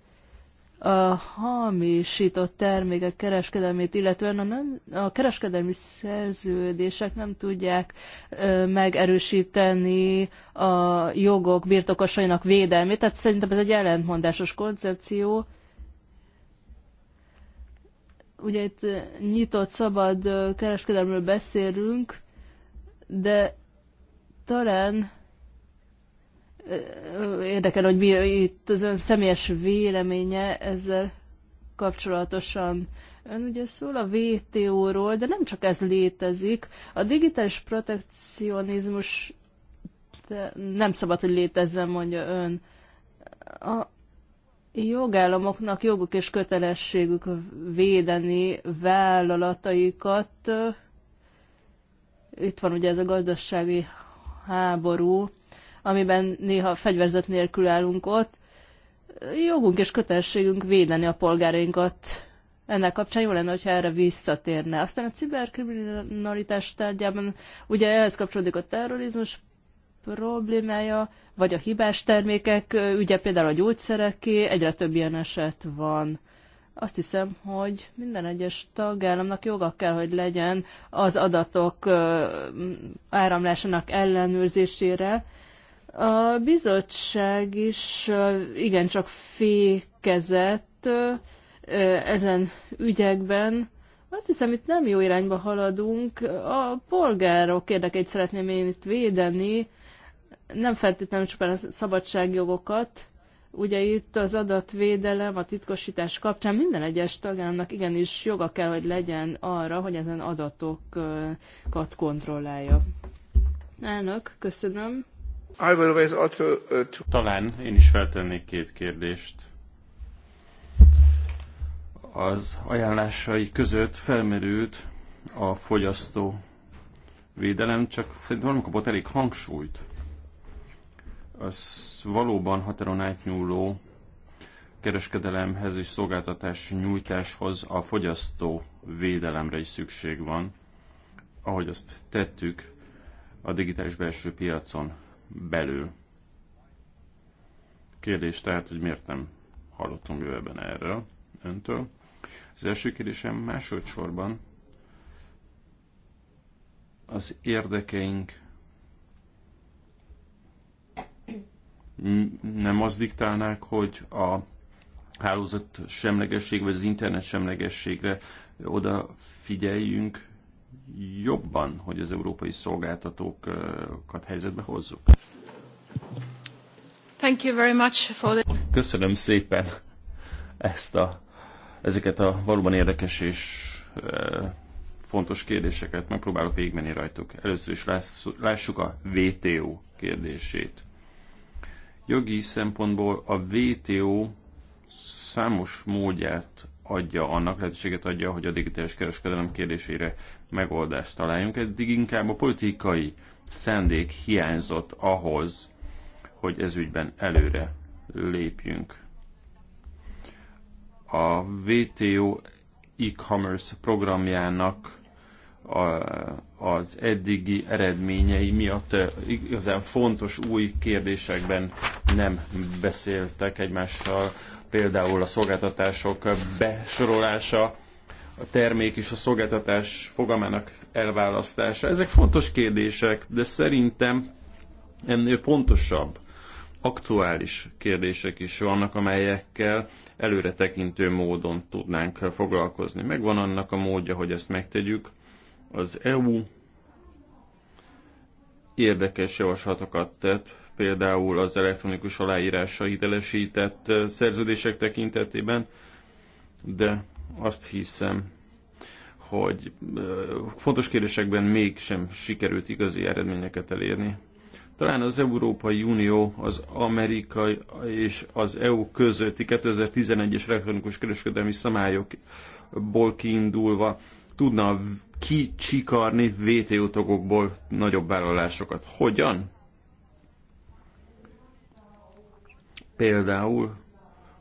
a hamisított termékek kereskedelmét, illetően a, nem, a kereskedelmi szerződések nem tudják ö, megerősíteni a jogok birtokosainak védelmét, tehát szerintem ez egy ellentmondásos koncepció. Ugye itt nyitott, szabad kereskedelmről beszélünk, de talán érdekel, hogy mi itt az ön személyes véleménye ezzel kapcsolatosan. Ön ugye szól a vto ról de nem csak ez létezik. A digitális protekcionizmus nem szabad, hogy létezzen, mondja ön. A jogállamoknak joguk és kötelességük védeni vállalataikat. Itt van ugye ez a gazdasági háború, amiben néha fegyverzet nélkül állunk ott, jogunk és kötelességünk védeni a polgárainkat. Ennek kapcsán jó lenne, hogyha erre visszatérne. Aztán a ciberkriminalitás tárgyában ugye ehhez kapcsolódik a terrorizmus problémája, vagy a hibás termékek, ugye például a gyógyszereké, egyre több ilyen eset van. Azt hiszem, hogy minden egyes tagállamnak joga kell, hogy legyen az adatok áramlásának ellenőrzésére. A bizottság is igencsak fékezett ezen ügyekben. Azt hiszem, itt nem jó irányba haladunk. A polgárok érdekeit szeretném én itt védeni, nem feltétlenül csupán a szabadságjogokat, Ugye itt az adatvédelem, a titkosítás kapcsán minden egyes tagállamnak igenis joga kell, hogy legyen arra, hogy ezen adatokat kontrollálja. Elnök, köszönöm. I will also, uh, Talán én is feltennék két kérdést az ajánlásai között felmerült a fogyasztó védelem, csak szerintem valamikor volt elég hangsúlyt az valóban határon átnyúló kereskedelemhez és szolgáltatás nyújtáshoz a fogyasztó védelemre is szükség van, ahogy azt tettük a digitális belső piacon belül. Kérdés tehát, hogy miért nem hallottunk bővebben erről öntől. Az első kérdésem másodszorban az érdekeink nem az diktálnák, hogy a hálózat semlegesség, vagy az internet semlegességre odafigyeljünk jobban, hogy az európai szolgáltatókat helyzetbe hozzuk. Thank you very much for the... Köszönöm szépen ezt a, ezeket a valóban érdekes és e, fontos kérdéseket. Megpróbálok végigmenni rajtuk. Először is lássuk a VTO kérdését. Jogi szempontból a WTO számos módját adja annak, lehetőséget adja, hogy a digitális kereskedelem kérdésére megoldást találjunk. Eddig inkább a politikai szendék hiányzott ahhoz, hogy ez ügyben előre lépjünk. A WTO e-commerce programjának az eddigi eredményei miatt eh, igazán fontos új kérdésekben nem beszéltek egymással, például a szolgáltatások besorolása, a termék és a szolgáltatás fogamának elválasztása. Ezek fontos kérdések, de szerintem ennél pontosabb, aktuális kérdések is vannak, amelyekkel előretekintő módon tudnánk foglalkozni. Megvan annak a módja, hogy ezt megtegyük, az EU érdekes javaslatokat tett, például az elektronikus aláírása hitelesített szerződések tekintetében, de azt hiszem, hogy fontos kérdésekben mégsem sikerült igazi eredményeket elérni. Talán az Európai Unió, az Amerikai és az EU közötti 2011-es elektronikus kereskedelmi szabályokból kiindulva tudna kicsikarni VTO tagokból nagyobb vállalásokat. Hogyan? Például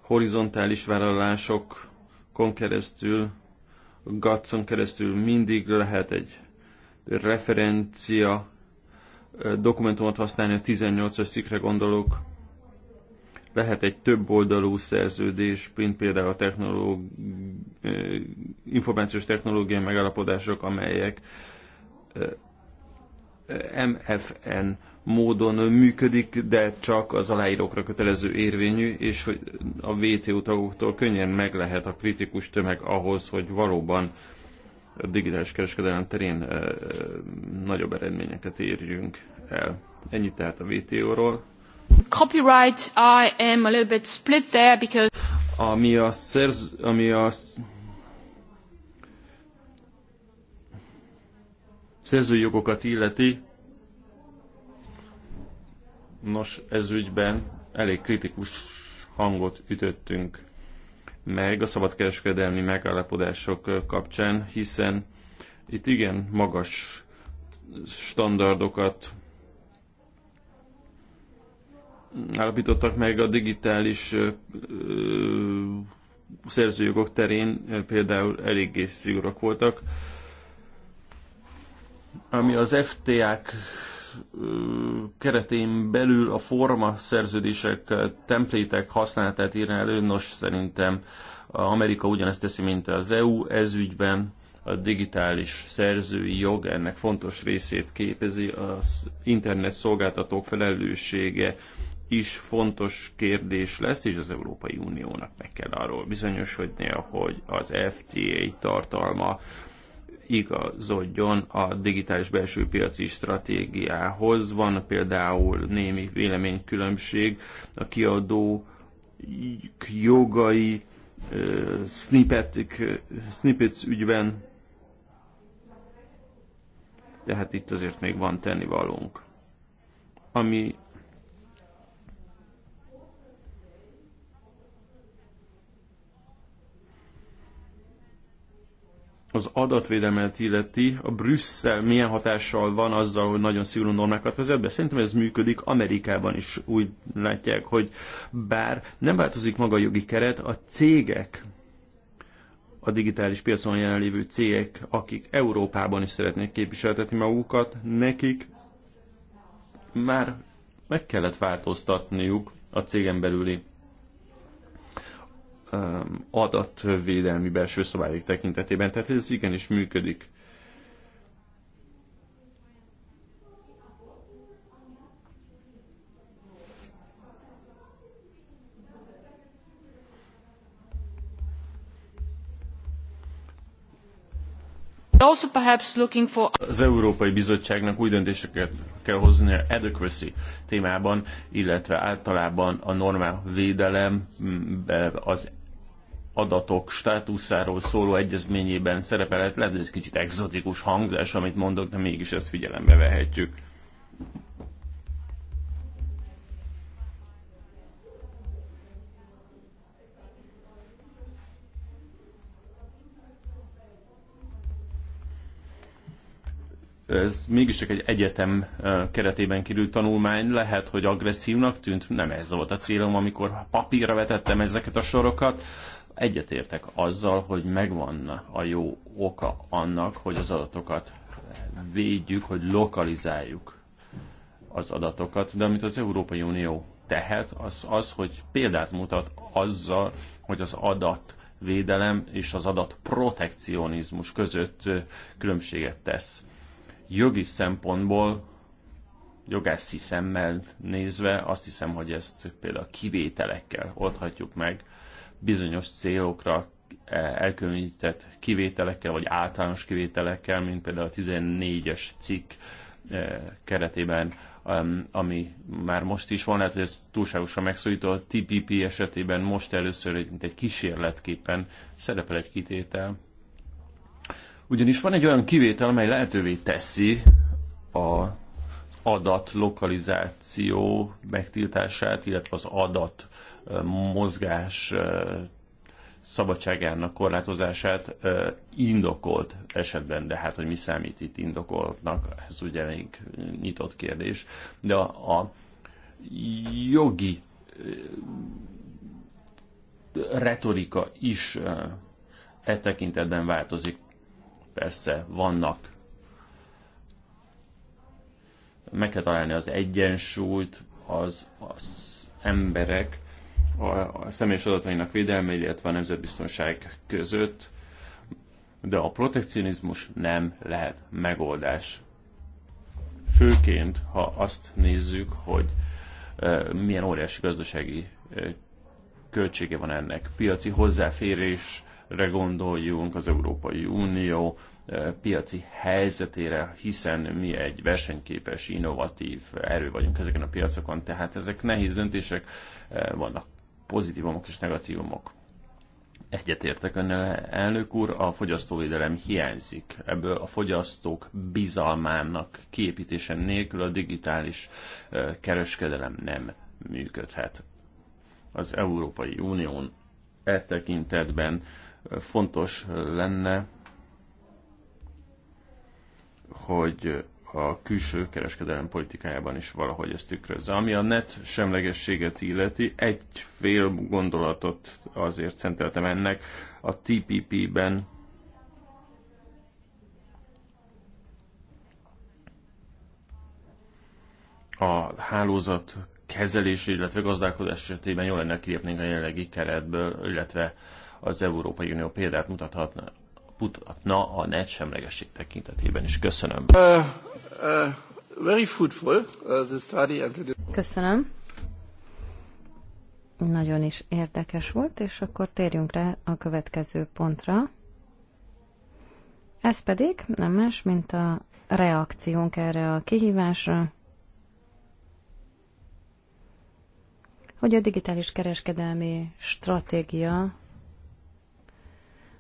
horizontális vállalásokon keresztül, gats keresztül mindig lehet egy referencia dokumentumot használni, a 18-as cikkre gondolok, lehet egy több oldalú szerződés, mint például a technológ... információs technológiai megállapodások, amelyek MFN módon működik, de csak az aláírókra kötelező érvényű, és hogy a WTO tagoktól könnyen meg lehet a kritikus tömeg ahhoz, hogy valóban a digitális kereskedelem terén nagyobb eredményeket érjünk el. Ennyit tehát a WTO-ról. Copyright, I am a little bit split there because... Ami a szerz... ami a szerzőjogokat illeti, nos, ez ügyben elég kritikus hangot ütöttünk meg a szabadkereskedelmi megállapodások kapcsán, hiszen itt igen magas standardokat állapítottak meg a digitális szerzőjogok terén például eléggé szigorúak voltak. Ami az FTA-k keretén belül a forma szerződések, templétek használatát írná elő, nos szerintem Amerika ugyanezt teszi, mint az EU ez ügyben a digitális szerzői jog ennek fontos részét képezi, az internet szolgáltatók felelőssége is fontos kérdés lesz, és az Európai Uniónak meg kell arról bizonyosodnia, hogy az FTA tartalma igazodjon a digitális belső piaci stratégiához. Van például némi véleménykülönbség a kiadó jogai snippet, snippets ügyben, tehát itt azért még van tennivalónk. Ami az adatvédelmet illeti, a Brüsszel milyen hatással van azzal, hogy nagyon szigorú normákat vezet be. Szerintem ez működik Amerikában is. Úgy látják, hogy bár nem változik maga a jogi keret, a cégek, a digitális piacon jelenlévő cégek, akik Európában is szeretnék képviseltetni magukat, nekik már meg kellett változtatniuk a cégen belüli Um, adatvédelmi belső szabályok tekintetében. Tehát ez igenis működik. Also perhaps looking for Az Európai Bizottságnak új döntéseket kell hozni a adequacy témában, illetve általában a normál védelem, mm, az adatok státuszáról szóló egyezményében szerepelhet. Lehet, hogy ez kicsit exotikus hangzás, amit mondok, de mégis ezt figyelembe vehetjük. ez mégiscsak egy egyetem keretében került tanulmány, lehet, hogy agresszívnak tűnt, nem ez volt a célom, amikor papírra vetettem ezeket a sorokat, Egyetértek azzal, hogy megvan a jó oka annak, hogy az adatokat védjük, hogy lokalizáljuk az adatokat, de amit az Európai Unió tehet, az az, hogy példát mutat azzal, hogy az adat védelem és az adat protekcionizmus között különbséget tesz. Jogi szempontból, jogászi szemmel nézve azt hiszem, hogy ezt például kivételekkel oldhatjuk meg, bizonyos célokra e, elkülönített kivételekkel, vagy általános kivételekkel, mint például a 14-es cikk e, keretében, ami már most is van, lehet, hogy ez túlságosan megszólító, a TPP esetében most először mint egy kísérletképpen szerepel egy kitétel. Ugyanis van egy olyan kivétel, amely lehetővé teszi a adat lokalizáció megtiltását, illetve az adat mozgás szabadságának korlátozását indokolt esetben, de hát, hogy mi számít itt indokoltnak, ez ugye még nyitott kérdés, de a, a jogi retorika is e tekintetben változik. Persze vannak meg kell találni az egyensúlyt, az, az emberek a személyes adatainak védelme, illetve a nemzetbiztonság között, de a protekcionizmus nem lehet megoldás. Főként, ha azt nézzük, hogy milyen óriási gazdasági költsége van ennek. Piaci hozzáférésre gondoljunk, az Európai Unió piaci helyzetére, hiszen mi egy versenyképes, innovatív erő vagyunk ezeken a piacokon, tehát ezek nehéz döntések, vannak pozitívumok és negatívumok. Egyetértek önnel, elnök úr, a fogyasztóvédelem hiányzik. Ebből a fogyasztók bizalmának kiépítése nélkül a digitális kereskedelem nem működhet. Az Európai Unión e tekintetben fontos lenne, hogy a külső kereskedelem politikájában is valahogy ezt tükrözze. Ami a net semlegességet illeti, egy fél gondolatot azért szenteltem ennek. A TPP-ben a hálózat kezelés, illetve gazdálkodás esetében jól lenne kilépnénk a jelenlegi keretből, illetve az Európai Unió példát mutathatna mutatna a net semlegesség tekintetében is. Köszönöm. Uh uh, very fruitful, uh, the study and the... Köszönöm. Nagyon is érdekes volt, és akkor térjünk rá a következő pontra. Ez pedig nem más, mint a reakciónk erre a kihívásra, hogy a digitális kereskedelmi stratégia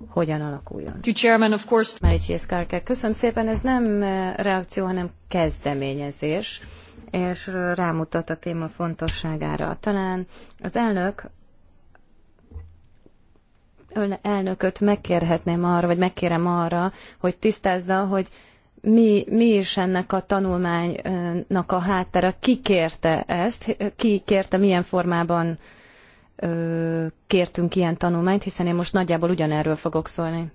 hogyan alakuljon. Chairman, of course. köszönöm szépen, ez nem eh, reakció, hanem kezdeményezés, és rámutat a téma fontosságára. Talán az elnök elnököt megkérhetném arra, vagy megkérem arra, hogy tisztázza, hogy mi, mi is ennek a tanulmánynak a háttere, ki kérte ezt, ki kérte, milyen formában kértünk ilyen tanulmányt, hiszen én most nagyjából ugyanerről fogok szólni.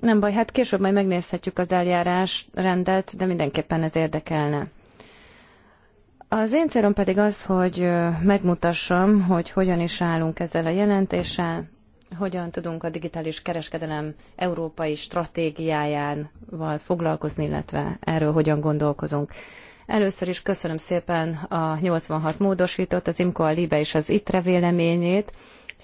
Nem baj, hát később majd megnézhetjük az eljárás rendet, de mindenképpen ez érdekelne. Az én célom pedig az, hogy megmutassam, hogy hogyan is állunk ezzel a jelentéssel, hogyan tudunk a digitális kereskedelem európai stratégiájával foglalkozni, illetve erről hogyan gondolkozunk. Először is köszönöm szépen a 86 módosított, az IMKO, a LIBE és az ITRE véleményét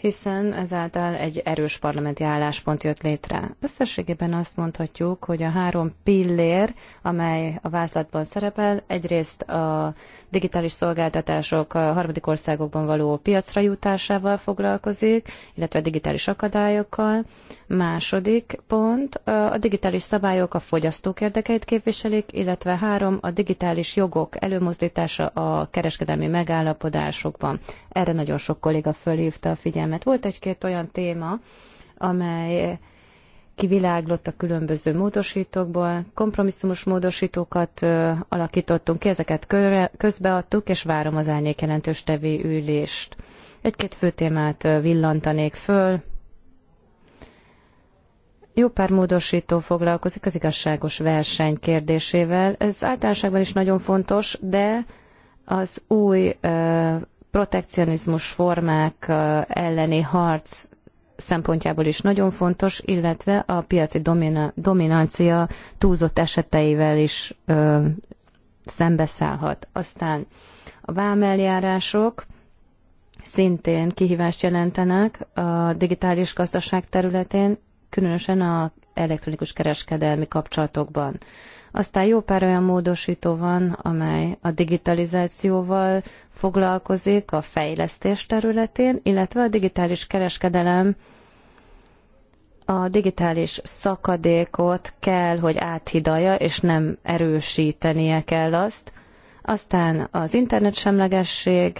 hiszen ezáltal egy erős parlamenti álláspont jött létre. Összességében azt mondhatjuk, hogy a három pillér, amely a vázlatban szerepel, egyrészt a digitális szolgáltatások a harmadik országokban való piacra jutásával foglalkozik, illetve a digitális akadályokkal. Második pont, a digitális szabályok a fogyasztók érdekeit képviselik, illetve három, a digitális jogok előmozdítása a kereskedelmi megállapodásokban. Erre nagyon sok kolléga fölhívta a figyelmet figyelmet. Volt egy-két olyan téma, amely kiviláglott a különböző módosítókból, kompromisszumos módosítókat ö, alakítottunk ki, ezeket körre, közbeadtuk, és várom az árnyék jelentős tevé ülést. Egy-két fő témát villantanék föl. Jó pár módosító foglalkozik az igazságos verseny kérdésével. Ez általánoságban is nagyon fontos, de az új ö, protekcionizmus formák elleni harc szempontjából is nagyon fontos, illetve a piaci domina, dominancia túlzott eseteivel is ö, szembeszállhat. Aztán a vámeljárások szintén kihívást jelentenek a digitális gazdaság területén, különösen a elektronikus kereskedelmi kapcsolatokban. Aztán jó pár olyan módosító van, amely a digitalizációval foglalkozik a fejlesztés területén, illetve a digitális kereskedelem a digitális szakadékot kell, hogy áthidalja, és nem erősítenie kell azt. Aztán az internetsemlegesség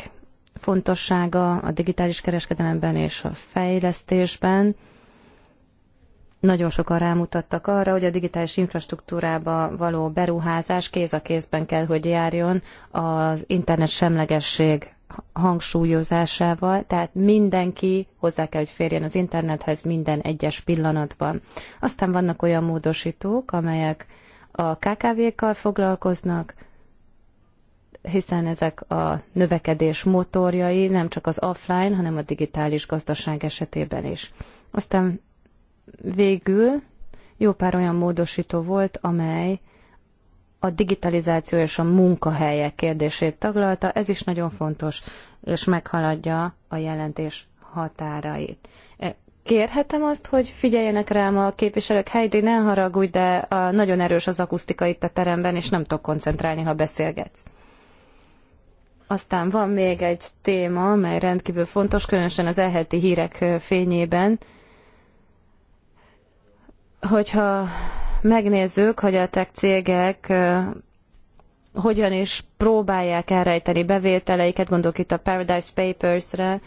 fontossága a digitális kereskedelemben és a fejlesztésben, nagyon sokan rámutattak arra, hogy a digitális infrastruktúrába való beruházás kéz a kézben kell, hogy járjon az internet semlegesség hangsúlyozásával, tehát mindenki hozzá kell, hogy férjen az internethez minden egyes pillanatban. Aztán vannak olyan módosítók, amelyek a KKV-kkal foglalkoznak, hiszen ezek a növekedés motorjai nem csak az offline, hanem a digitális gazdaság esetében is. Aztán végül jó pár olyan módosító volt, amely a digitalizáció és a munkahelyek kérdését taglalta, ez is nagyon fontos, és meghaladja a jelentés határait. E, kérhetem azt, hogy figyeljenek rám a képviselők, Heidi, ne haragudj, de a, nagyon erős az akusztika itt a teremben, és nem tudok koncentrálni, ha beszélgetsz. Aztán van még egy téma, mely rendkívül fontos, különösen az elheti hírek fényében, hogyha megnézzük, hogy a tech cégek hogyan is próbálják elrejteni bevételeiket, gondolok itt a Paradise Papers-re,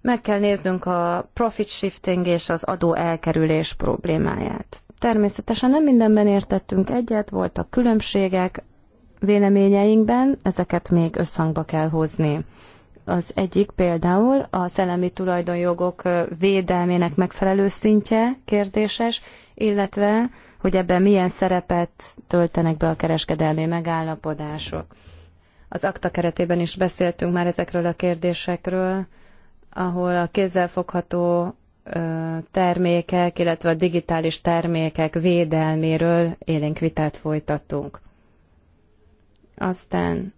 meg kell néznünk a profit shifting és az adó elkerülés problémáját. Természetesen nem mindenben értettünk egyet, voltak különbségek véleményeinkben, ezeket még összhangba kell hozni. Az egyik például a szellemi tulajdonjogok védelmének megfelelő szintje kérdéses, illetve hogy ebben milyen szerepet töltenek be a kereskedelmi megállapodások. Az akta keretében is beszéltünk már ezekről a kérdésekről, ahol a kézzelfogható termékek, illetve a digitális termékek védelméről élénk vitát folytattunk. Aztán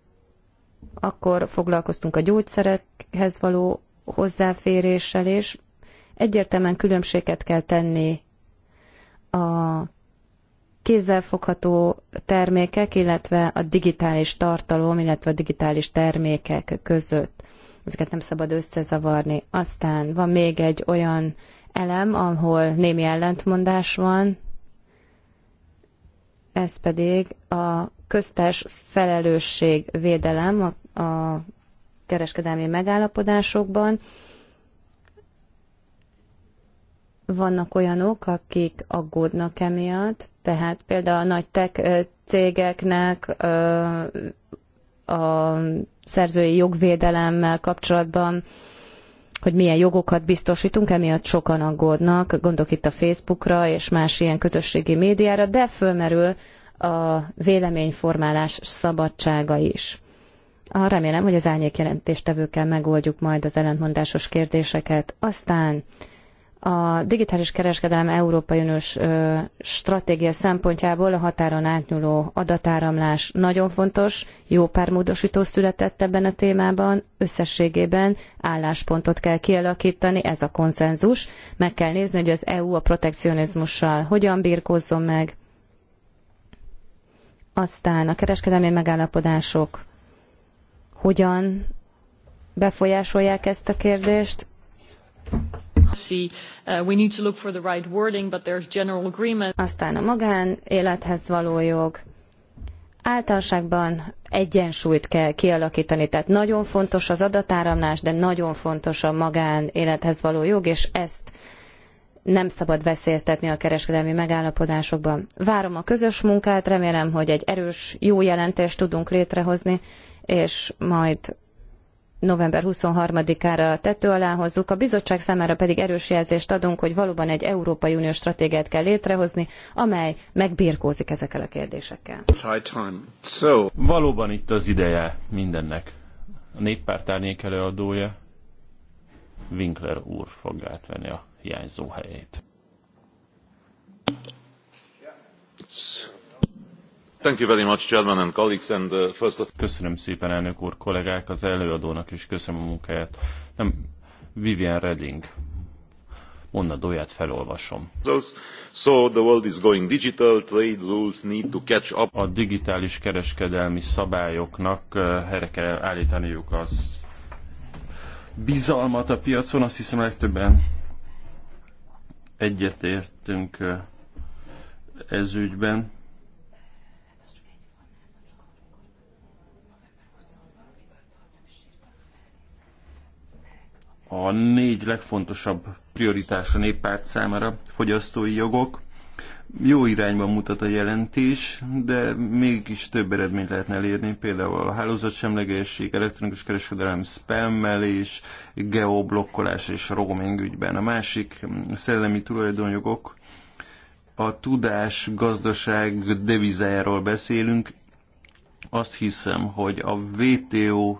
akkor foglalkoztunk a gyógyszerekhez való hozzáféréssel, és egyértelműen különbséget kell tenni a kézzelfogható termékek, illetve a digitális tartalom, illetve a digitális termékek között. Ezeket nem szabad összezavarni. Aztán van még egy olyan elem, ahol némi ellentmondás van, ez pedig a köztes felelősség védelem, a a kereskedelmi megállapodásokban. Vannak olyanok, akik aggódnak emiatt, tehát például a nagy tech cégeknek a szerzői jogvédelemmel kapcsolatban hogy milyen jogokat biztosítunk, emiatt sokan aggódnak, gondolok itt a Facebookra és más ilyen közösségi médiára, de fölmerül a véleményformálás szabadsága is. Ah, remélem, hogy az árnyék jelentéstevőkkel megoldjuk majd az ellentmondásos kérdéseket. Aztán a digitális kereskedelem Európai Uniós stratégia szempontjából a határon átnyúló adatáramlás nagyon fontos, jó pár módosító született ebben a témában, összességében álláspontot kell kialakítani, ez a konszenzus. Meg kell nézni, hogy az EU a protekcionizmussal hogyan birkózzon meg. Aztán a kereskedelmi megállapodások hogyan befolyásolják ezt a kérdést. Aztán a magánélethez való jog. Általánosságban egyensúlyt kell kialakítani, tehát nagyon fontos az adatáramlás, de nagyon fontos a magánélethez való jog, és ezt nem szabad veszélyeztetni a kereskedelmi megállapodásokban. Várom a közös munkát, remélem, hogy egy erős, jó jelentést tudunk létrehozni, és majd november 23-ára tető alá hozzuk, a bizottság számára pedig erős jelzést adunk, hogy valóban egy Európai Uniós stratégiát kell létrehozni, amely megbírkózik ezekkel a kérdésekkel. So... Valóban itt az ideje mindennek. A néppárt árnyék előadója Winkler úr fog átvenni a hiányzó helyét. Yeah. Uh, köszönöm szépen, elnök úr, kollégák, az előadónak is köszönöm a munkáját. Nem, Vivian Redding, mondandóját felolvasom. So the world is going digital, trade rules need to catch up. A digitális kereskedelmi szabályoknak uh, helyre kell állítaniuk az bizalmat a piacon, azt hiszem legtöbben egyetértünk uh, ez ügyben. a négy legfontosabb prioritás a néppárt számára, fogyasztói jogok. Jó irányban mutat a jelentés, de mégis több eredményt lehetne elérni, például a hálózatsemlegesség, elektronikus kereskedelem, spammelés, geoblokkolás és roaming ügyben. A másik szellemi tulajdonjogok, a tudás, gazdaság devizájáról beszélünk. Azt hiszem, hogy a WTO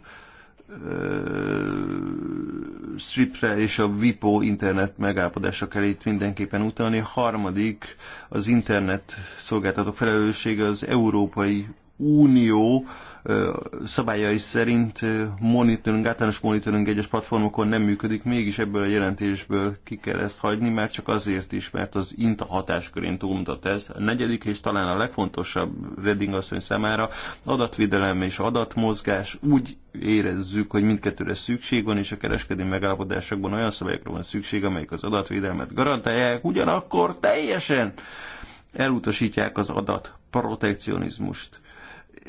srip és a VIPO internet megállapodása kell itt mindenképpen utalni. A harmadik, az internet szolgáltatók felelőssége az európai Unió szabályai szerint monitoring, általános monitoring egyes platformokon nem működik, mégis ebből a jelentésből ki kell ezt hagyni, már csak azért is, mert az INTA hatáskörén túlmutat ez. A negyedik és talán a legfontosabb Redding asszony számára adatvédelem és adatmozgás úgy érezzük, hogy mindkettőre szükség van, és a kereskedelmi megállapodásokban olyan szabályokra van szükség, amelyek az adatvédelmet garantálják, ugyanakkor teljesen elutasítják az adatprotekcionizmust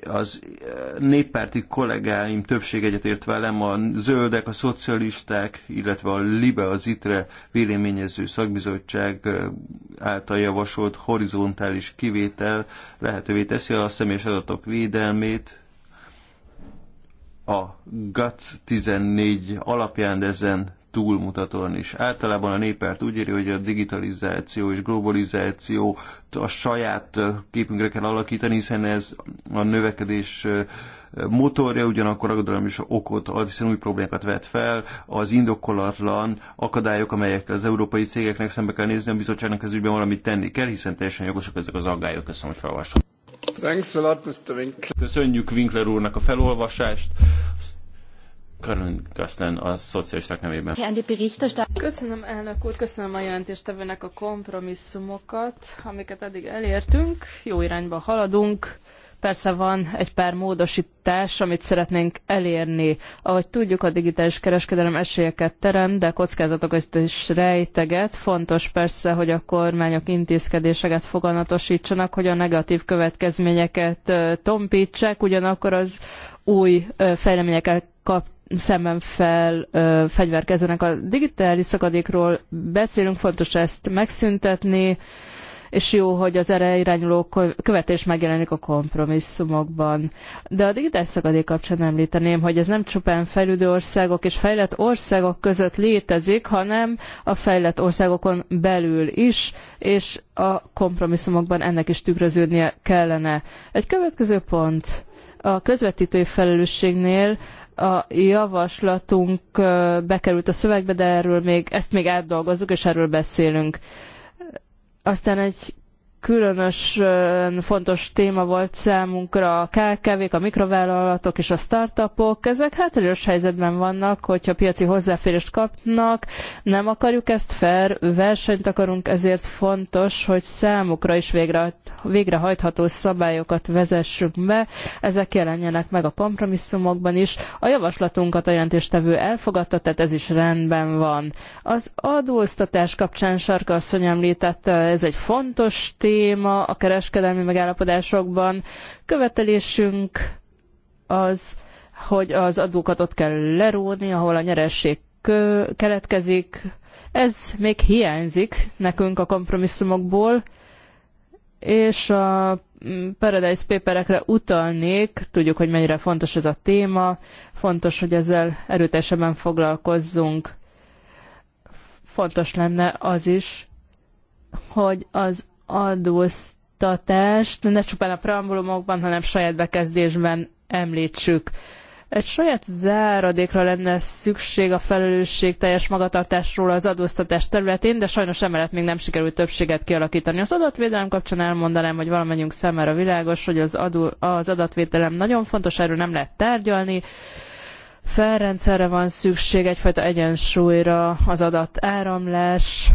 az eh, néppárti kollégáim többség egyetért velem, a zöldek, a szocialisták, illetve a LIBE, az ITRE véleményező szakbizottság eh, által javasolt horizontális kivétel lehetővé teszi a személyes adatok védelmét, a GATS 14 alapján, de ezen túlmutatóan is. Általában a népert úgy írja, hogy a digitalizáció és globalizáció a saját képünkre kell alakítani, hiszen ez a növekedés motorja, ugyanakkor aggodalom is okot ad, hiszen új problémákat vet fel, az indokolatlan akadályok, amelyek az európai cégeknek szembe kell nézni, a bizottságnak ez ügyben valamit tenni kell, hiszen teljesen jogosak ezek az aggályok. Köszönöm, hogy felolvastam. Köszönjük Winkler úrnak a felolvasást. Karin Kaszlen a szocialisták nevében. Köszönöm elnök úr, köszönöm a jelentéstevőnek a kompromisszumokat, amiket eddig elértünk, jó irányba haladunk. Persze van egy pár módosítás, amit szeretnénk elérni. Ahogy tudjuk, a digitális kereskedelem esélyeket teremt, de kockázatokat is rejteget. Fontos persze, hogy a kormányok intézkedéseket foganatosítsanak, hogy a negatív következményeket tompítsák, ugyanakkor az új fejleményekkel kap szemben fel ö, fegyverkezzenek. A digitális szakadékról beszélünk, fontos ezt megszüntetni, és jó, hogy az erre irányuló követés megjelenik a kompromisszumokban. De a digitális szakadék kapcsán említeném, hogy ez nem csupán fejlődő országok és fejlett országok között létezik, hanem a fejlett országokon belül is, és a kompromisszumokban ennek is tükröződnie kellene. Egy következő pont a közvetítői felelősségnél a javaslatunk bekerült a szövegbe, de erről még, ezt még átdolgozzuk, és erről beszélünk. Aztán egy különösen fontos téma volt számunkra a KKV-k, a mikrovállalatok és a startupok. Ezek hátrányos helyzetben vannak, hogyha piaci hozzáférést kapnak. Nem akarjuk ezt fair, versenyt akarunk, ezért fontos, hogy számukra is végre, végrehajtható szabályokat vezessünk be. Ezek jelenjenek meg a kompromisszumokban is. A javaslatunkat a jelentéstevő elfogadta, tehát ez is rendben van. Az adóztatás kapcsán Sarka asszony említette, ez egy fontos téma, téma a kereskedelmi megállapodásokban. Követelésünk az, hogy az adókat ott kell leróni, ahol a nyeresség keletkezik. Ez még hiányzik nekünk a kompromisszumokból, és a mm, Paradise Paperekre utalnék, tudjuk, hogy mennyire fontos ez a téma, fontos, hogy ezzel erőteljesebben foglalkozzunk. Fontos lenne az is, hogy az adóztatást ne csupán a preambulumokban, hanem saját bekezdésben említsük. Egy saját záradékra lenne szükség a felelősség teljes magatartásról az adóztatás területén, de sajnos emellett még nem sikerült többséget kialakítani. Az adatvédelem kapcsán elmondanám, hogy valamennyünk számára világos, hogy az, adó, az adatvédelem nagyon fontos, erről nem lehet tárgyalni. Felrendszerre van szükség, egyfajta egyensúlyra, az adat áramlás,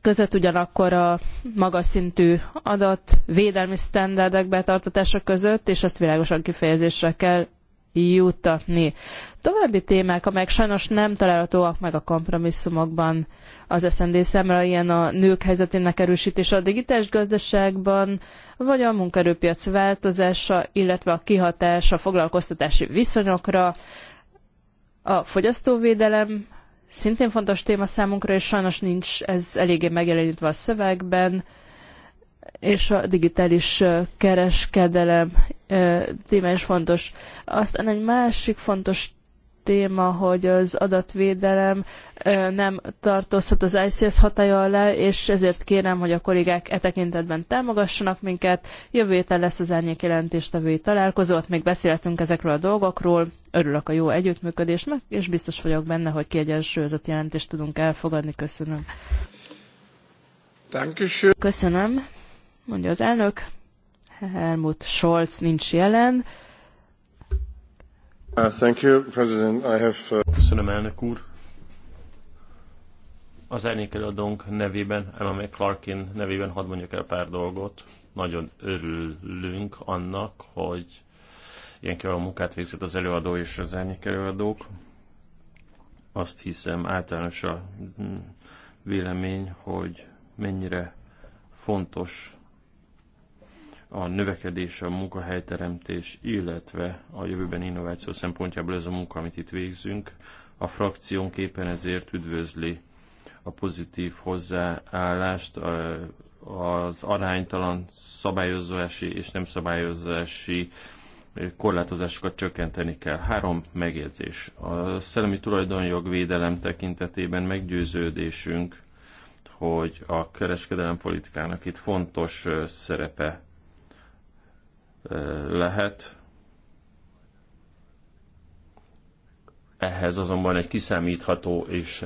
között, ugyanakkor a magas szintű adatvédelmi sztenderdek betartatása között, és ezt világosan kifejezésre kell juttatni. További témák, amelyek sajnos nem találhatóak meg a kompromisszumokban az SZND számára, ilyen a nők helyzetének erősítése a digitális gazdaságban, vagy a munkaerőpiac változása, illetve a kihatás a foglalkoztatási viszonyokra, a fogyasztóvédelem szintén fontos téma számunkra, és sajnos nincs ez eléggé megjelenítve a szövegben, és a digitális kereskedelem téma is fontos. Aztán egy másik fontos téma, hogy az adatvédelem nem tartozhat az ICS hatája alá, és ezért kérem, hogy a kollégák e tekintetben támogassanak minket. Jövő héten lesz az árnyék jelentéstevői találkozó, ott még beszéltünk ezekről a dolgokról. Örülök a jó együttműködésnek, és biztos vagyok benne, hogy kiegyensúlyozott jelentést tudunk elfogadni. Köszönöm. Köszönöm, mondja az elnök. Helmut Scholz nincs jelen. Uh, thank you, President. I have, uh, Köszönöm, elnök úr. Az elnékelőadónk nevében, Emma McClarkin nevében hadd mondjak el pár dolgot. Nagyon örülünk annak, hogy ilyen kiváló munkát végzett az előadó és az elnékelőadók. Azt hiszem általános a mm, vélemény, hogy mennyire fontos a növekedés, a munkahelyteremtés, illetve a jövőben innováció szempontjából ez a munka, amit itt végzünk. A frakciónk éppen ezért üdvözli a pozitív hozzáállást, az aránytalan szabályozási és nem szabályozási korlátozásokat csökkenteni kell. Három megjegyzés. A szellemi tulajdonjog védelem tekintetében meggyőződésünk, hogy a kereskedelem politikának itt fontos szerepe lehet. Ehhez azonban egy kiszámítható és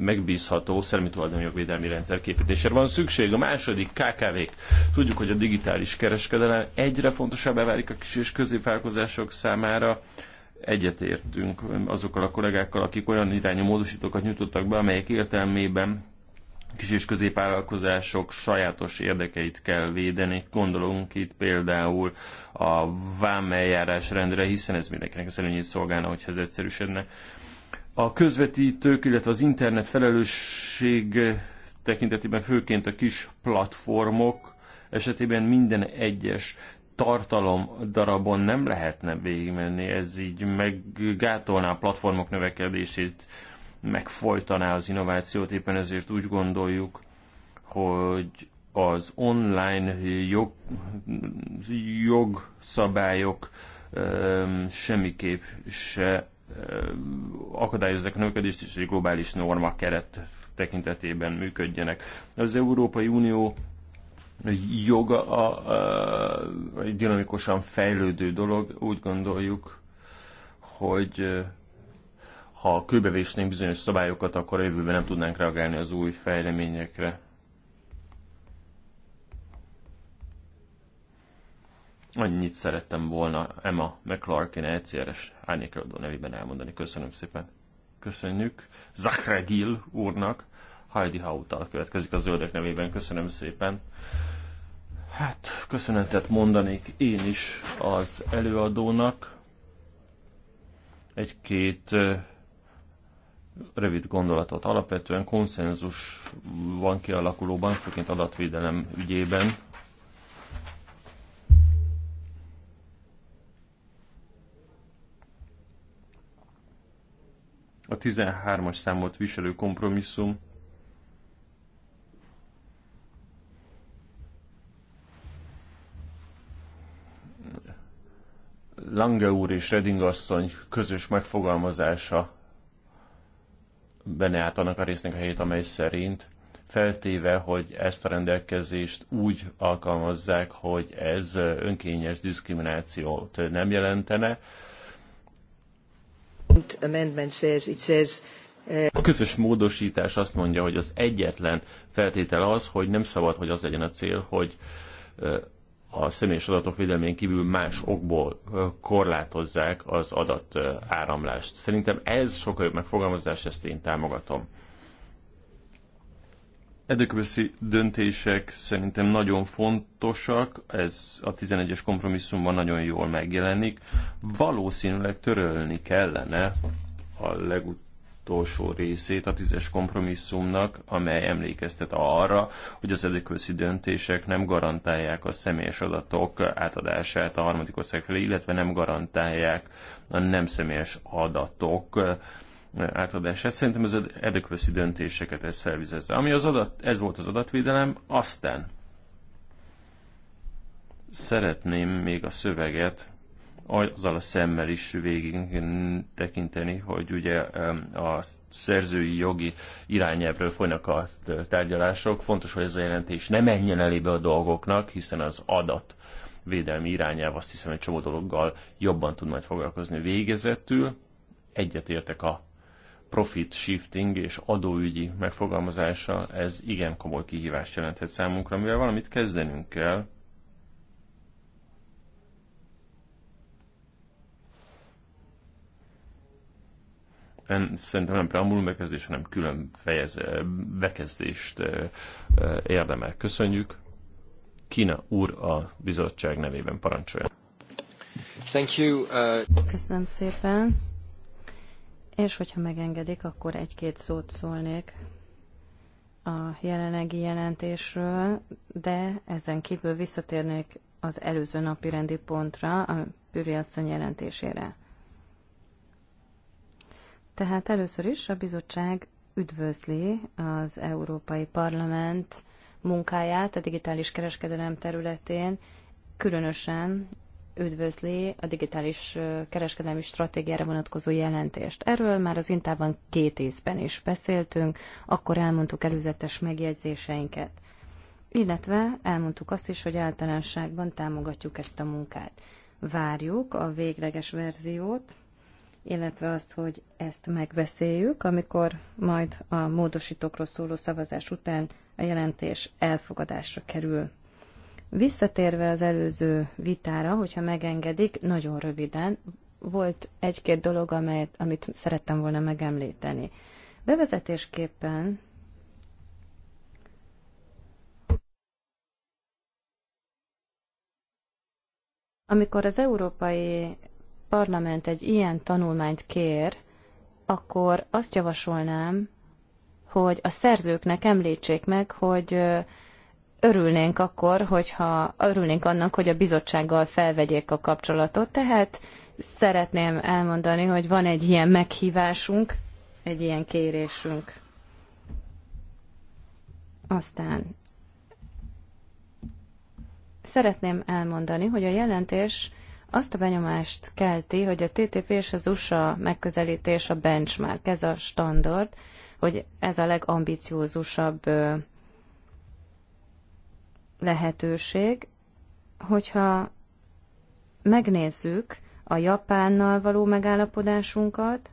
megbízható szellemi védelmi rendszer képítésére van szükség. A második KKV-k. Tudjuk, hogy a digitális kereskedelem egyre fontosabbá válik a kis és középvállalkozások számára egyetértünk azokkal a kollégákkal, akik olyan irányú módosítókat nyújtottak be, amelyek értelmében kis és középvállalkozások sajátos érdekeit kell védeni. Gondolunk itt például a vámeljárás rendre, hiszen ez mindenkinek az előnyét szolgálna, hogyha ez egyszerűsödne. A közvetítők, illetve az internet felelősség tekintetében főként a kis platformok esetében minden egyes tartalom darabon nem lehetne végigmenni, ez így meggátolná a platformok növekedését, megfojtaná az innovációt, éppen ezért úgy gondoljuk, hogy az online jog, jogszabályok semmiképp se akadályozzák a növekedést, és egy globális norma keret tekintetében működjenek. Az Európai Unió joga a, a, a dinamikusan fejlődő dolog, úgy gondoljuk, hogy ha kőbevésnénk bizonyos szabályokat, akkor a jövőben nem tudnánk reagálni az új fejleményekre. Annyit szerettem volna Emma McClarkin ECRS árnyékeladó nevében elmondani. Köszönöm szépen. Köszönjük Gill úrnak. Heidi Hautal következik a zöldek nevében. Köszönöm szépen. Hát, köszönetet mondanék én is az előadónak. Egy-két rövid gondolatot. Alapvetően konszenzus van kialakulóban, főként adatvédelem ügyében. A 13-as számot viselő kompromisszum Lange úr és Reding asszony közös megfogalmazása benne állt annak a résznek a helyét, amely szerint feltéve, hogy ezt a rendelkezést úgy alkalmazzák, hogy ez önkényes diszkriminációt nem jelentene. Eh, a közös módosítás azt mondja, hogy az egyetlen feltétel az, hogy nem szabad, hogy az legyen a cél, hogy eh, a személyes adatok védelmén kívül más okból korlátozzák az adat áramlást. Szerintem ez sokkal jobb megfogalmazás, ezt én támogatom. Edekveszi döntések szerintem nagyon fontosak, ez a 11-es kompromisszumban nagyon jól megjelenik. Valószínűleg törölni kellene a legut utolsó részét a tízes kompromisszumnak, amely emlékeztet arra, hogy az előközi döntések nem garantálják a személyes adatok átadását a harmadik ország felé, illetve nem garantálják a nem személyes adatok átadását. Szerintem az előkveszi döntéseket ez felvizezze. Ami az adat, ez volt az adatvédelem, aztán szeretném még a szöveget azzal a szemmel is végig tekinteni, hogy ugye a szerzői jogi irányelvről folynak a tárgyalások. Fontos, hogy ez a jelentés ne menjen elébe a dolgoknak, hiszen az adat védelmi irányelv azt hiszem egy csomó dologgal jobban tud majd foglalkozni végezetül. Egyetértek a profit shifting és adóügyi megfogalmazása, ez igen komoly kihívást jelenthet számunkra, mivel valamit kezdenünk kell, szerintem nem preambulum bekezdés, hanem külön fejez, bekezdést érdemel. Köszönjük. Kína úr a bizottság nevében parancsolja. Thank you, uh... Köszönöm szépen. És hogyha megengedik, akkor egy-két szót szólnék a jelenlegi jelentésről, de ezen kívül visszatérnék az előző napi rendi pontra, a Püri asszony jelentésére. Tehát először is a bizottság üdvözli az Európai Parlament munkáját a digitális kereskedelem területén, különösen üdvözli a digitális kereskedelmi stratégiára vonatkozó jelentést. Erről már az Intában két észben is beszéltünk, akkor elmondtuk előzetes megjegyzéseinket. Illetve elmondtuk azt is, hogy általánosságban támogatjuk ezt a munkát. Várjuk a végleges verziót, illetve azt, hogy ezt megbeszéljük, amikor majd a módosítókról szóló szavazás után a jelentés elfogadásra kerül. Visszatérve az előző vitára, hogyha megengedik, nagyon röviden, volt egy-két dolog, amelyet, amit szerettem volna megemlíteni. Bevezetésképpen amikor az európai parlament egy ilyen tanulmányt kér, akkor azt javasolnám, hogy a szerzőknek említsék meg, hogy örülnénk akkor, hogyha örülnénk annak, hogy a bizottsággal felvegyék a kapcsolatot. Tehát szeretném elmondani, hogy van egy ilyen meghívásunk, egy ilyen kérésünk. Aztán szeretném elmondani, hogy a jelentés azt a benyomást kelti, hogy a TTP és az USA megközelítés a benchmark, ez a standard, hogy ez a legambiciózusabb lehetőség, hogyha megnézzük a Japánnal való megállapodásunkat,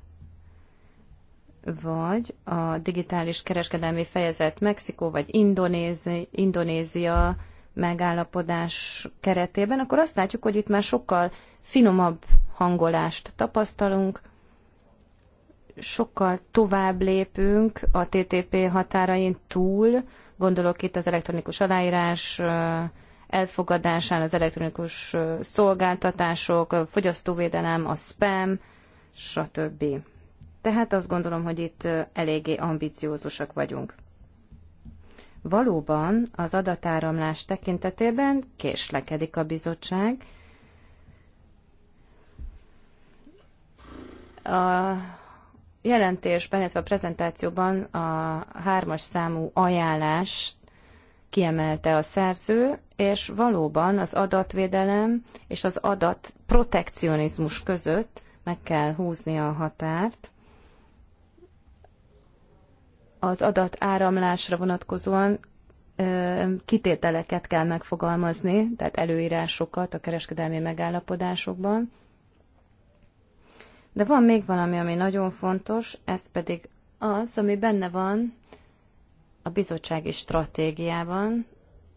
vagy a digitális kereskedelmi fejezet Mexikó vagy Indonézi, Indonézia megállapodás keretében, akkor azt látjuk, hogy itt már sokkal finomabb hangolást tapasztalunk, sokkal tovább lépünk a TTP határain túl, gondolok itt az elektronikus aláírás elfogadásán, az elektronikus szolgáltatások, a fogyasztóvédelem, a spam, stb. Tehát azt gondolom, hogy itt eléggé ambiciózusak vagyunk. Valóban az adatáramlás tekintetében késlekedik a bizottság. A jelentésben, illetve a prezentációban a hármas számú ajánlást kiemelte a szerző, és valóban az adatvédelem és az adatprotekcionizmus között meg kell húzni a határt az adat áramlásra vonatkozóan kitételeket kell megfogalmazni, tehát előírásokat a kereskedelmi megállapodásokban. De van még valami, ami nagyon fontos, ez pedig az, ami benne van a bizottsági stratégiában,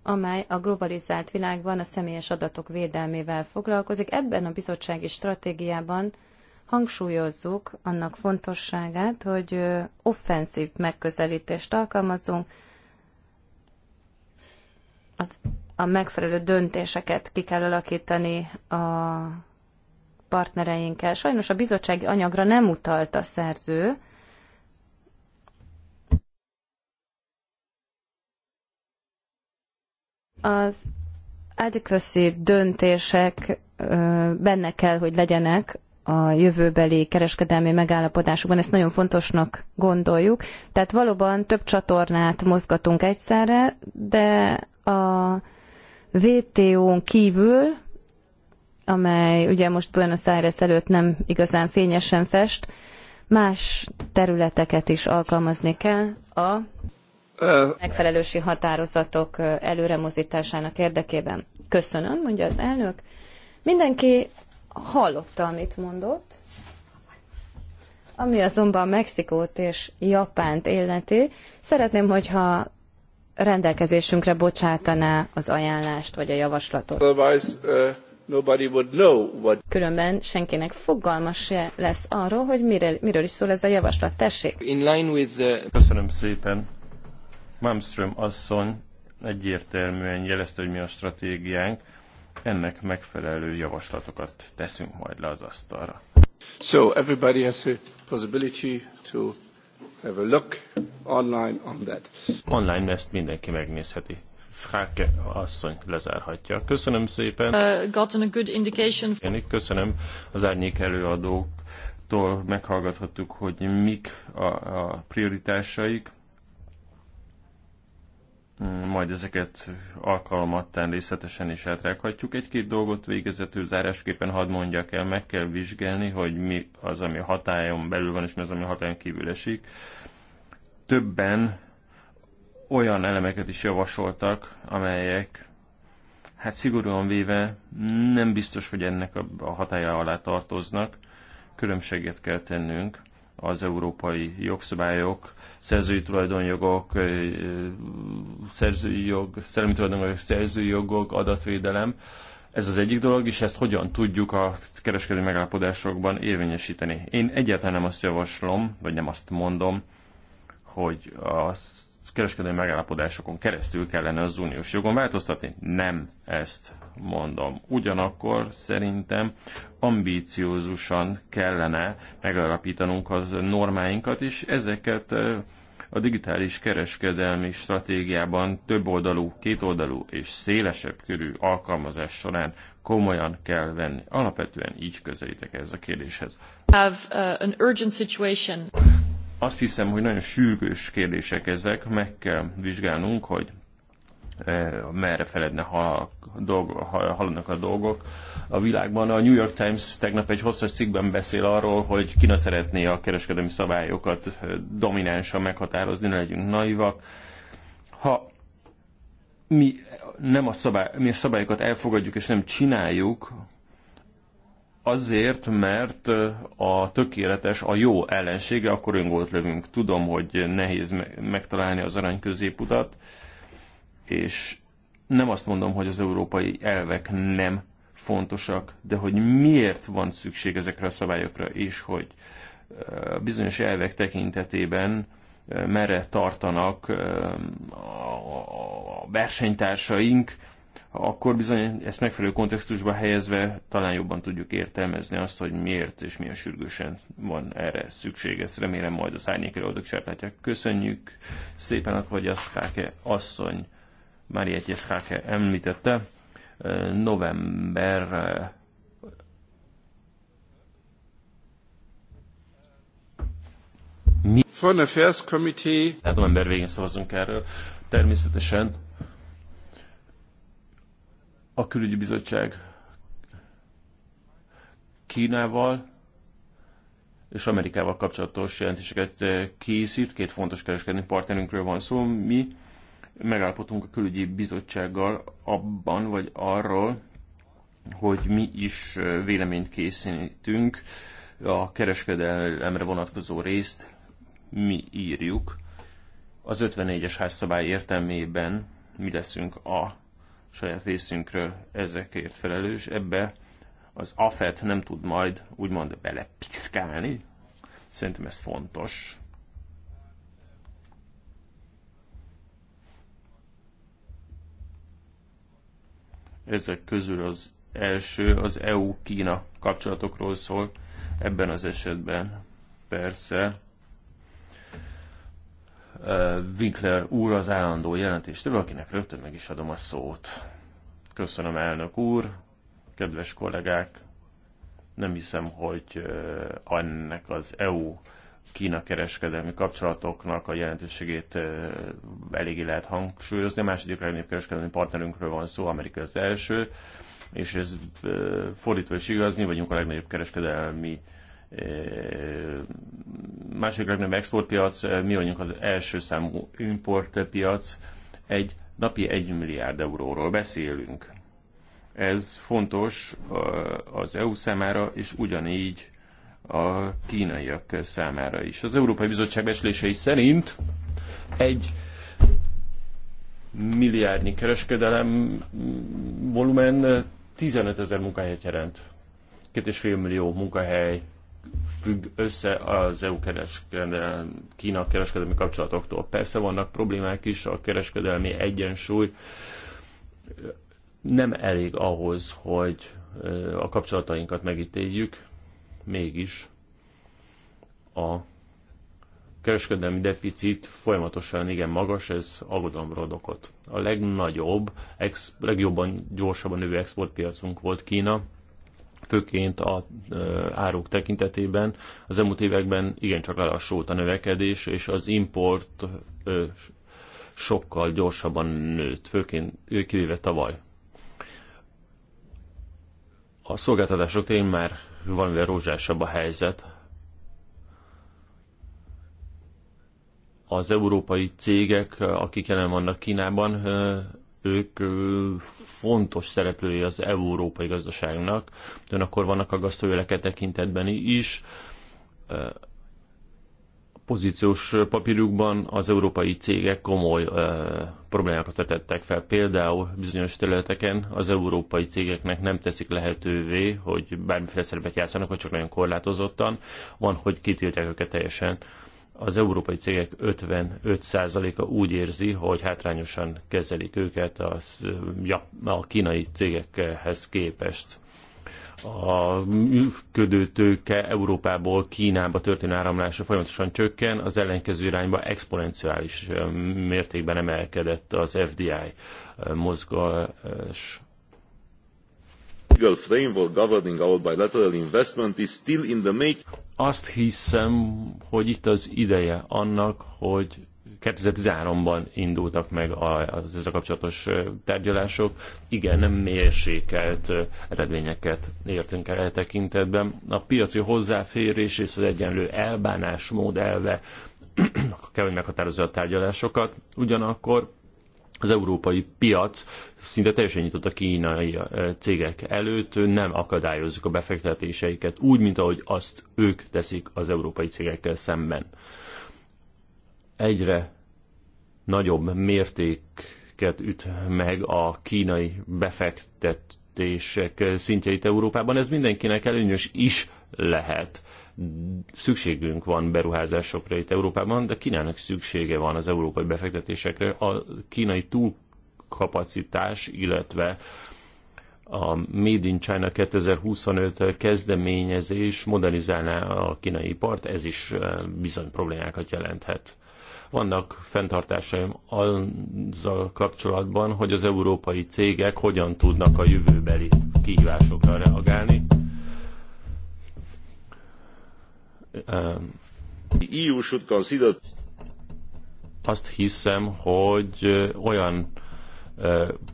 amely a globalizált világban a személyes adatok védelmével foglalkozik. Ebben a bizottsági stratégiában hangsúlyozzuk annak fontosságát, hogy offenszív megközelítést alkalmazunk, az, a megfelelő döntéseket ki kell alakítani a partnereinkkel. Sajnos a bizottsági anyagra nem utalt a szerző, az adequacy döntések benne kell, hogy legyenek a jövőbeli kereskedelmi megállapodásokban. Ezt nagyon fontosnak gondoljuk. Tehát valóban több csatornát mozgatunk egyszerre, de a WTO-n kívül, amely ugye most Buenos Aires előtt nem igazán fényesen fest, más területeket is alkalmazni kell a megfelelősi határozatok előremozításának érdekében. Köszönöm, mondja az elnök. Mindenki hallotta, amit mondott. Ami azonban Mexikót és Japánt illeti, szeretném, hogyha rendelkezésünkre bocsátaná az ajánlást vagy a javaslatot. Uh, Különben senkinek fogalma se lesz arról, hogy miről, miről is szól ez a javaslat. Tessék! In line with the... Köszönöm szépen. Malmström asszony egyértelműen jelezte, hogy mi a stratégiánk ennek megfelelő javaslatokat teszünk majd le az asztalra. So everybody has a possibility to have a look online on that. Online ezt mindenki megnézheti. Fráke asszony lezárhatja. Köszönöm szépen. Uh, gotten a good indication. Én köszönöm az árnyék előadóktól meghallgathattuk, hogy mik a, a prioritásaik majd ezeket alkalmattán részletesen is átrághatjuk. Egy-két dolgot végezetül zárásképpen hadd mondjak el, meg kell vizsgálni, hogy mi az, ami hatályon belül van, és mi az, ami hatályon kívül esik. Többen olyan elemeket is javasoltak, amelyek hát szigorúan véve nem biztos, hogy ennek a hatája alá tartoznak. Különbséget kell tennünk az európai jogszabályok, szerzői tulajdonjogok, szerzői jog, szellemi tulajdonjogok, szerzői jogok, adatvédelem. Ez az egyik dolog, és ezt hogyan tudjuk a kereskedő megállapodásokban érvényesíteni. Én egyáltalán nem azt javaslom, vagy nem azt mondom, hogy a kereskedő megállapodásokon keresztül kellene az uniós jogon változtatni. Nem ezt mondom. Ugyanakkor szerintem ambíciózusan kellene megalapítanunk az normáinkat, és ezeket a digitális kereskedelmi stratégiában több két kétoldalú és szélesebb körű alkalmazás során komolyan kell venni. Alapvetően így közelítek ez a kérdéshez. Have, uh, an urgent situation. Azt hiszem, hogy nagyon sürgős kérdések ezek, meg kell vizsgálnunk, hogy E, merre feledne ha, dolg, ha, haladnak a dolgok a világban. A New York Times tegnap egy hosszas cikkben beszél arról, hogy Kína szeretné a kereskedelmi szabályokat e, dominánsan meghatározni, ne legyünk naivak. Ha mi, nem a szabály, mi a szabályokat elfogadjuk és nem csináljuk, Azért, mert e, a tökéletes, a jó ellensége, akkor öngolt lövünk. Tudom, hogy nehéz megtalálni az arany középutat, és nem azt mondom, hogy az európai elvek nem fontosak, de hogy miért van szükség ezekre a szabályokra, és hogy bizonyos elvek tekintetében merre tartanak a versenytársaink, akkor bizony ezt megfelelő kontextusba helyezve talán jobban tudjuk értelmezni azt, hogy miért és milyen sürgősen van erre szükség. Ezt remélem majd az árnyékelődők sárlátják. Köszönjük szépen, hogy a Skáke asszony Mária Egyeszkáke említette, november Mi? Foreign Affairs Committee. Hát november végén szavazunk erről. Természetesen a külügyi bizottság Kínával és Amerikával kapcsolatos jelentéseket készít. Két fontos kereskedni partnerünkről van szó. Mi megállapodtunk a külügyi bizottsággal abban vagy arról, hogy mi is véleményt készítünk, a kereskedelemre vonatkozó részt mi írjuk. Az 54-es házszabály értelmében mi leszünk a saját részünkről ezekért felelős. Ebbe az AFET nem tud majd úgymond belepiszkálni. Szerintem ez fontos. Ezek közül az első az EU-Kína kapcsolatokról szól ebben az esetben. Persze Winkler úr az állandó jelentéstől, akinek rögtön meg is adom a szót. Köszönöm, elnök úr, kedves kollégák! Nem hiszem, hogy ennek az EU Kína kereskedelmi kapcsolatoknak a jelentőségét eléggé lehet hangsúlyozni. A második legnagyobb kereskedelmi partnerünkről van szó, Amerika az első, és ez fordítva is igaz, mi vagyunk a legnagyobb kereskedelmi második legnagyobb exportpiac, mi vagyunk az első számú importpiac, egy napi 1 milliárd euróról beszélünk. Ez fontos az EU számára, és ugyanígy a kínaiak számára is. Az Európai Bizottság beslései szerint egy milliárdnyi kereskedelem volumen 15 ezer munkahelyet jelent. Két és fél millió munkahely függ össze az EU kereskedelmi, Kína kereskedelmi kapcsolatoktól. Persze vannak problémák is, a kereskedelmi egyensúly nem elég ahhoz, hogy a kapcsolatainkat megítéljük mégis a kereskedelmi deficit folyamatosan igen magas, ez aggodalomra ad okot. A legnagyobb, ex, legjobban gyorsabban növő exportpiacunk volt Kína, főként a e, áruk tekintetében. Az elmúlt években igencsak lelassult a növekedés, és az import e, sokkal gyorsabban nőtt, főként kivéve tavaly. A szolgáltatások tényleg már valamivel rózsásabb a helyzet. Az európai cégek, akik jelen vannak Kínában, ők fontos szereplői az európai gazdaságnak, de akkor vannak a gasztójeleket tekintetben is, pozíciós papírjukban az európai cégek komoly ö, problémákat vetettek fel. Például bizonyos területeken az európai cégeknek nem teszik lehetővé, hogy bármiféle szerepet játszanak, vagy csak nagyon korlátozottan. Van, hogy kitiltják őket teljesen. Az európai cégek 55%-a úgy érzi, hogy hátrányosan kezelik őket ja, a kínai cégekhez képest a működő tőke Európából Kínába történő áramlása folyamatosan csökken, az ellenkező irányba exponenciális mértékben emelkedett az FDI mozgás. Azt hiszem, hogy itt az ideje annak, hogy 2013-ban indultak meg az ezzel kapcsolatos tárgyalások. Igen, nem mérsékelt eredményeket értünk el e tekintetben. A piaci hozzáférés és az egyenlő elbánásmód elve kell, hogy meghatározza a tárgyalásokat. Ugyanakkor az európai piac szinte teljesen nyitott a kínai cégek előtt, nem akadályozzuk a befektetéseiket úgy, mint ahogy azt ők teszik az európai cégekkel szemben egyre nagyobb mértéket üt meg a kínai befektetések szintjeit Európában. Ez mindenkinek előnyös is lehet. Szükségünk van beruházásokra itt Európában, de Kínának szüksége van az európai befektetésekre. A kínai túlkapacitás, illetve a Made in China 2025 kezdeményezés modernizálná a kínai part, ez is eh, bizony problémákat jelenthet. Vannak fenntartásaim azzal kapcsolatban, hogy az európai cégek hogyan tudnak a jövőbeli kihívásokra reagálni. EU e Azt hiszem, hogy olyan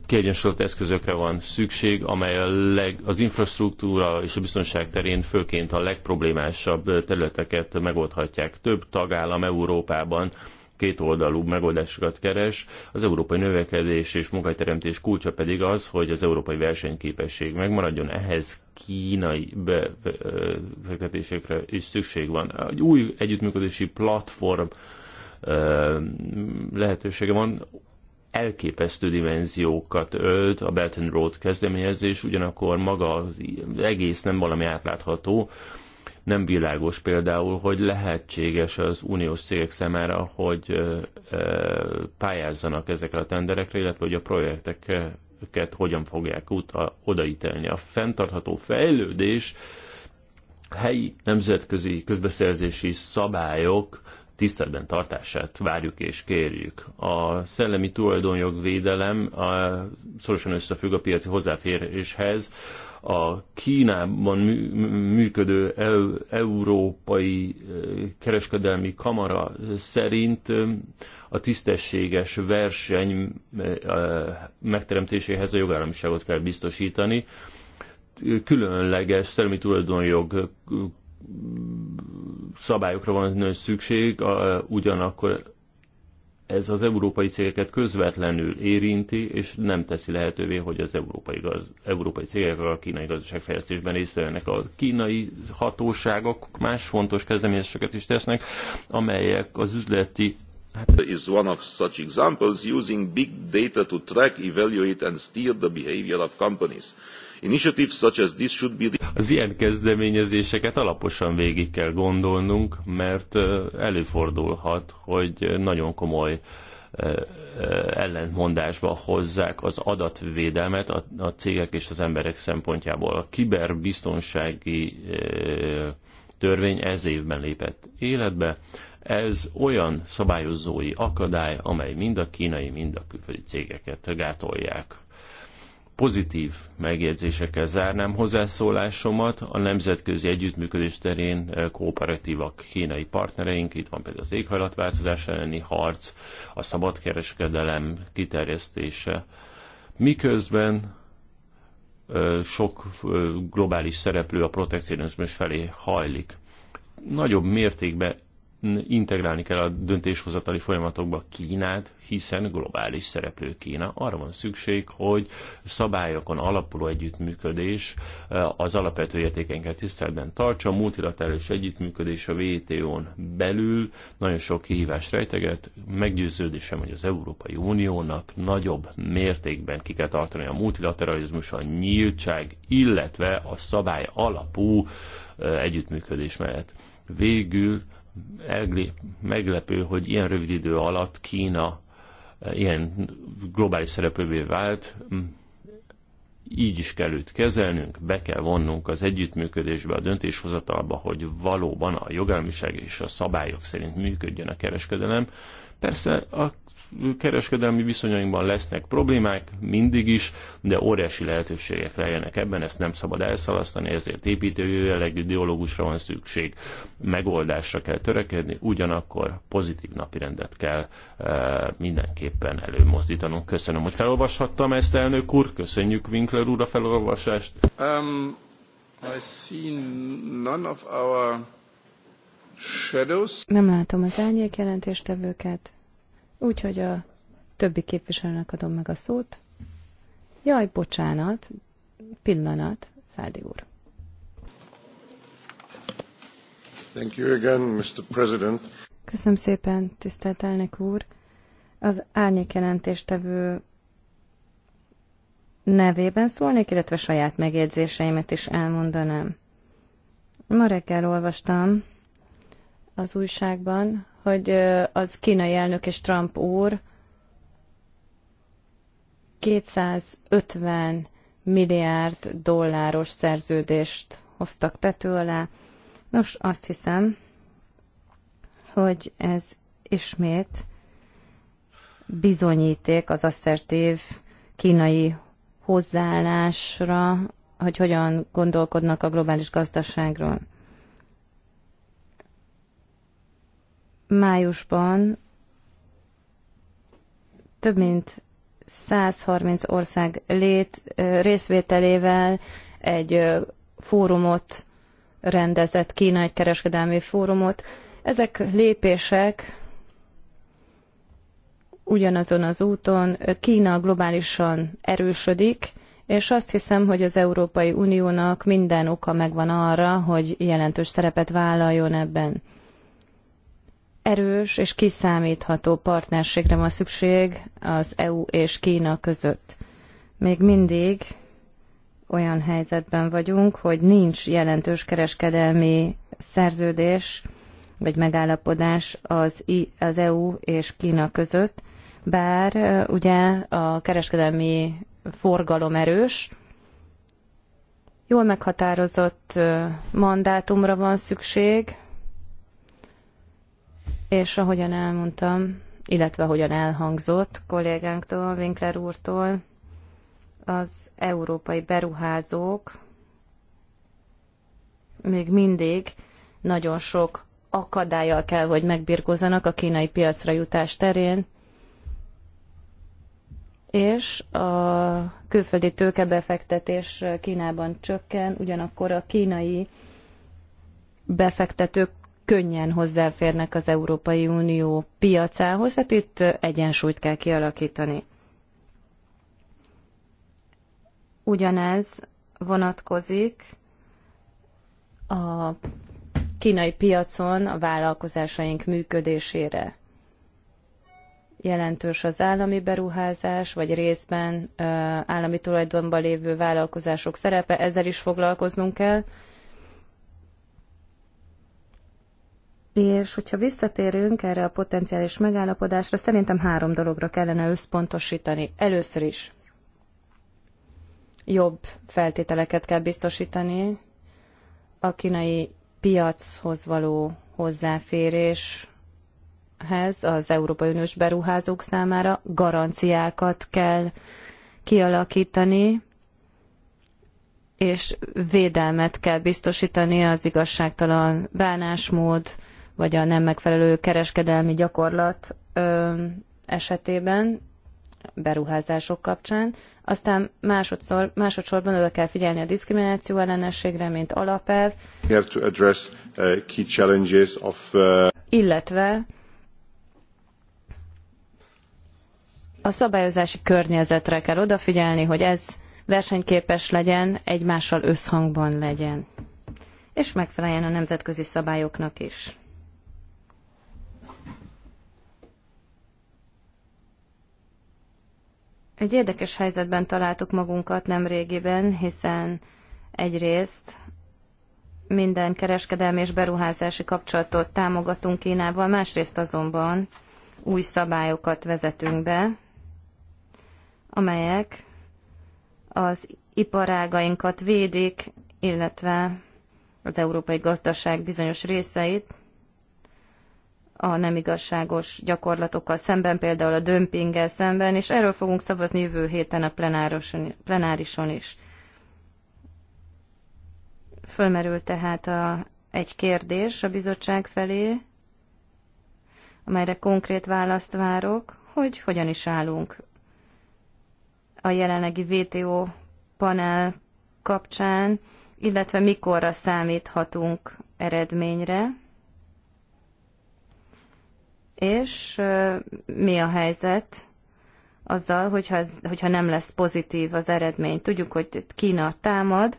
kiegyensúlyozott eszközökre van szükség, amely a leg, az infrastruktúra és a biztonság terén főként a legproblémásabb területeket megoldhatják. Több tagállam Európában két oldalú megoldásokat keres, az európai növekedés és munkateremtés kulcsa pedig az, hogy az európai versenyképesség megmaradjon, ehhez kínai befektetésekre is szükség van. Egy új együttműködési platform lehetősége van, elképesztő dimenziókat ölt a Belt and Road kezdeményezés, ugyanakkor maga az egész nem valami átlátható, nem világos például, hogy lehetséges az uniós cégek számára, hogy pályázzanak ezekre a tenderekre, illetve hogy a projekteket hogyan fogják odaítelni. A fenntartható fejlődés helyi nemzetközi közbeszerzési szabályok tiszteletben tartását várjuk és kérjük. A szellemi tulajdonjogvédelem, a, szorosan összefügg a piaci hozzáféréshez, a Kínában működő európai kereskedelmi kamara szerint a tisztességes verseny megteremtéséhez a jogállamiságot kell biztosítani. Különleges szellemi tulajdonjog szabályokra van szükség, ugyanakkor ez az európai cégeket közvetlenül érinti, és nem teszi lehetővé, hogy az európai, gaz, európai cégek a kínai gazdaságfejlesztésben részlenek. A kínai hatóságok más fontos kezdeményezéseket is tesznek, amelyek az üzleti hát- is one of such examples using big data to track, evaluate and steer the behavior of companies. Initiatives such as this should be the... Az ilyen kezdeményezéseket alaposan végig kell gondolnunk, mert előfordulhat, hogy nagyon komoly ellentmondásba hozzák az adatvédelmet a, a cégek és az emberek szempontjából. A kiberbiztonsági törvény ez évben lépett életbe. Ez olyan szabályozói akadály, amely mind a kínai, mind a külföldi cégeket gátolják pozitív megjegyzésekkel zárnám hozzászólásomat. A nemzetközi együttműködés terén eh, kooperatívak kínai partnereink, itt van például az éghajlatváltozás elleni harc, a szabadkereskedelem kiterjesztése, miközben eh, sok eh, globális szereplő a protekcionizmus felé hajlik. Nagyobb mértékben integrálni kell a döntéshozatali folyamatokba Kínát, hiszen globális szereplő Kína. Arra van szükség, hogy szabályokon alapuló együttműködés eh, az alapvető értékeinket tiszteletben tartsa. A multilaterális együttműködés a WTO-n belül nagyon sok kihívást rejteget. Meggyőződésem, hogy az Európai Uniónak nagyobb mértékben ki kell tartani a multilateralizmus, a nyíltság, illetve a szabály alapú eh, együttműködés mellett. Végül meglepő, hogy ilyen rövid idő alatt Kína eh, ilyen globális szereplővé vált, így is kell őt kezelnünk, be kell vonnunk az együttműködésbe, a döntéshozatalba, hogy valóban a jogállamiság és a szabályok szerint működjön a kereskedelem. Persze a kereskedelmi viszonyainkban lesznek problémák, mindig is, de óriási lehetőségek lejjenek ebben, ezt nem szabad elszalasztani, ezért építő jellegű dialógusra van szükség, megoldásra kell törekedni, ugyanakkor pozitív napirendet kell e, mindenképpen előmozdítanunk. Köszönöm, hogy felolvashattam ezt, elnök úr, köszönjük Winkler úr a felolvasást. Um, I see none of our shadows. Nem látom az árnyék jelentéstevőket. Úgyhogy a többi képviselőnek adom meg a szót. Jaj, bocsánat, pillanat, Szádi úr. Thank you again, Mr. President. Köszönöm szépen, tisztelt elnök úr. Az jelentéstevő nevében szólnék, illetve saját megjegyzéseimet is elmondanám. Ma reggel olvastam az újságban, hogy az kínai elnök és Trump úr 250 milliárd dolláros szerződést hoztak tető alá. Nos, azt hiszem, hogy ez ismét bizonyíték az asszertív kínai hozzáállásra, hogy hogyan gondolkodnak a globális gazdaságról. májusban több mint 130 ország lét, részvételével egy fórumot rendezett, Kína egy kereskedelmi fórumot. Ezek lépések ugyanazon az úton. Kína globálisan erősödik, és azt hiszem, hogy az Európai Uniónak minden oka megvan arra, hogy jelentős szerepet vállaljon ebben erős és kiszámítható partnerségre van szükség az EU és Kína között. Még mindig olyan helyzetben vagyunk, hogy nincs jelentős kereskedelmi szerződés vagy megállapodás az, az EU és Kína között, bár ugye a kereskedelmi forgalom erős, jól meghatározott mandátumra van szükség, és ahogyan elmondtam, illetve ahogyan elhangzott kollégánktól, Winkler úrtól, az európai beruházók még mindig nagyon sok akadályjal kell, hogy megbirkózzanak a kínai piacra jutás terén, és a külföldi tőkebefektetés Kínában csökken, ugyanakkor a kínai befektetők könnyen hozzáférnek az Európai Unió piacához, hát itt egyensúlyt kell kialakítani. Ugyanez vonatkozik a kínai piacon a vállalkozásaink működésére. Jelentős az állami beruházás, vagy részben állami tulajdonban lévő vállalkozások szerepe, ezzel is foglalkoznunk kell. És hogyha visszatérünk erre a potenciális megállapodásra, szerintem három dologra kellene összpontosítani. Először is jobb feltételeket kell biztosítani a kínai piachoz való hozzáféréshez az Európai Uniós beruházók számára garanciákat kell kialakítani, és védelmet kell biztosítani az igazságtalan bánásmód, vagy a nem megfelelő kereskedelmi gyakorlat esetében, beruházások kapcsán. Aztán másodszor, másodszorban oda kell figyelni a diszkrimináció ellenességre, mint alapelv. Address, uh, of, uh... Illetve a szabályozási környezetre kell odafigyelni, hogy ez versenyképes legyen, egymással összhangban legyen, és megfeleljen a nemzetközi szabályoknak is. Egy érdekes helyzetben találtuk magunkat nem régiben, hiszen egyrészt minden kereskedelmi és beruházási kapcsolatot támogatunk Kínával, másrészt azonban új szabályokat vezetünk be, amelyek az iparágainkat védik, illetve az európai gazdaság bizonyos részeit, a nem igazságos gyakorlatokkal szemben, például a dömpinggel szemben, és erről fogunk szavazni jövő héten a plenárison, plenárison is. Fölmerül tehát a, egy kérdés a bizottság felé, amelyre konkrét választ várok, hogy hogyan is állunk a jelenlegi VTO panel kapcsán, illetve mikorra számíthatunk eredményre, és mi a helyzet azzal, hogyha, ez, hogyha nem lesz pozitív az eredmény. Tudjuk, hogy Kína támad,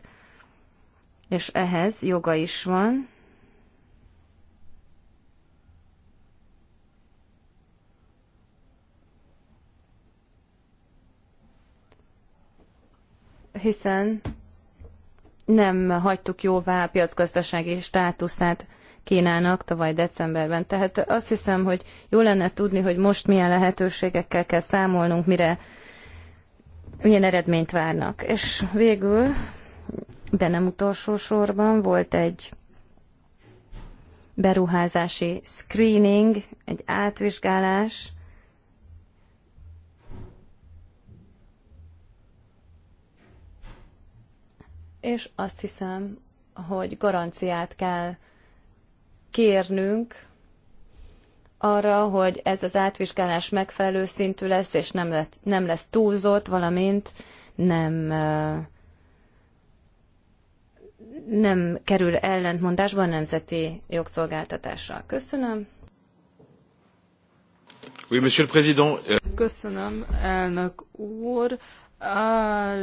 és ehhez joga is van. Hiszen nem hagytuk jóvá a piacgazdasági státuszát Kínának tavaly decemberben. Tehát azt hiszem, hogy jó lenne tudni, hogy most milyen lehetőségekkel kell számolnunk, mire milyen eredményt várnak. És végül, de nem utolsó sorban volt egy beruházási screening, egy átvizsgálás, és azt hiszem, hogy garanciát kell kérnünk arra, hogy ez az átvizsgálás megfelelő szintű lesz, és nem, lett, nem lesz túlzott, valamint nem nem kerül ellentmondásba a nemzeti jogszolgáltatással. Köszönöm. Oui, monsieur le président. Köszönöm, elnök úr. Alicia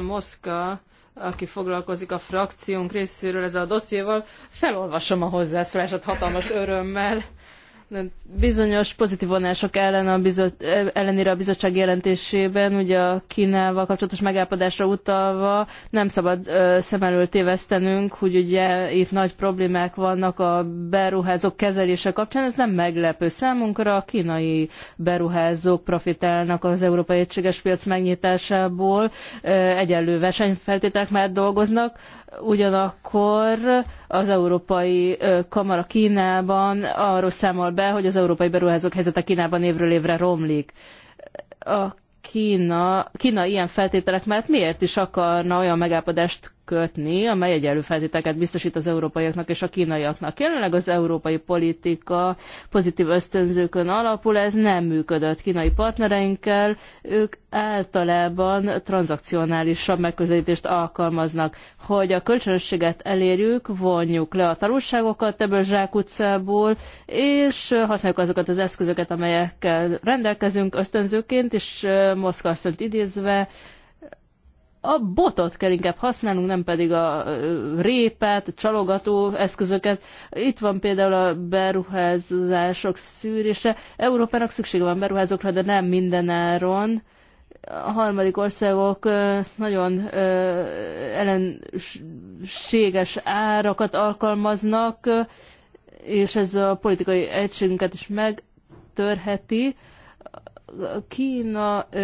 Moszka aki foglalkozik a frakciónk részéről ezzel a dossziéval, felolvasom a hozzászólását hatalmas örömmel bizonyos pozitív vonások ellen a bizot, ellenére a bizottság jelentésében, ugye a Kínával kapcsolatos megállapodásra utalva nem szabad ö, szem elől tévesztenünk, hogy ugye itt nagy problémák vannak a beruházók kezelése kapcsán, ez nem meglepő számunkra, a kínai beruházók profitálnak az európai egységes piac megnyitásából, ö, egyenlő versenyfeltételek már dolgoznak, ugyanakkor az Európai Kamara Kínában arról számol be, hogy az európai beruházók helyzete Kínában évről évre romlik. A Kína, Kína ilyen feltételek mellett miért is akarna olyan megállapodást kötni, amely egy előfeltételeket biztosít az európaiaknak és a kínaiaknak. Jelenleg az európai politika pozitív ösztönzőkön alapul, ez nem működött kínai partnereinkkel, ők általában tranzakcionálisabb megközelítést alkalmaznak. Hogy a kölcsönösséget elérjük, vonjuk le a tanulságokat ebből zsákutcából, és használjuk azokat az eszközöket, amelyekkel rendelkezünk ösztönzőként, és Moszkva idézve, a botot kell inkább használnunk, nem pedig a répet, a csalogató eszközöket. Itt van például a beruházások szűrése. Európának szüksége van beruházókra, de nem mindenáron. A harmadik országok nagyon ellenséges árakat alkalmaznak, és ez a politikai egységünket is megtörheti Kína ö,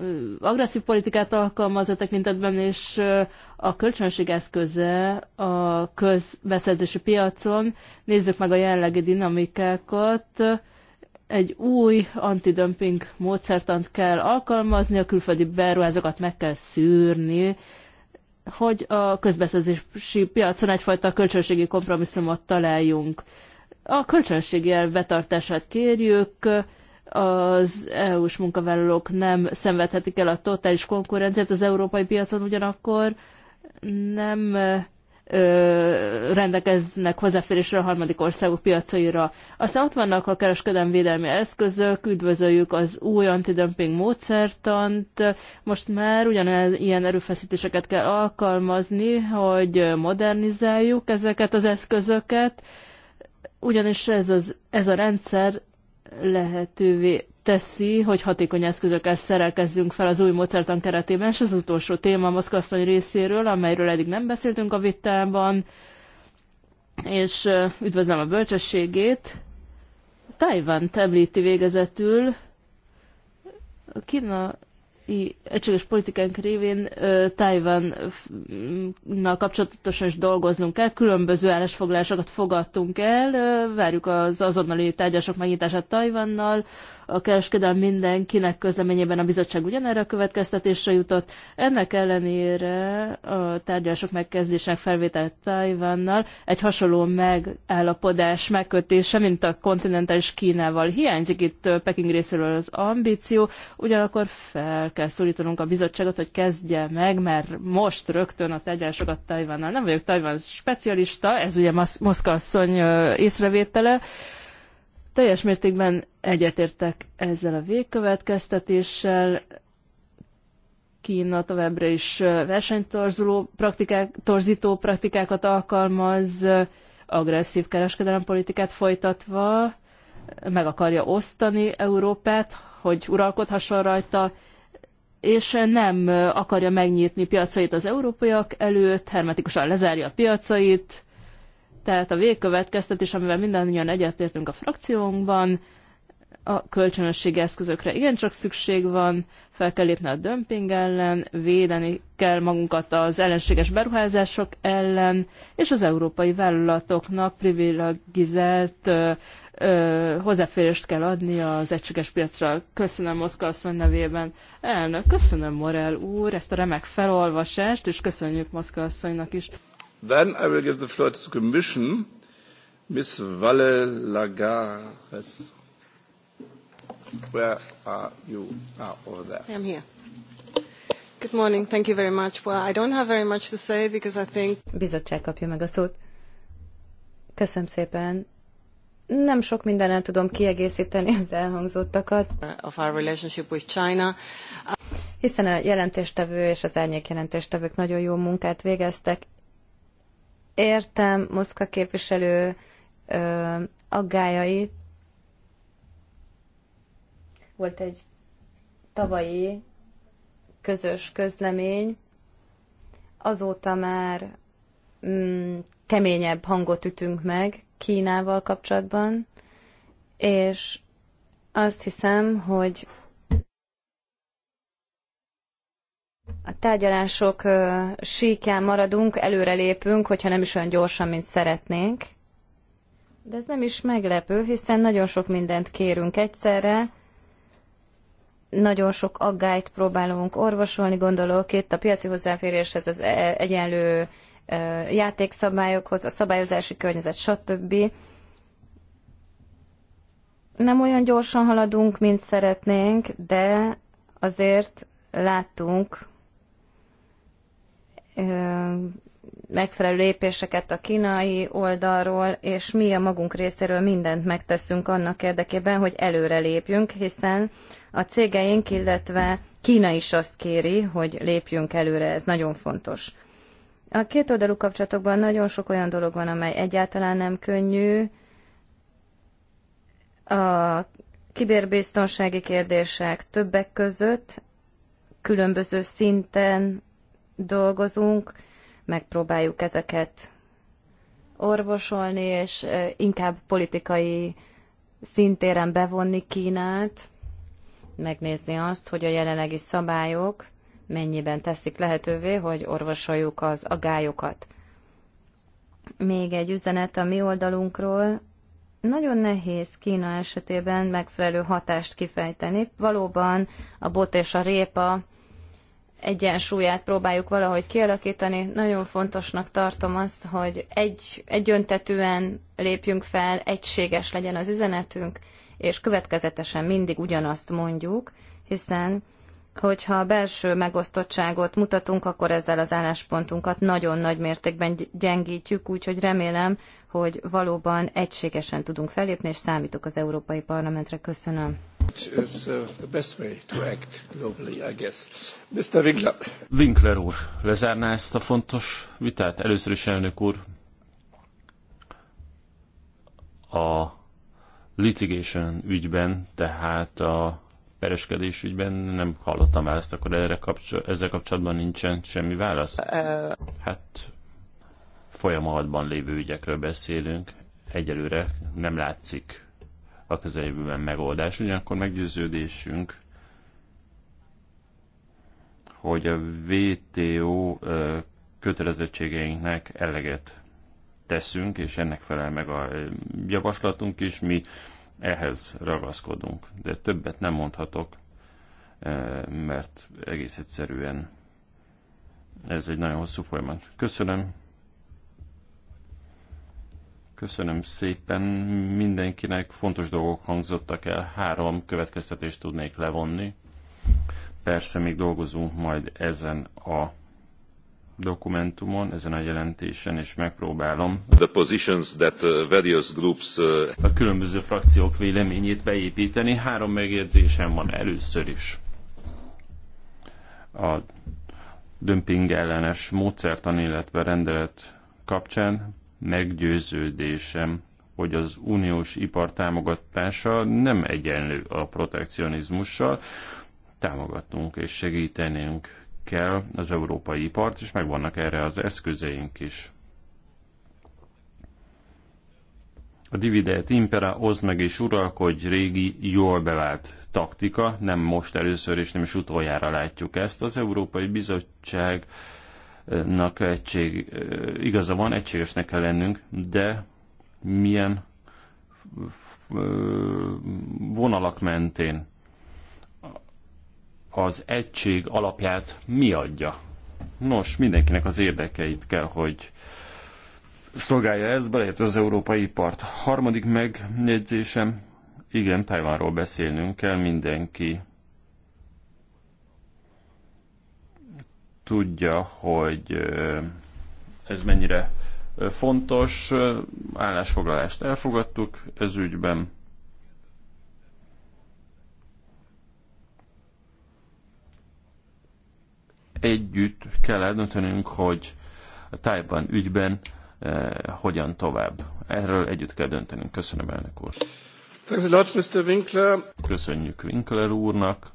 ö, agresszív politikát alkalmaz a tekintetben, és ö, a kölcsönség eszköze a közbeszerzési piacon. Nézzük meg a jelenlegi dinamikákat. Egy új antidömping módszertant kell alkalmazni, a külföldi beruházókat meg kell szűrni, hogy a közbeszerzési piacon egyfajta kölcsönségi kompromisszumot találjunk. A kölcsönségi elvetartását kérjük, az EU-s munkavállalók nem szenvedhetik el a totális konkurenciát az európai piacon, ugyanakkor nem ö, rendelkeznek hozzáférésre a harmadik országok piacaira. Aztán ott vannak a kereskedelmi védelmi eszközök, üdvözöljük az új antidumping módszertant. Most már ugyanilyen ilyen erőfeszítéseket kell alkalmazni, hogy modernizáljuk ezeket az eszközöket, ugyanis ez, az, ez a rendszer lehetővé teszi, hogy hatékony eszközökkel szerelkezzünk fel az új módszertan keretében, és az utolsó téma a Moszkvasszony részéről, amelyről eddig nem beszéltünk a vitában, és üdvözlöm a bölcsességét. Tajvan említi végezetül, Kína egységes politikánk révén Tajvannal kapcsolatosan is dolgoznunk kell. Különböző állásfoglalásokat fogadtunk el, várjuk az azonnali tárgyások megnyitását Tajvannal, a kereskedelm mindenkinek közleményében a bizottság ugyanerre a következtetésre jutott. Ennek ellenére a tárgyalások megkezdésének felvétel Tajvannal egy hasonló megállapodás megkötése, mint a kontinentális Kínával. Hiányzik itt Peking részéről az ambíció, ugyanakkor fel kell szólítanunk a bizottságot, hogy kezdje meg, mert most rögtön a tárgyalásokat Tajvannal. Nem vagyok Tajvan specialista, ez ugye Moszkva asszony észrevétele, teljes mértékben egyetértek ezzel a végkövetkeztetéssel. Kína továbbra is versenytorzuló praktikák, torzító praktikákat alkalmaz, agresszív kereskedelempolitikát folytatva, meg akarja osztani Európát, hogy uralkodhasson rajta, és nem akarja megnyitni piacait az európaiak előtt, hermetikusan lezárja a piacait, tehát a végkövetkeztetés, amivel mindannyian egyetértünk a frakciónkban, a kölcsönösségi eszközökre igencsak szükség van, fel kell lépni a dömping ellen, védeni kell magunkat az ellenséges beruházások ellen, és az európai vállalatoknak privilegizált ö, ö, hozzáférést kell adni az egységes piacra. Köszönöm Moszka asszony nevében. Elnök, köszönöm Morel úr ezt a remek felolvasást, és köszönjük Moszka asszonynak is. Then I will give the floor to the Commission, Ms. Valle Lagares. Where are you? Ah, over there. I'm here. Good morning. Thank you very much. Well, I don't have very much to say because I think... Bizottság kapja meg a szót. Köszönöm szépen. Nem sok mindennel tudom kiegészíteni az elhangzottakat. Of our relationship with China. Hiszen a jelentéstevő és az árnyék jelentéstevők nagyon jó munkát végeztek, Értem Moszka képviselő ö, aggájait. Volt egy tavalyi közös közlemény, azóta már mm, keményebb hangot ütünk meg Kínával kapcsolatban, és azt hiszem, hogy a tárgyalások síkján maradunk, előrelépünk, hogyha nem is olyan gyorsan, mint szeretnénk. De ez nem is meglepő, hiszen nagyon sok mindent kérünk egyszerre, nagyon sok aggályt próbálunk orvosolni, gondolok itt a piaci hozzáféréshez, az e- egyenlő játékszabályokhoz, a szabályozási környezet, stb. Nem olyan gyorsan haladunk, mint szeretnénk, de azért láttunk megfelelő lépéseket a kínai oldalról, és mi a magunk részéről mindent megteszünk annak érdekében, hogy előre lépjünk, hiszen a cégeink, illetve Kína is azt kéri, hogy lépjünk előre, ez nagyon fontos. A két oldalú kapcsolatokban nagyon sok olyan dolog van, amely egyáltalán nem könnyű. A kiberbiztonsági kérdések többek között különböző szinten dolgozunk, megpróbáljuk ezeket orvosolni, és inkább politikai szintéren bevonni Kínát, megnézni azt, hogy a jelenlegi szabályok mennyiben teszik lehetővé, hogy orvosoljuk az agályokat. Még egy üzenet a mi oldalunkról. Nagyon nehéz Kína esetében megfelelő hatást kifejteni. Valóban a bot és a répa egyensúlyát próbáljuk valahogy kialakítani. Nagyon fontosnak tartom azt, hogy egy, egyöntetűen lépjünk fel, egységes legyen az üzenetünk, és következetesen mindig ugyanazt mondjuk, hiszen hogyha a belső megosztottságot mutatunk, akkor ezzel az álláspontunkat nagyon nagy mértékben gyengítjük, úgyhogy remélem, hogy valóban egységesen tudunk felépni, és számítok az Európai Parlamentre. Köszönöm. Is uh, the best way to act globally, I guess. Mr. Winkler. Winkler úr, lezárná ezt a fontos vitát? Először is elnök úr, a litigation ügyben, tehát a pereskedés ügyben nem hallottam választ, akkor erre kapcs- ezzel kapcsolatban nincsen semmi válasz? Hát folyamatban lévő ügyekről beszélünk, egyelőre nem látszik a közeljövőben megoldás, ugyanakkor meggyőződésünk, hogy a VTO kötelezettségeinknek eleget teszünk, és ennek felel meg a javaslatunk is. Mi ehhez ragaszkodunk, de többet nem mondhatok, eh, mert egész egyszerűen ez egy nagyon hosszú folyamat. Köszönöm. Köszönöm szépen mindenkinek. Fontos dolgok hangzottak el. Három következtetést tudnék levonni. Persze még dolgozunk majd ezen a dokumentumon, ezen a jelentésen, és megpróbálom the positions that uh, various groups, uh, a különböző frakciók véleményét beépíteni. Három megjegyzésem van először is. A dömping ellenes módszertan, illetve rendelet kapcsán meggyőződésem, hogy az uniós ipar támogatása nem egyenlő a protekcionizmussal. Támogatunk és segítenünk kell az európai ipart, és megvannak erre az eszközeink is. A dividet impera, oszd meg és uralkodj régi, jól bevált taktika, nem most először és nem is utoljára látjuk ezt. Az Európai Bizottságnak egység, igaza van, egységesnek kell lennünk, de milyen vonalak mentén az egység alapját mi adja. Nos, mindenkinek az érdekeit kell, hogy szolgálja ez, beleértve az európai ipart. Harmadik megjegyzésem, igen, Tajvánról beszélnünk kell, mindenki tudja, hogy ez mennyire fontos. Állásfoglalást elfogadtuk ez ügyben. együtt kell eldöntenünk, hogy a Tájban ügyben eh, hogyan tovább. Erről együtt kell döntenünk. Köszönöm, elnök úr. Köszönjük Winkler úrnak.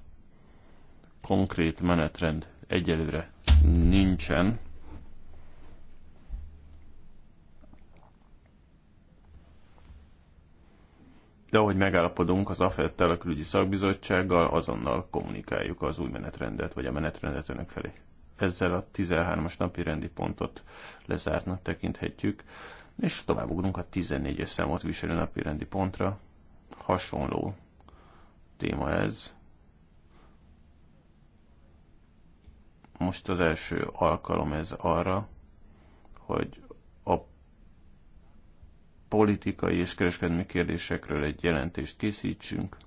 Konkrét menetrend egyelőre nincsen. de ahogy megállapodunk az AFET-tel, a külügyi szakbizottsággal, azonnal kommunikáljuk az új menetrendet, vagy a menetrendet önök felé. Ezzel a 13-as napi rendi pontot lezártnak tekinthetjük, és ugrunk a 14-es számot viselő napi rendi pontra. Hasonló téma ez. Most az első alkalom ez arra, hogy politikai és kereskedelmi kérdésekről egy jelentést készítsünk.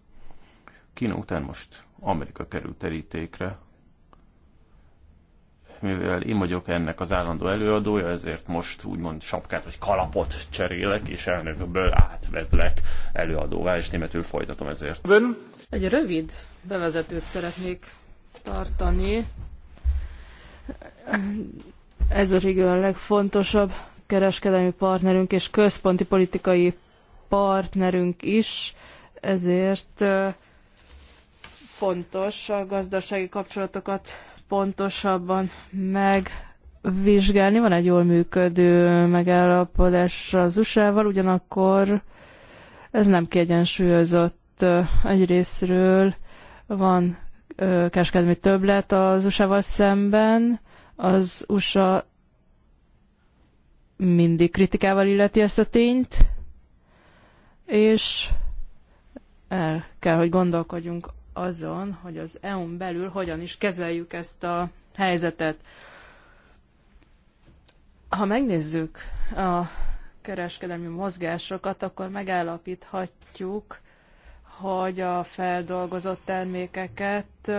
Kína után most Amerika kerül terítékre. Mivel én vagyok ennek az állandó előadója, ezért most úgymond sapkát vagy kalapot cserélek, és elnökből átvedlek előadóvá, és németül folytatom ezért. Egy rövid bevezetőt szeretnék tartani. Ez a a legfontosabb kereskedelmi partnerünk és központi politikai partnerünk is, ezért fontos a gazdasági kapcsolatokat pontosabban megvizsgálni. Van egy jól működő megállapodás az USA-val, ugyanakkor ez nem kiegyensúlyozott egy részről. Van kereskedelmi többlet az USA-val szemben, az USA mindig kritikával illeti ezt a tényt, és el kell, hogy gondolkodjunk azon, hogy az EU-n belül hogyan is kezeljük ezt a helyzetet. Ha megnézzük a kereskedelmi mozgásokat, akkor megállapíthatjuk, hogy a feldolgozott termékeket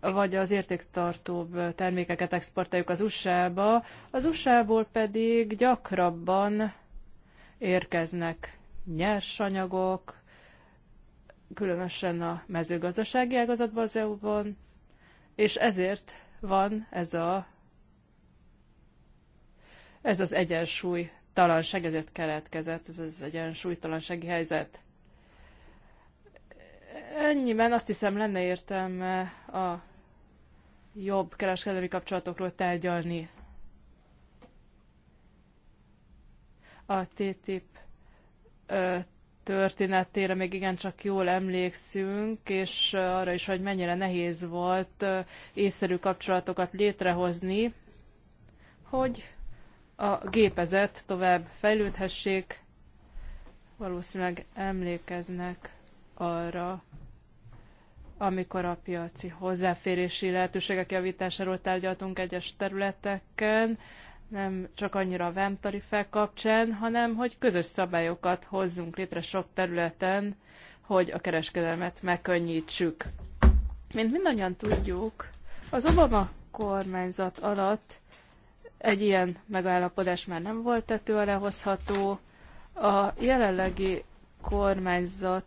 vagy az értéktartóbb termékeket exportáljuk az USA-ba, az USA-ból pedig gyakrabban érkeznek nyersanyagok, különösen a mezőgazdasági ágazatban az EU-ban, és ezért van ez a ez az egyensúly talanság, ezért keletkezett ez az egyensúlytalansági helyzet. Ennyiben azt hiszem lenne értelme a jobb kereskedelmi kapcsolatokról tárgyalni. A TTIP történetére még igencsak jól emlékszünk, és arra is, hogy mennyire nehéz volt észszerű kapcsolatokat létrehozni, hogy a gépezet tovább fejlődhessék, valószínűleg emlékeznek arra, amikor a piaci hozzáférési lehetőségek javításáról tárgyaltunk egyes területeken, nem csak annyira a VEM tarifák kapcsán, hanem hogy közös szabályokat hozzunk létre sok területen, hogy a kereskedelmet megkönnyítsük. Mint mindannyian tudjuk, az Obama kormányzat alatt egy ilyen megállapodás már nem volt tető alá hozható. A jelenlegi kormányzat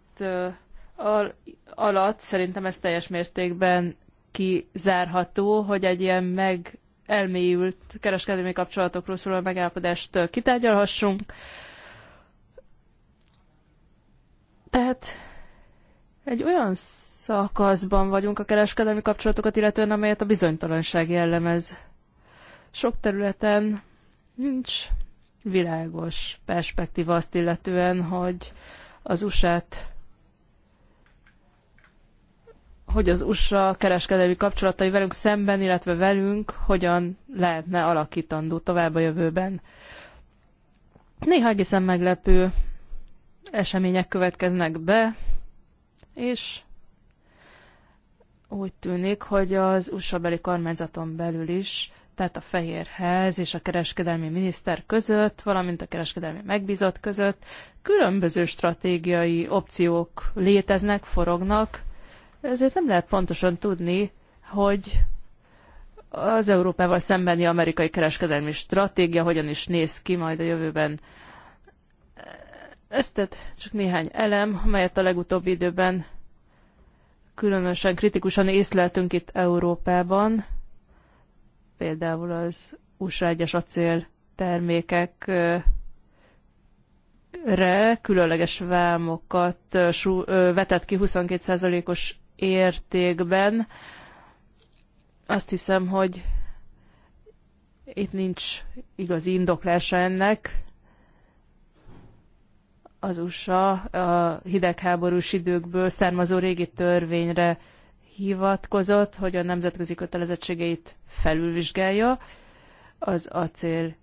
al alatt szerintem ez teljes mértékben kizárható, hogy egy ilyen meg elmélyült kereskedelmi kapcsolatokról szóló megállapodást kitárgyalhassunk. Tehát egy olyan szakaszban vagyunk a kereskedelmi kapcsolatokat illetően, amelyet a bizonytalanság jellemez. Sok területen nincs világos perspektíva azt illetően, hogy az USA-t hogy az USA kereskedelmi kapcsolatai velünk szemben, illetve velünk hogyan lehetne alakítandó tovább a jövőben. Néha egészen meglepő események következnek be, és úgy tűnik, hogy az USA beli kormányzaton belül is, tehát a Fehérház és a kereskedelmi miniszter között, valamint a kereskedelmi megbízott között különböző stratégiai opciók léteznek, forognak, ezért nem lehet pontosan tudni, hogy az Európával szembeni amerikai kereskedelmi stratégia hogyan is néz ki majd a jövőben. Ez tett csak néhány elem, amelyet a legutóbbi időben különösen kritikusan észleltünk itt Európában. Például az USA egyes acél termékekre különleges vámokat vetett ki 22%-os értékben. Azt hiszem, hogy itt nincs igazi indoklása ennek. Az USA a hidegháborús időkből származó régi törvényre hivatkozott, hogy a nemzetközi kötelezettségeit felülvizsgálja. Az acél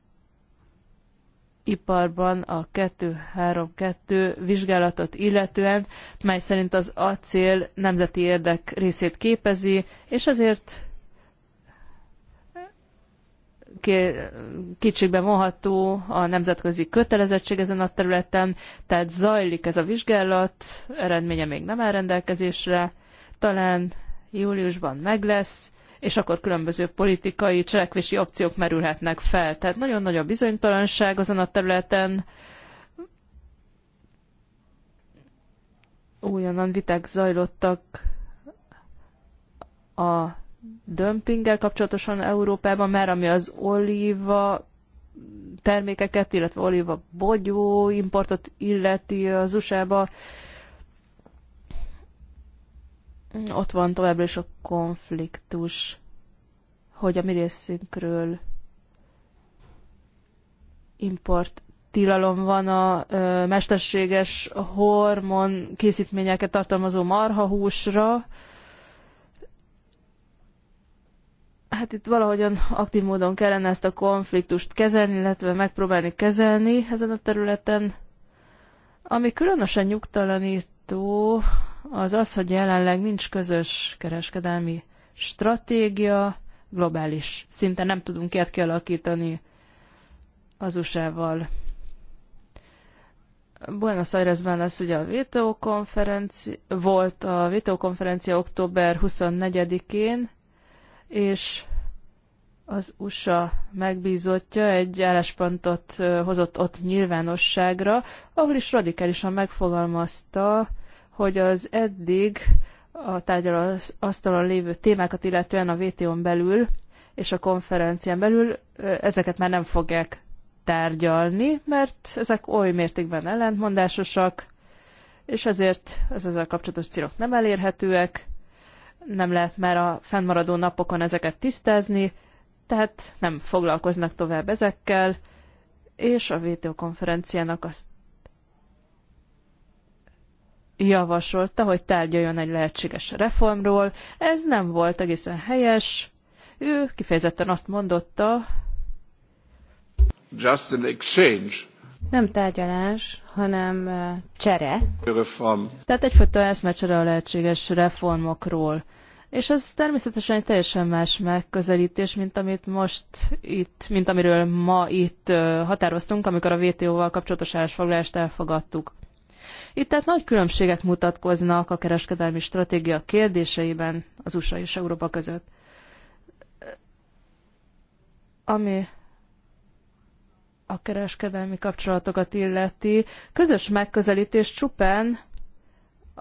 iparban a 232 vizsgálatot illetően, mely szerint az acél nemzeti érdek részét képezi, és azért kétségbe vonható a nemzetközi kötelezettség ezen a területen, tehát zajlik ez a vizsgálat, eredménye még nem áll rendelkezésre, talán júliusban meg lesz, és akkor különböző politikai cselekvési opciók merülhetnek fel. Tehát nagyon nagy a bizonytalanság azon a területen, újonnan viták zajlottak a dömpinggel kapcsolatosan Európában, mert ami az olíva termékeket, illetve olíva bogyó importot illeti az USA-ba, ott van továbbra is a konfliktus, hogy a mi részünkről import tilalom van a ö, mesterséges hormon készítményeket tartalmazó marhahúsra. Hát itt valahogyan aktív módon kellene ezt a konfliktust kezelni, illetve megpróbálni kezelni ezen a területen. Ami különösen nyugtalanító, az az, hogy jelenleg nincs közös kereskedelmi stratégia, globális szinten nem tudunk ilyet kialakítani az USA-val. Buenos Airesben lesz ugye a WTO konferencia, volt a WTO konferencia október 24-én, és az USA megbízottja egy álláspontot hozott ott nyilvánosságra, ahol is radikálisan megfogalmazta, hogy az eddig a tárgyalasztalon lévő témákat, illetően a WTO-n belül és a konferencián belül ezeket már nem fogják tárgyalni, mert ezek oly mértékben ellentmondásosak, és ezért az ezzel kapcsolatos célok nem elérhetőek, nem lehet már a fennmaradó napokon ezeket tisztázni, tehát nem foglalkoznak tovább ezekkel, és a WTO konferenciának azt javasolta, hogy tárgyaljon egy lehetséges reformról. Ez nem volt egészen helyes. Ő kifejezetten azt mondotta, Just an exchange. Nem tárgyalás, hanem csere. Reform. Tehát egyfajta eszmecsere a lehetséges reformokról. És ez természetesen egy teljesen más megközelítés, mint amit most itt, mint amiről ma itt határoztunk, amikor a WTO-val kapcsolatos állásfoglalást elfogadtuk. Itt tehát nagy különbségek mutatkoznak a kereskedelmi stratégia kérdéseiben az USA és Európa között. Ami a kereskedelmi kapcsolatokat illeti, közös megközelítés csupán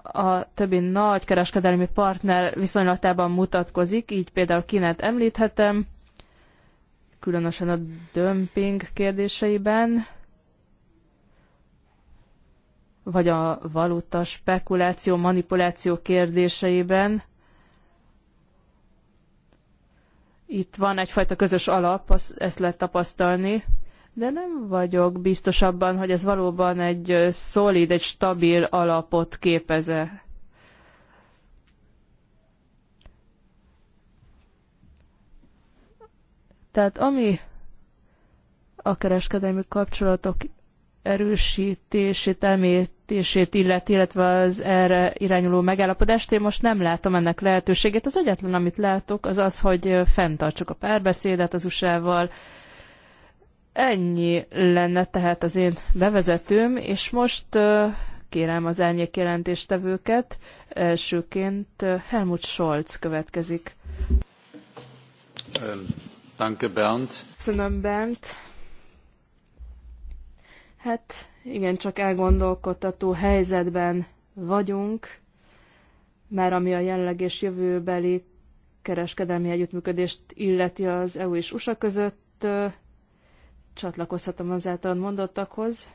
a többi nagy kereskedelmi partner viszonylatában mutatkozik, így például Kínát említhetem, különösen a dömping kérdéseiben, vagy a valuta spekuláció, manipuláció kérdéseiben. Itt van egyfajta közös alap, ezt lehet tapasztalni, de nem vagyok biztos abban, hogy ez valóban egy szolid, egy stabil alapot képeze. Tehát ami a kereskedelmi kapcsolatok erősítését, elmétését illet, illetve az erre irányuló megállapodást. Én most nem látom ennek lehetőségét. Az egyetlen, amit látok, az az, hogy fenntartsuk a párbeszédet az USA-val. Ennyi lenne tehát az én bevezetőm, és most kérem az elnyék jelentéstevőket. Elsőként Helmut Scholz következik. Danke Bernd. Köszönöm Bernd. Hát igen, csak elgondolkodtató helyzetben vagyunk, mert ami a jelenleg és jövőbeli kereskedelmi együttműködést illeti az EU és USA között, csatlakozhatom az általán mondottakhoz.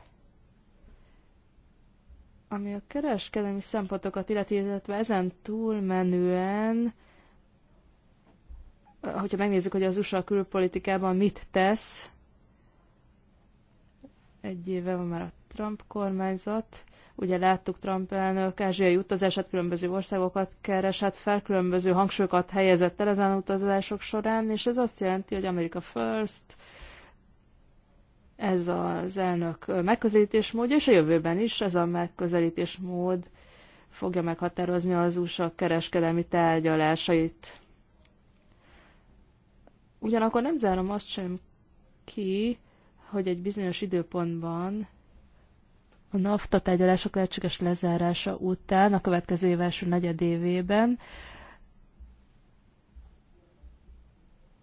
Ami a kereskedelmi szempontokat illeti, illetve ezen túlmenően, hogyha megnézzük, hogy az USA külpolitikában mit tesz, egy éve van már a Trump kormányzat. Ugye láttuk Trump elnök ázsiai utazását, különböző országokat keresett hát fel, különböző hangsúlyokat helyezett el ezen utazások során, és ez azt jelenti, hogy Amerika first, ez az elnök megközelítésmód, és a jövőben is ez a megközelítésmód fogja meghatározni az USA kereskedelmi tárgyalásait. Ugyanakkor nem zárom azt sem ki, hogy egy bizonyos időpontban a NAFTA tárgyalások lehetséges lezárása után, a következő év első negyed évében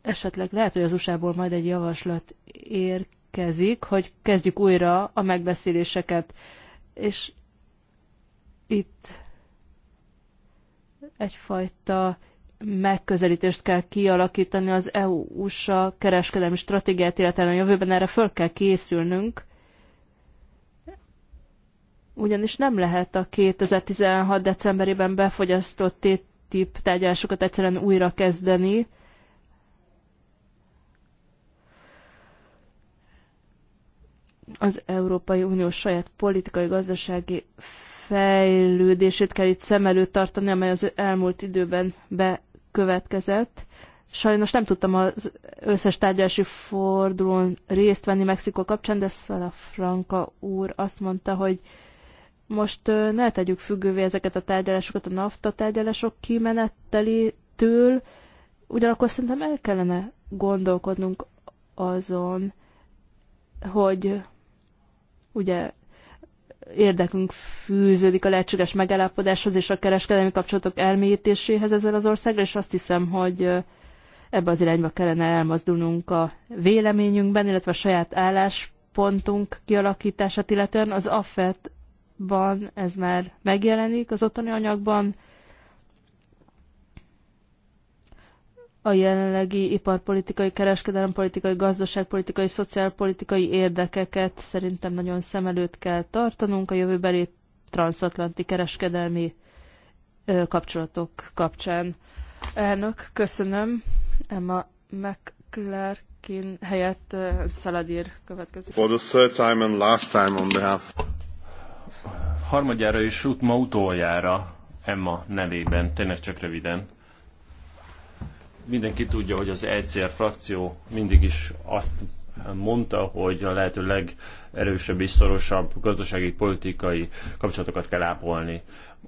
esetleg lehet, hogy az usa majd egy javaslat érkezik, hogy kezdjük újra a megbeszéléseket. És itt egyfajta megközelítést kell kialakítani az EU-USA kereskedelmi stratégiát, illetve a jövőben erre föl kell készülnünk, ugyanis nem lehet a 2016. decemberében befogyasztott TTIP tárgyalásokat egyszerűen újra kezdeni. Az Európai Unió saját politikai, gazdasági fejlődését kell itt szem előtt tartani, amely az elmúlt időben be következett. Sajnos nem tudtam az összes tárgyalási fordulón részt venni Mexikó kapcsán, de Franka úr azt mondta, hogy most ne tegyük függővé ezeket a tárgyalásokat a NAFTA tárgyalások kimenettelétől, ugyanakkor szerintem el kellene gondolkodnunk azon, hogy ugye érdekünk fűződik a lehetséges megállapodáshoz és a kereskedelmi kapcsolatok elmélyítéséhez ezzel az országgal, és azt hiszem, hogy ebbe az irányba kellene elmozdulnunk a véleményünkben, illetve a saját álláspontunk kialakítását, illetően az AFET-ban ez már megjelenik az otthoni anyagban, a jelenlegi iparpolitikai, kereskedelempolitikai, gazdaságpolitikai, szociálpolitikai érdekeket szerintem nagyon szem előtt kell tartanunk a jövőbeli transatlanti kereskedelmi kapcsolatok kapcsán. Elnök, köszönöm. Emma McClarkin helyett Szaladír következik. For the third time and last time on behalf. Harmadjára és utma utoljára Emma nevében, tényleg csak röviden Mindenki tudja, hogy az ECR frakció mindig is azt mondta, hogy a lehető legerősebb és szorosabb gazdasági, politikai kapcsolatokat kell ápolni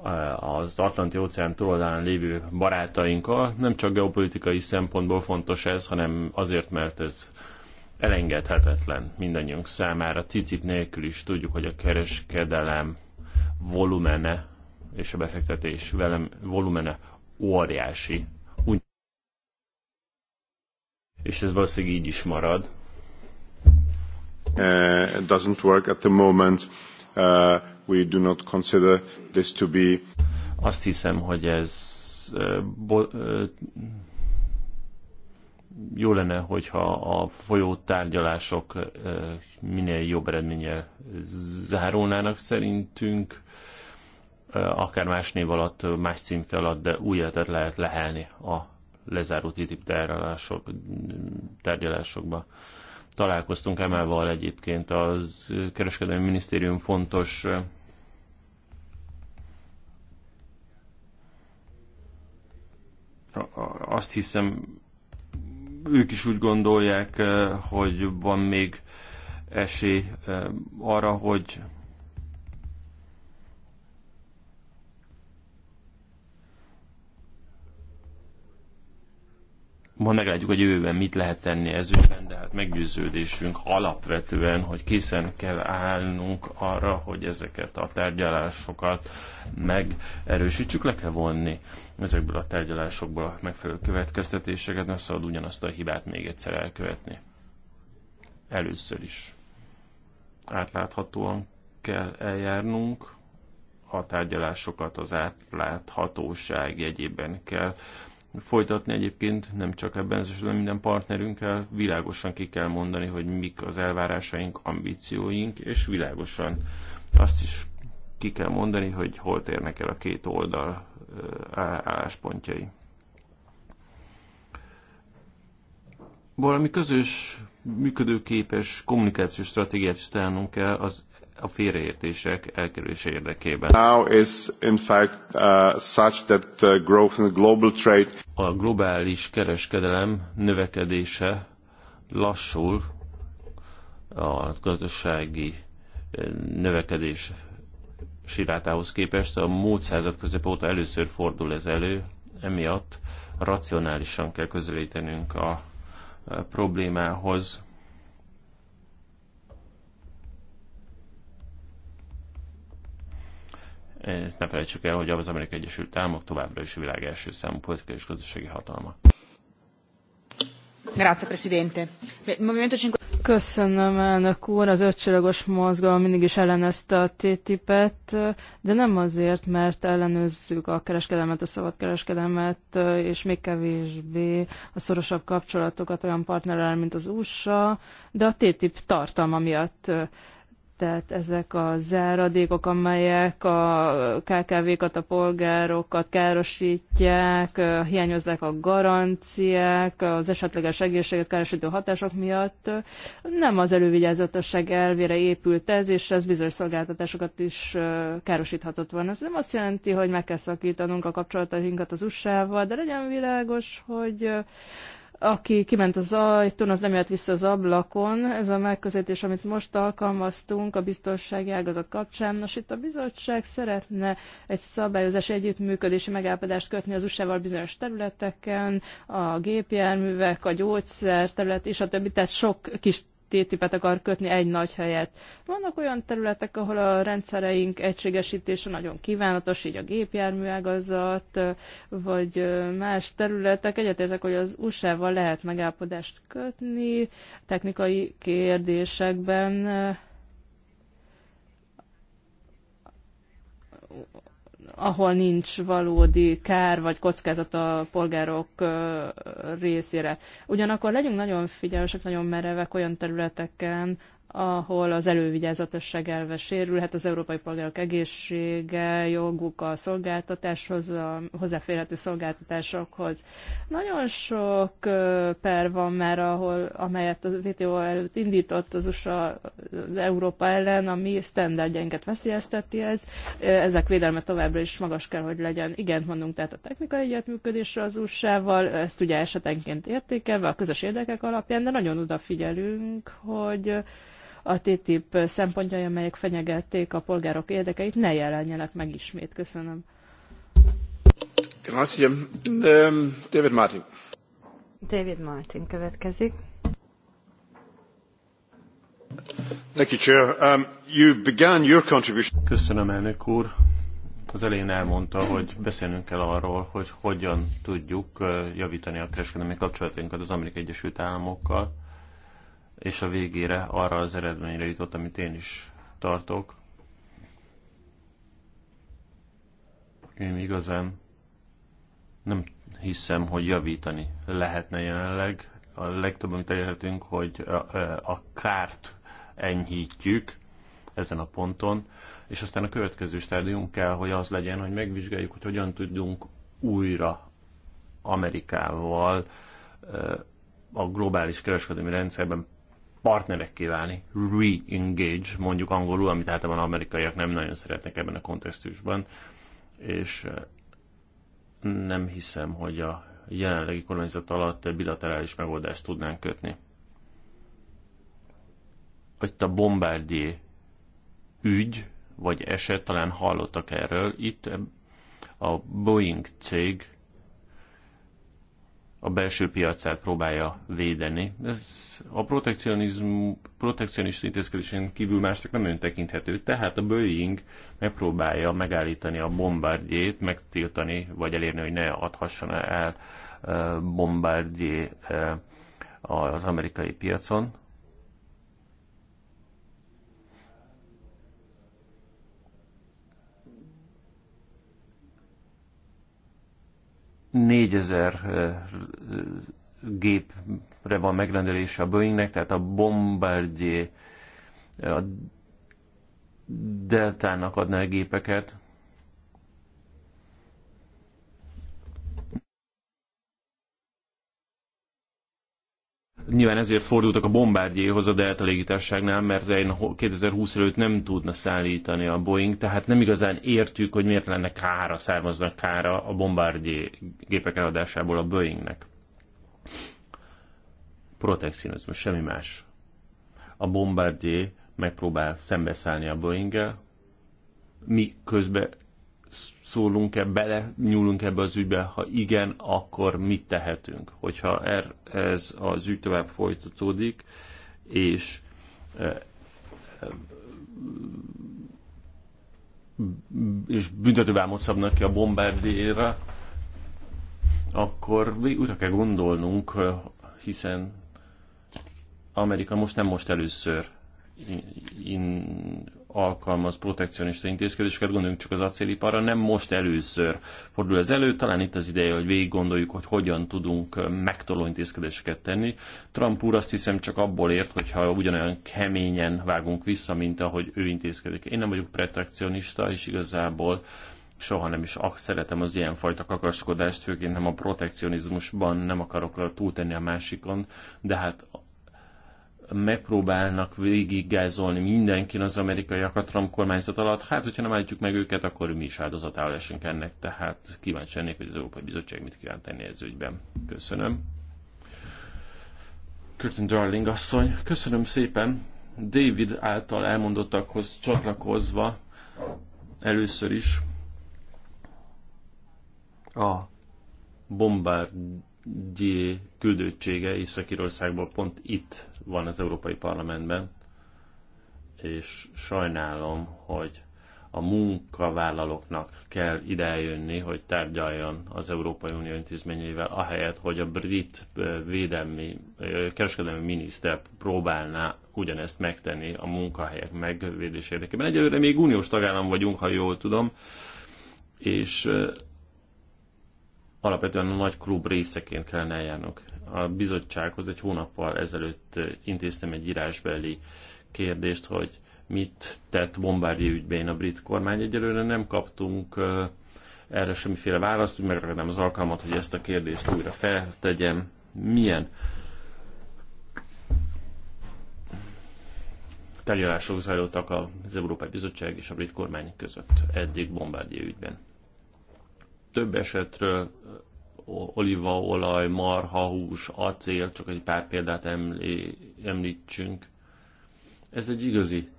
eh, az Atlanti óceán túloldalán lévő barátainkkal. Nem csak geopolitikai szempontból fontos ez, hanem azért, mert ez elengedhetetlen mindannyiunk számára. TTIP nélkül is tudjuk, hogy a kereskedelem volumene és a befektetés velem volumene óriási és ez valószínűleg így is marad. Uh, it doesn't work at the moment. Uh, we do not consider this to be. Azt hiszem, hogy ez uh, uh jó lenne, hogyha a folyó tárgyalások uh, minél jobb eredménnyel zárulnának szerintünk, uh, akár más név alatt, más címke alatt, de új életet lehet lehelni a lezáró TTIP tárgyalások, tárgyalásokba találkoztunk emelval egyébként az kereskedelmi minisztérium fontos azt hiszem ők is úgy gondolják, hogy van még esély arra, hogy ma meglátjuk, hogy jövőben mit lehet tenni ez ügyben, de hát meggyőződésünk alapvetően, hogy készen kell állnunk arra, hogy ezeket a tárgyalásokat megerősítsük, le kell vonni ezekből a tárgyalásokból megfelelő következtetéseket, mert szabad ugyanazt a hibát még egyszer elkövetni. Először is átláthatóan kell eljárnunk, a tárgyalásokat az átláthatóság jegyében kell folytatni egyébként, nem csak ebben az esetben minden partnerünkkel, világosan ki kell mondani, hogy mik az elvárásaink, ambícióink, és világosan azt is ki kell mondani, hogy hol térnek el a két oldal álláspontjai. Valami közös, működőképes kommunikációs stratégiát is találnunk kell az a félreértések elkerülése érdekében. Now is in fact uh, such that the uh, growth in the global trade a globális kereskedelem növekedése lassul a gazdasági eh, növekedés sirátához képest. A múlt század közep óta először fordul ez elő, emiatt racionálisan kell közelítenünk a eh, problémához. Ezt ne felejtsük el, hogy az Amerikai Egyesült Államok továbbra is a világ első számú politikai és közösségi hatalma. Grazie, Presidente. Köszönöm, elnök úr. Az ötcsillagos mozgalom mindig is ellenezte a TTIP-et, de nem azért, mert ellenőzzük a kereskedelmet, a kereskedelmet, és még kevésbé a szorosabb kapcsolatokat olyan partnerrel, mint az USA, de a TTIP tartalma miatt tehát ezek a záradékok, amelyek a KKV-kat, a polgárokat károsítják, hiányoznak a garanciák, az esetleges egészséget károsító hatások miatt, nem az elővigyázatosság elvére épült ez, és ez bizonyos szolgáltatásokat is károsíthatott volna. Ez nem azt jelenti, hogy meg kell szakítanunk a kapcsolatainkat az USA-val, de legyen világos, hogy aki kiment az ajtón, az nem jött vissza az ablakon. Ez a megközelítés, amit most alkalmaztunk a biztonsági ágazat kapcsán. Nos, itt a bizottság szeretne egy szabályozás együttműködési megállapodást kötni az USA-val bizonyos területeken, a gépjárművek, a gyógyszer terület és a többi, tehát sok kis TTIP-et akar kötni egy nagy helyet. Vannak olyan területek, ahol a rendszereink egységesítése nagyon kívánatos, így a gépjárműágazat, vagy más területek. Egyetértek, hogy az USA-val lehet megállapodást kötni technikai kérdésekben ahol nincs valódi kár vagy kockázat a polgárok részére. Ugyanakkor legyünk nagyon figyelmesek, nagyon merevek olyan területeken, ahol az elővigyázatosság elve sérülhet, az európai polgárok egészsége, joguk a szolgáltatáshoz, a hozzáférhető szolgáltatásokhoz. Nagyon sok per van már, ahol, amelyet a WTO előtt indított az USA az Európa ellen, ami sztenderdjeinket veszélyezteti ez. Ezek védelme továbbra is magas kell, hogy legyen. Igen, mondunk tehát a technikai egyetműködésre az USA-val, ezt ugye esetenként értékelve, a közös érdekek alapján, de nagyon odafigyelünk, hogy a TTIP szempontjai, amelyek fenyegették a polgárok érdekeit, ne jelenjenek meg ismét. Köszönöm. Köszönöm. Ehm, David Martin. David Martin következik. Thank you, Chair. Um, you began your contribution. Köszönöm, elnök úr az elején elmondta, hogy beszélnünk kell arról, hogy hogyan tudjuk uh, javítani a kereskedelmi kapcsolatainkat az Amerikai Egyesült Államokkal és a végére arra az eredményre jutott, amit én is tartok. Én igazán nem hiszem, hogy javítani lehetne jelenleg. A legtöbb, amit elérhetünk, hogy a, a kárt enyhítjük ezen a ponton, és aztán a következő stádium kell, hogy az legyen, hogy megvizsgáljuk, hogy hogyan tudjunk újra Amerikával a globális kereskedelmi rendszerben partnerekké válni, re-engage, mondjuk angolul, amit általában amerikaiak nem nagyon szeretnek ebben a kontextusban, és nem hiszem, hogy a jelenlegi kormányzat alatt bilaterális megoldást tudnánk kötni. Hogy a Bombardier ügy, vagy eset, talán hallottak erről, itt a Boeing cég a belső piacát próbálja védeni. Ez a protekcionista intézkedésén kívül másnak nem tekinthető, tehát a Boeing megpróbálja megállítani a bombardjét, megtiltani, vagy elérni, hogy ne adhasson el eh, bombardier eh, az amerikai piacon. 4000 gépre van megrendelése a Boeingnek, tehát a Bombardier a Deltának adná a gépeket, Nyilván ezért fordultak a bombárdjéhoz a Delta légitárságnál, mert 2020 előtt nem tudna szállítani a Boeing, tehát nem igazán értjük, hogy miért lenne kára, származnak kára a bombárdjé gépek eladásából a Boeingnek. Protekcionizmus, semmi más. A Bombardier megpróbál szembeszállni a Boeing-gel, mi közben szólunk-e bele, nyúlunk ebbe az ügybe, ha igen, akkor mit tehetünk, hogyha er, ez az ügy tovább folytatódik, és e, e, és büntetővámot szabnak ki a bombárdéra, akkor újra kell gondolnunk, e, hiszen Amerika most nem most először in, in, alkalmaz protekcionista intézkedéseket, gondoljunk csak az acéliparra, nem most először fordul ez elő, talán itt az ideje, hogy végig gondoljuk, hogy hogyan tudunk megtoló intézkedéseket tenni. Trump úr azt hiszem csak abból ért, hogyha ugyanolyan keményen vágunk vissza, mint ahogy ő intézkedik. Én nem vagyok protekcionista, és igazából soha nem is szeretem az ilyenfajta kakaskodást, főként nem a protekcionizmusban, nem akarok túltenni a másikon, de hát megpróbálnak végiggázolni mindenkin az amerikaiakat Trump kormányzat alatt. Hát, hogyha nem állítjuk meg őket, akkor mi is áldozatául esünk ennek. Tehát kíváncsi lennék, hogy az Európai Bizottság mit kíván tenni ez ügyben. Köszönöm. Curtin Darling asszony, köszönöm szépen. David által elmondottakhoz csatlakozva először is a bombárdié küldöttsége Észak-Írországból pont itt van az Európai Parlamentben, és sajnálom, hogy a munkavállalóknak kell idejönni, hogy tárgyaljon az Európai Unió intézményeivel, ahelyett, hogy a brit védelmi, kereskedelmi miniszter próbálná ugyanezt megtenni a munkahelyek megvédés érdekében. Egyelőre még uniós tagállam vagyunk, ha jól tudom, és alapvetően a nagy klub részeként kellene eljárnunk. A bizottsághoz egy hónappal ezelőtt intéztem egy írásbeli kérdést, hogy mit tett Bombardier ügyben a brit kormány. Egyelőre nem kaptunk erre semmiféle választ, úgy megragadnám az alkalmat, hogy ezt a kérdést újra feltegyem. Milyen tárgyalások zajlottak az Európai Bizottság és a brit kormány között eddig Bombardier ügyben? több esetről olívaolaj, marhahús, acél, csak egy pár példát említsünk. Ez egy igazi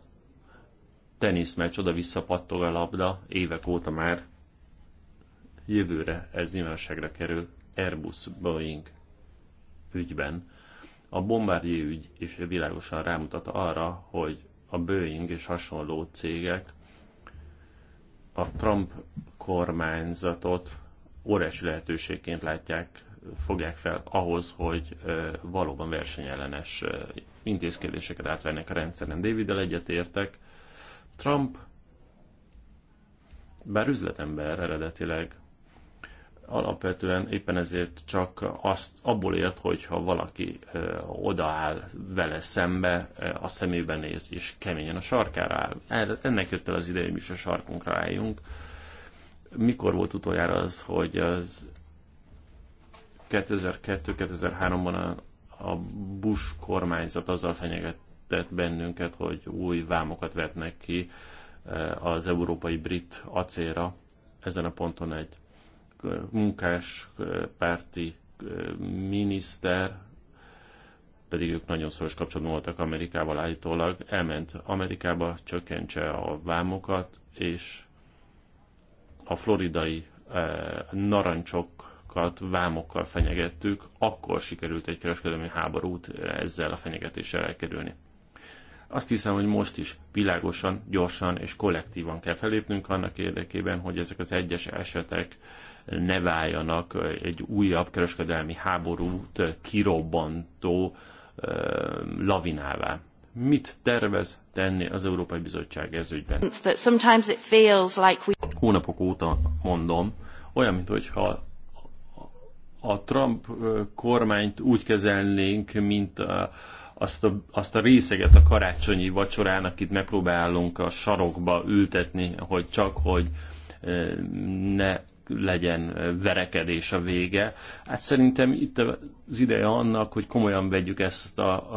teniszmeccs, oda visszapattog a labda, évek óta már. Jövőre ez nyilvánosságra kerül Airbus Boeing ügyben. A Bombardier ügy is világosan rámutat arra, hogy a Boeing és hasonló cégek a Trump kormányzatot óriási lehetőségként látják, fogják fel ahhoz, hogy valóban versenyellenes intézkedéseket átvennek a rendszeren. Daviddel egyetértek. Trump, bár üzletember eredetileg, alapvetően éppen ezért csak azt, abból ért, hogyha valaki ö, odaáll vele szembe, ö, a szemébe néz, és keményen a sarkára áll. Ennek jött el az ideje, hogy mi is a sarkunkra álljunk mikor volt utoljára az, hogy az 2002-2003-ban a, a Bush kormányzat azzal fenyegetett bennünket, hogy új vámokat vetnek ki eh, az európai brit acéra? Ezen a ponton egy eh, munkáspárti eh, miniszter, pedig ők nagyon szoros kapcsolatban voltak Amerikával állítólag, elment Amerikába, csökkentse a vámokat, és a floridai e, narancsokat vámokkal fenyegettük, akkor sikerült egy kereskedelmi háborút ezzel a fenyegetéssel elkerülni. Azt hiszem, hogy most is világosan, gyorsan és kollektívan kell felépnünk annak érdekében, hogy ezek az egyes esetek ne váljanak egy újabb kereskedelmi háborút kirobbantó e, lavinává mit tervez tenni az Európai Bizottság ezügyben. Hónapok óta mondom, olyan, mintha a Trump kormányt úgy kezelnénk, mint a, azt a, azt a részeget a karácsonyi vacsorának itt megpróbálunk a sarokba ültetni, hogy csak hogy ne legyen verekedés a vége. Hát szerintem itt az ideje annak, hogy komolyan vegyük ezt a,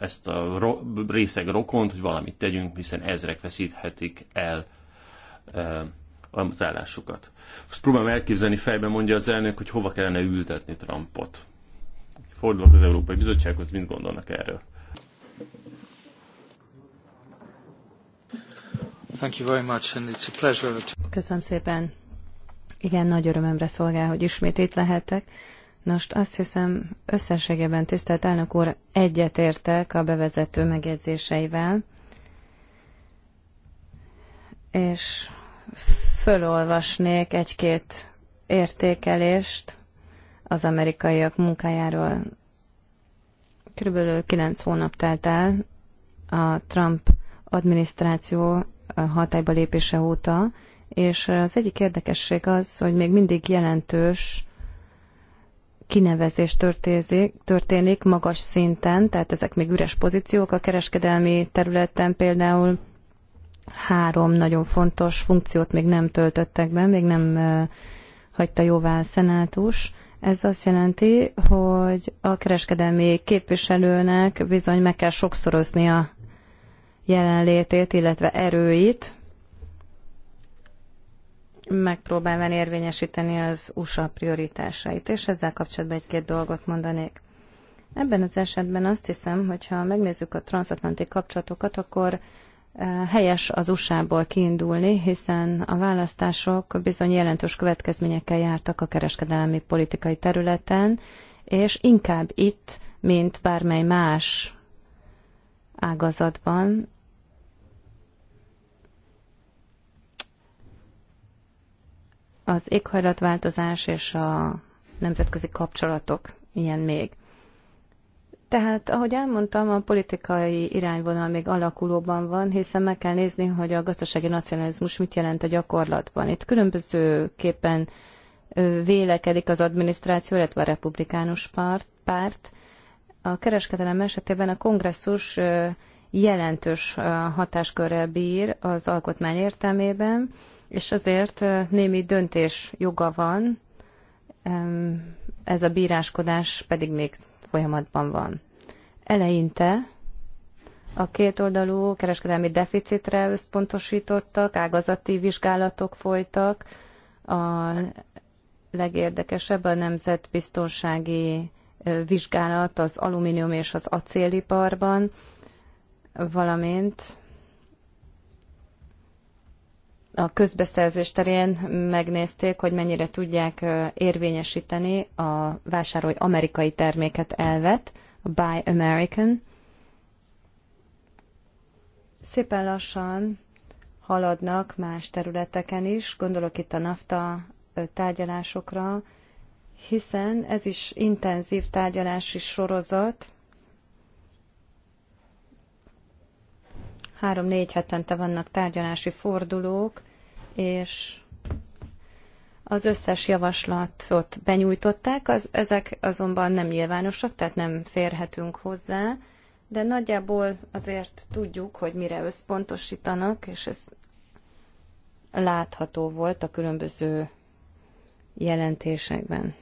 ezt a ro, részeg rokont, hogy valamit tegyünk, hiszen ezrek veszíthetik el az állásukat. Azt próbálom elképzelni fejben, mondja az elnök, hogy hova kellene ültetni Trumpot. Fordulok az Európai Bizottsághoz, mit gondolnak erről? Thank you very much, and it's a pleasure. Köszönöm szépen. Igen, nagy örömömre szolgál, hogy ismét itt lehetek. Nos, azt hiszem, összességében tisztelt elnök úr egyetértek a bevezető megjegyzéseivel, és fölolvasnék egy-két értékelést az amerikaiak munkájáról. Körülbelül kilenc hónap telt el a Trump adminisztráció hatályba lépése óta, és az egyik érdekesség az, hogy még mindig jelentős kinevezés történik, történik magas szinten, tehát ezek még üres pozíciók a kereskedelmi területen például három nagyon fontos funkciót még nem töltöttek be, még nem hagyta jóvá a szenátus. Ez azt jelenti, hogy a kereskedelmi képviselőnek bizony meg kell sokszoroznia jelenlétét, illetve erőit, megpróbálván érvényesíteni az USA prioritásait, és ezzel kapcsolatban egy-két dolgot mondanék. Ebben az esetben azt hiszem, hogy ha megnézzük a transatlanti kapcsolatokat, akkor eh, helyes az USA-ból kiindulni, hiszen a választások bizony jelentős következményekkel jártak a kereskedelmi politikai területen, és inkább itt, mint bármely más ágazatban az éghajlatváltozás és a nemzetközi kapcsolatok ilyen még. Tehát, ahogy elmondtam, a politikai irányvonal még alakulóban van, hiszen meg kell nézni, hogy a gazdasági nacionalizmus mit jelent a gyakorlatban. Itt különbözőképpen vélekedik az adminisztráció, illetve a republikánus párt. párt. A kereskedelem esetében a kongresszus jelentős hatáskörrel bír az alkotmány értelmében, és azért némi döntés joga van, ez a bíráskodás pedig még folyamatban van. Eleinte a kétoldalú kereskedelmi deficitre összpontosítottak, ágazati vizsgálatok folytak, a legérdekesebb a nemzetbiztonsági vizsgálat az alumínium és az acéliparban, valamint a közbeszerzés terén megnézték, hogy mennyire tudják érvényesíteni a vásárolj amerikai terméket elvet, a Buy American. Szépen lassan haladnak más területeken is, gondolok itt a NAFTA tárgyalásokra, hiszen ez is intenzív tárgyalási sorozat, Három-négy hetente vannak tárgyalási fordulók, és az összes javaslatot benyújtották, az, ezek azonban nem nyilvánosak, tehát nem férhetünk hozzá, de nagyjából azért tudjuk, hogy mire összpontosítanak, és ez látható volt a különböző jelentésekben.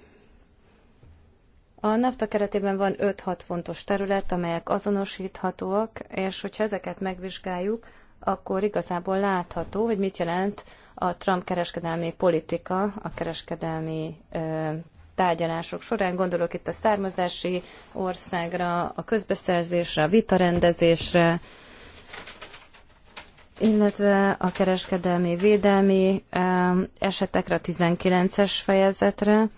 A NAFTA keretében van 5-6 fontos terület, amelyek azonosíthatóak, és hogyha ezeket megvizsgáljuk, akkor igazából látható, hogy mit jelent a Trump kereskedelmi politika, a kereskedelmi ö, tárgyalások során. Gondolok itt a származási országra, a közbeszerzésre, a vitarendezésre, illetve a kereskedelmi védelmi ö, esetekre, a 19-es fejezetre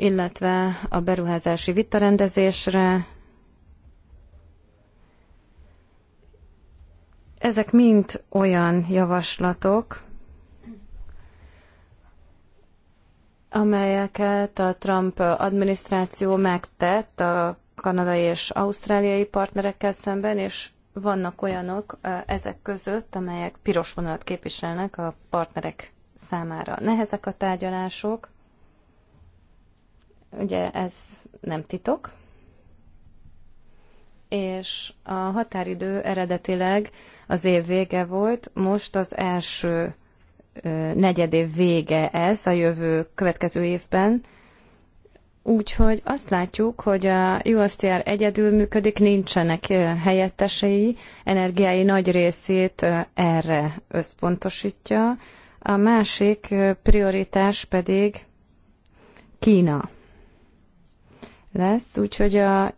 illetve a beruházási vitarendezésre. Ezek mind olyan javaslatok, amelyeket a Trump adminisztráció megtett a kanadai és ausztráliai partnerekkel szemben, és vannak olyanok ezek között, amelyek piros vonalat képviselnek a partnerek számára. Nehezek a tárgyalások, ugye ez nem titok, és a határidő eredetileg az év vége volt, most az első negyedév vége ez a jövő következő évben, Úgyhogy azt látjuk, hogy a USTR egyedül működik, nincsenek helyettesei, energiái nagy részét erre összpontosítja. A másik prioritás pedig Kína lesz, úgyhogy a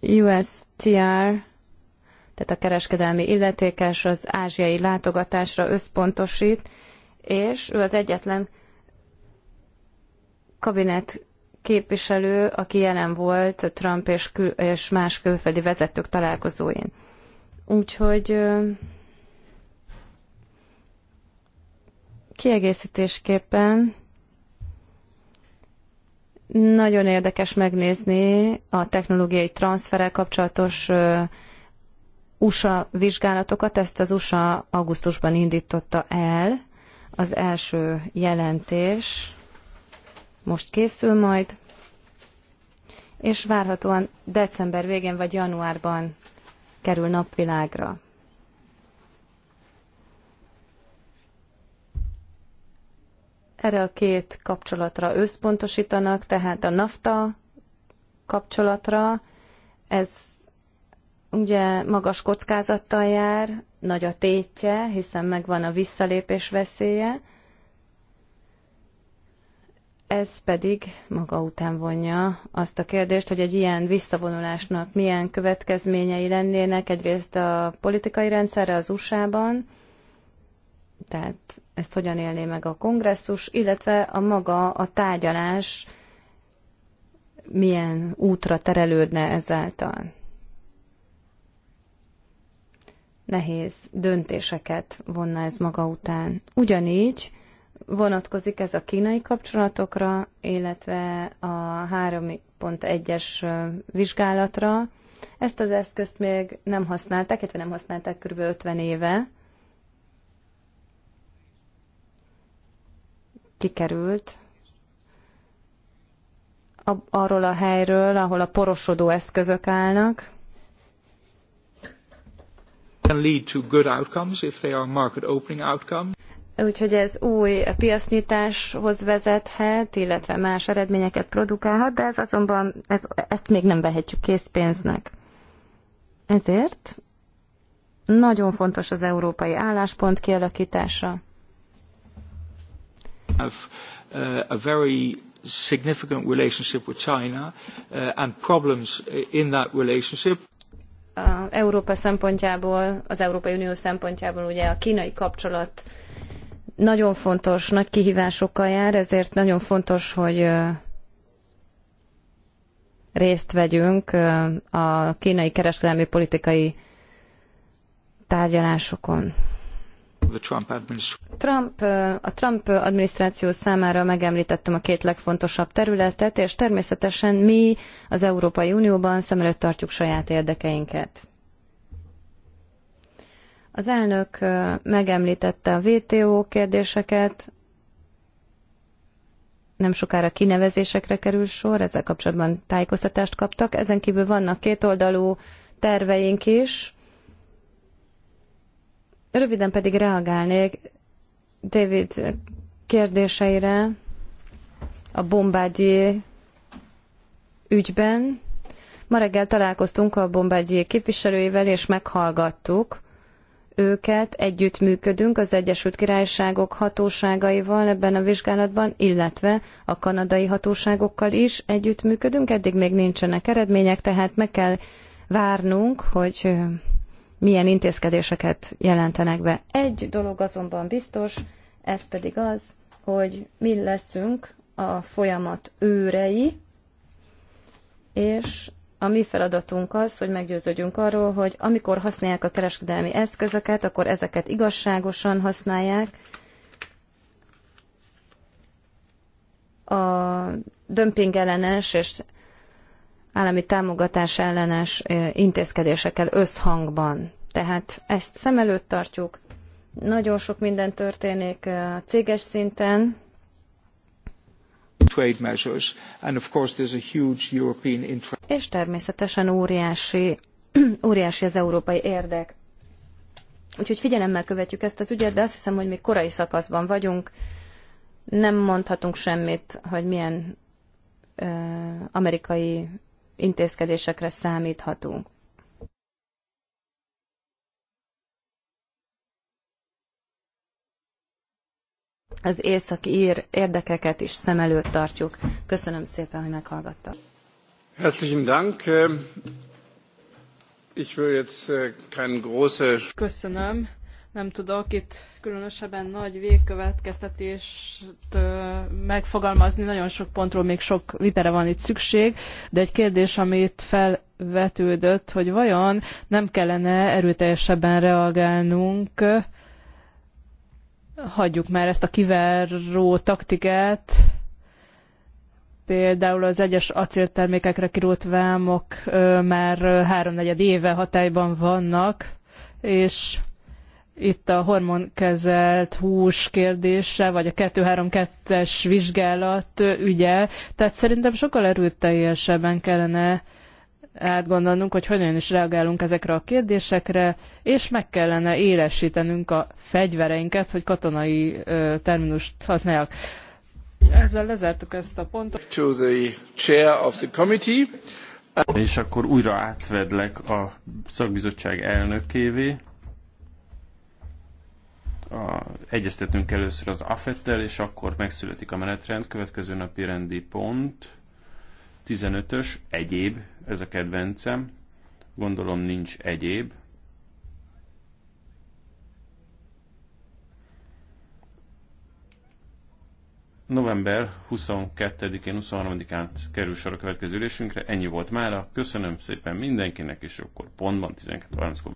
USTR, tehát a kereskedelmi illetékes az ázsiai látogatásra összpontosít, és ő az egyetlen kabinet képviselő, aki jelen volt Trump és, kül- és más külföldi vezetők találkozóin. Úgyhogy kiegészítésképpen nagyon érdekes megnézni a technológiai transferrel kapcsolatos USA vizsgálatokat. Ezt az USA augusztusban indította el. Az első jelentés most készül majd, és várhatóan december végén vagy januárban kerül napvilágra. Erre a két kapcsolatra összpontosítanak, tehát a NAFTA kapcsolatra, ez ugye magas kockázattal jár, nagy a tétje, hiszen megvan a visszalépés veszélye, ez pedig maga után vonja azt a kérdést, hogy egy ilyen visszavonulásnak milyen következményei lennének egyrészt a politikai rendszerre az USA-ban, tehát ezt hogyan élné meg a kongresszus, illetve a maga a tárgyalás milyen útra terelődne ezáltal. Nehéz döntéseket vonna ez maga után. Ugyanígy vonatkozik ez a kínai kapcsolatokra, illetve a 3.1-es vizsgálatra. Ezt az eszközt még nem használták, illetve nem használták kb. 50 éve, kikerült arról a helyről, ahol a porosodó eszközök állnak. Can lead to good outcomes if they are market opening outcomes. Úgyhogy ez új piacnyitáshoz vezethet, illetve más eredményeket produkálhat, de ez azonban ez, ezt még nem vehetjük készpénznek. Ezért nagyon fontos az európai álláspont kialakítása have uh, a very significant relationship with China uh, and problems in that relationship. A Európa szempontjából, az Európai Unió szempontjából ugye a kínai kapcsolat nagyon fontos, nagy kihívásokkal jár, ezért nagyon fontos, hogy részt vegyünk a kínai kereskedelmi politikai tárgyalásokon. Trump, a Trump adminisztráció számára megemlítettem a két legfontosabb területet, és természetesen mi az Európai Unióban szem előtt tartjuk saját érdekeinket. Az elnök megemlítette a WTO kérdéseket, nem sokára kinevezésekre kerül sor, ezzel kapcsolatban tájékoztatást kaptak. Ezen kívül vannak kétoldalú terveink is, Röviden pedig reagálnék David kérdéseire a Bombágyi ügyben. Ma reggel találkoztunk a Bombágyi képviselőivel, és meghallgattuk őket, együttműködünk az Egyesült Királyságok hatóságaival ebben a vizsgálatban, illetve a kanadai hatóságokkal is együttműködünk. Eddig még nincsenek eredmények, tehát meg kell várnunk, hogy milyen intézkedéseket jelentenek be. Egy dolog azonban biztos, ez pedig az, hogy mi leszünk a folyamat őrei, és a mi feladatunk az, hogy meggyőződjünk arról, hogy amikor használják a kereskedelmi eszközöket, akkor ezeket igazságosan használják. A dömping ellenes és állami támogatás ellenes eh, intézkedésekkel összhangban. Tehát ezt szem előtt tartjuk. Nagyon sok minden történik a céges szinten. Trade measures, and of course there's a huge European interest. És természetesen óriási, óriási az európai érdek. Úgyhogy figyelemmel követjük ezt az ügyet, de azt hiszem, hogy még korai szakaszban vagyunk. Nem mondhatunk semmit, hogy milyen ö, amerikai intézkedésekre számíthatunk. az északi ír érdekeket is szem előtt tartjuk. Köszönöm szépen, hogy meghallgattak. Herzlichen Dank. Ähm, ich will jetzt äh, kein große... Köszönöm. Nem tudok itt különösebben nagy végkövetkeztetést megfogalmazni. Nagyon sok pontról még sok vitere van itt szükség, de egy kérdés, amit felvetődött, hogy vajon nem kellene erőteljesebben reagálnunk hagyjuk már ezt a kiváró taktikát, például az egyes acéltermékekre kirótt vámok már háromnegyed éve hatályban vannak, és itt a hormonkezelt hús kérdése, vagy a 232-es vizsgálat ügye, tehát szerintem sokkal erőteljesebben kellene átgondolnunk, hogy hogyan is reagálunk ezekre a kérdésekre, és meg kellene élesítenünk a fegyvereinket, hogy katonai ö, terminust használjak. Ezzel lezártuk ezt a pontot. To the chair of the committee. És akkor újra átvedlek a szakbizottság elnökévé. A, egyeztetünk először az AFET-tel, és akkor megszületik a menetrend. Következő napi rendi pont 15-ös, egyéb ez a kedvencem. Gondolom nincs egyéb. November 22-én, 23-án kerül sor a következő ülésünkre. Ennyi volt mára. Köszönöm szépen mindenkinek, és akkor pontban 12.30-kor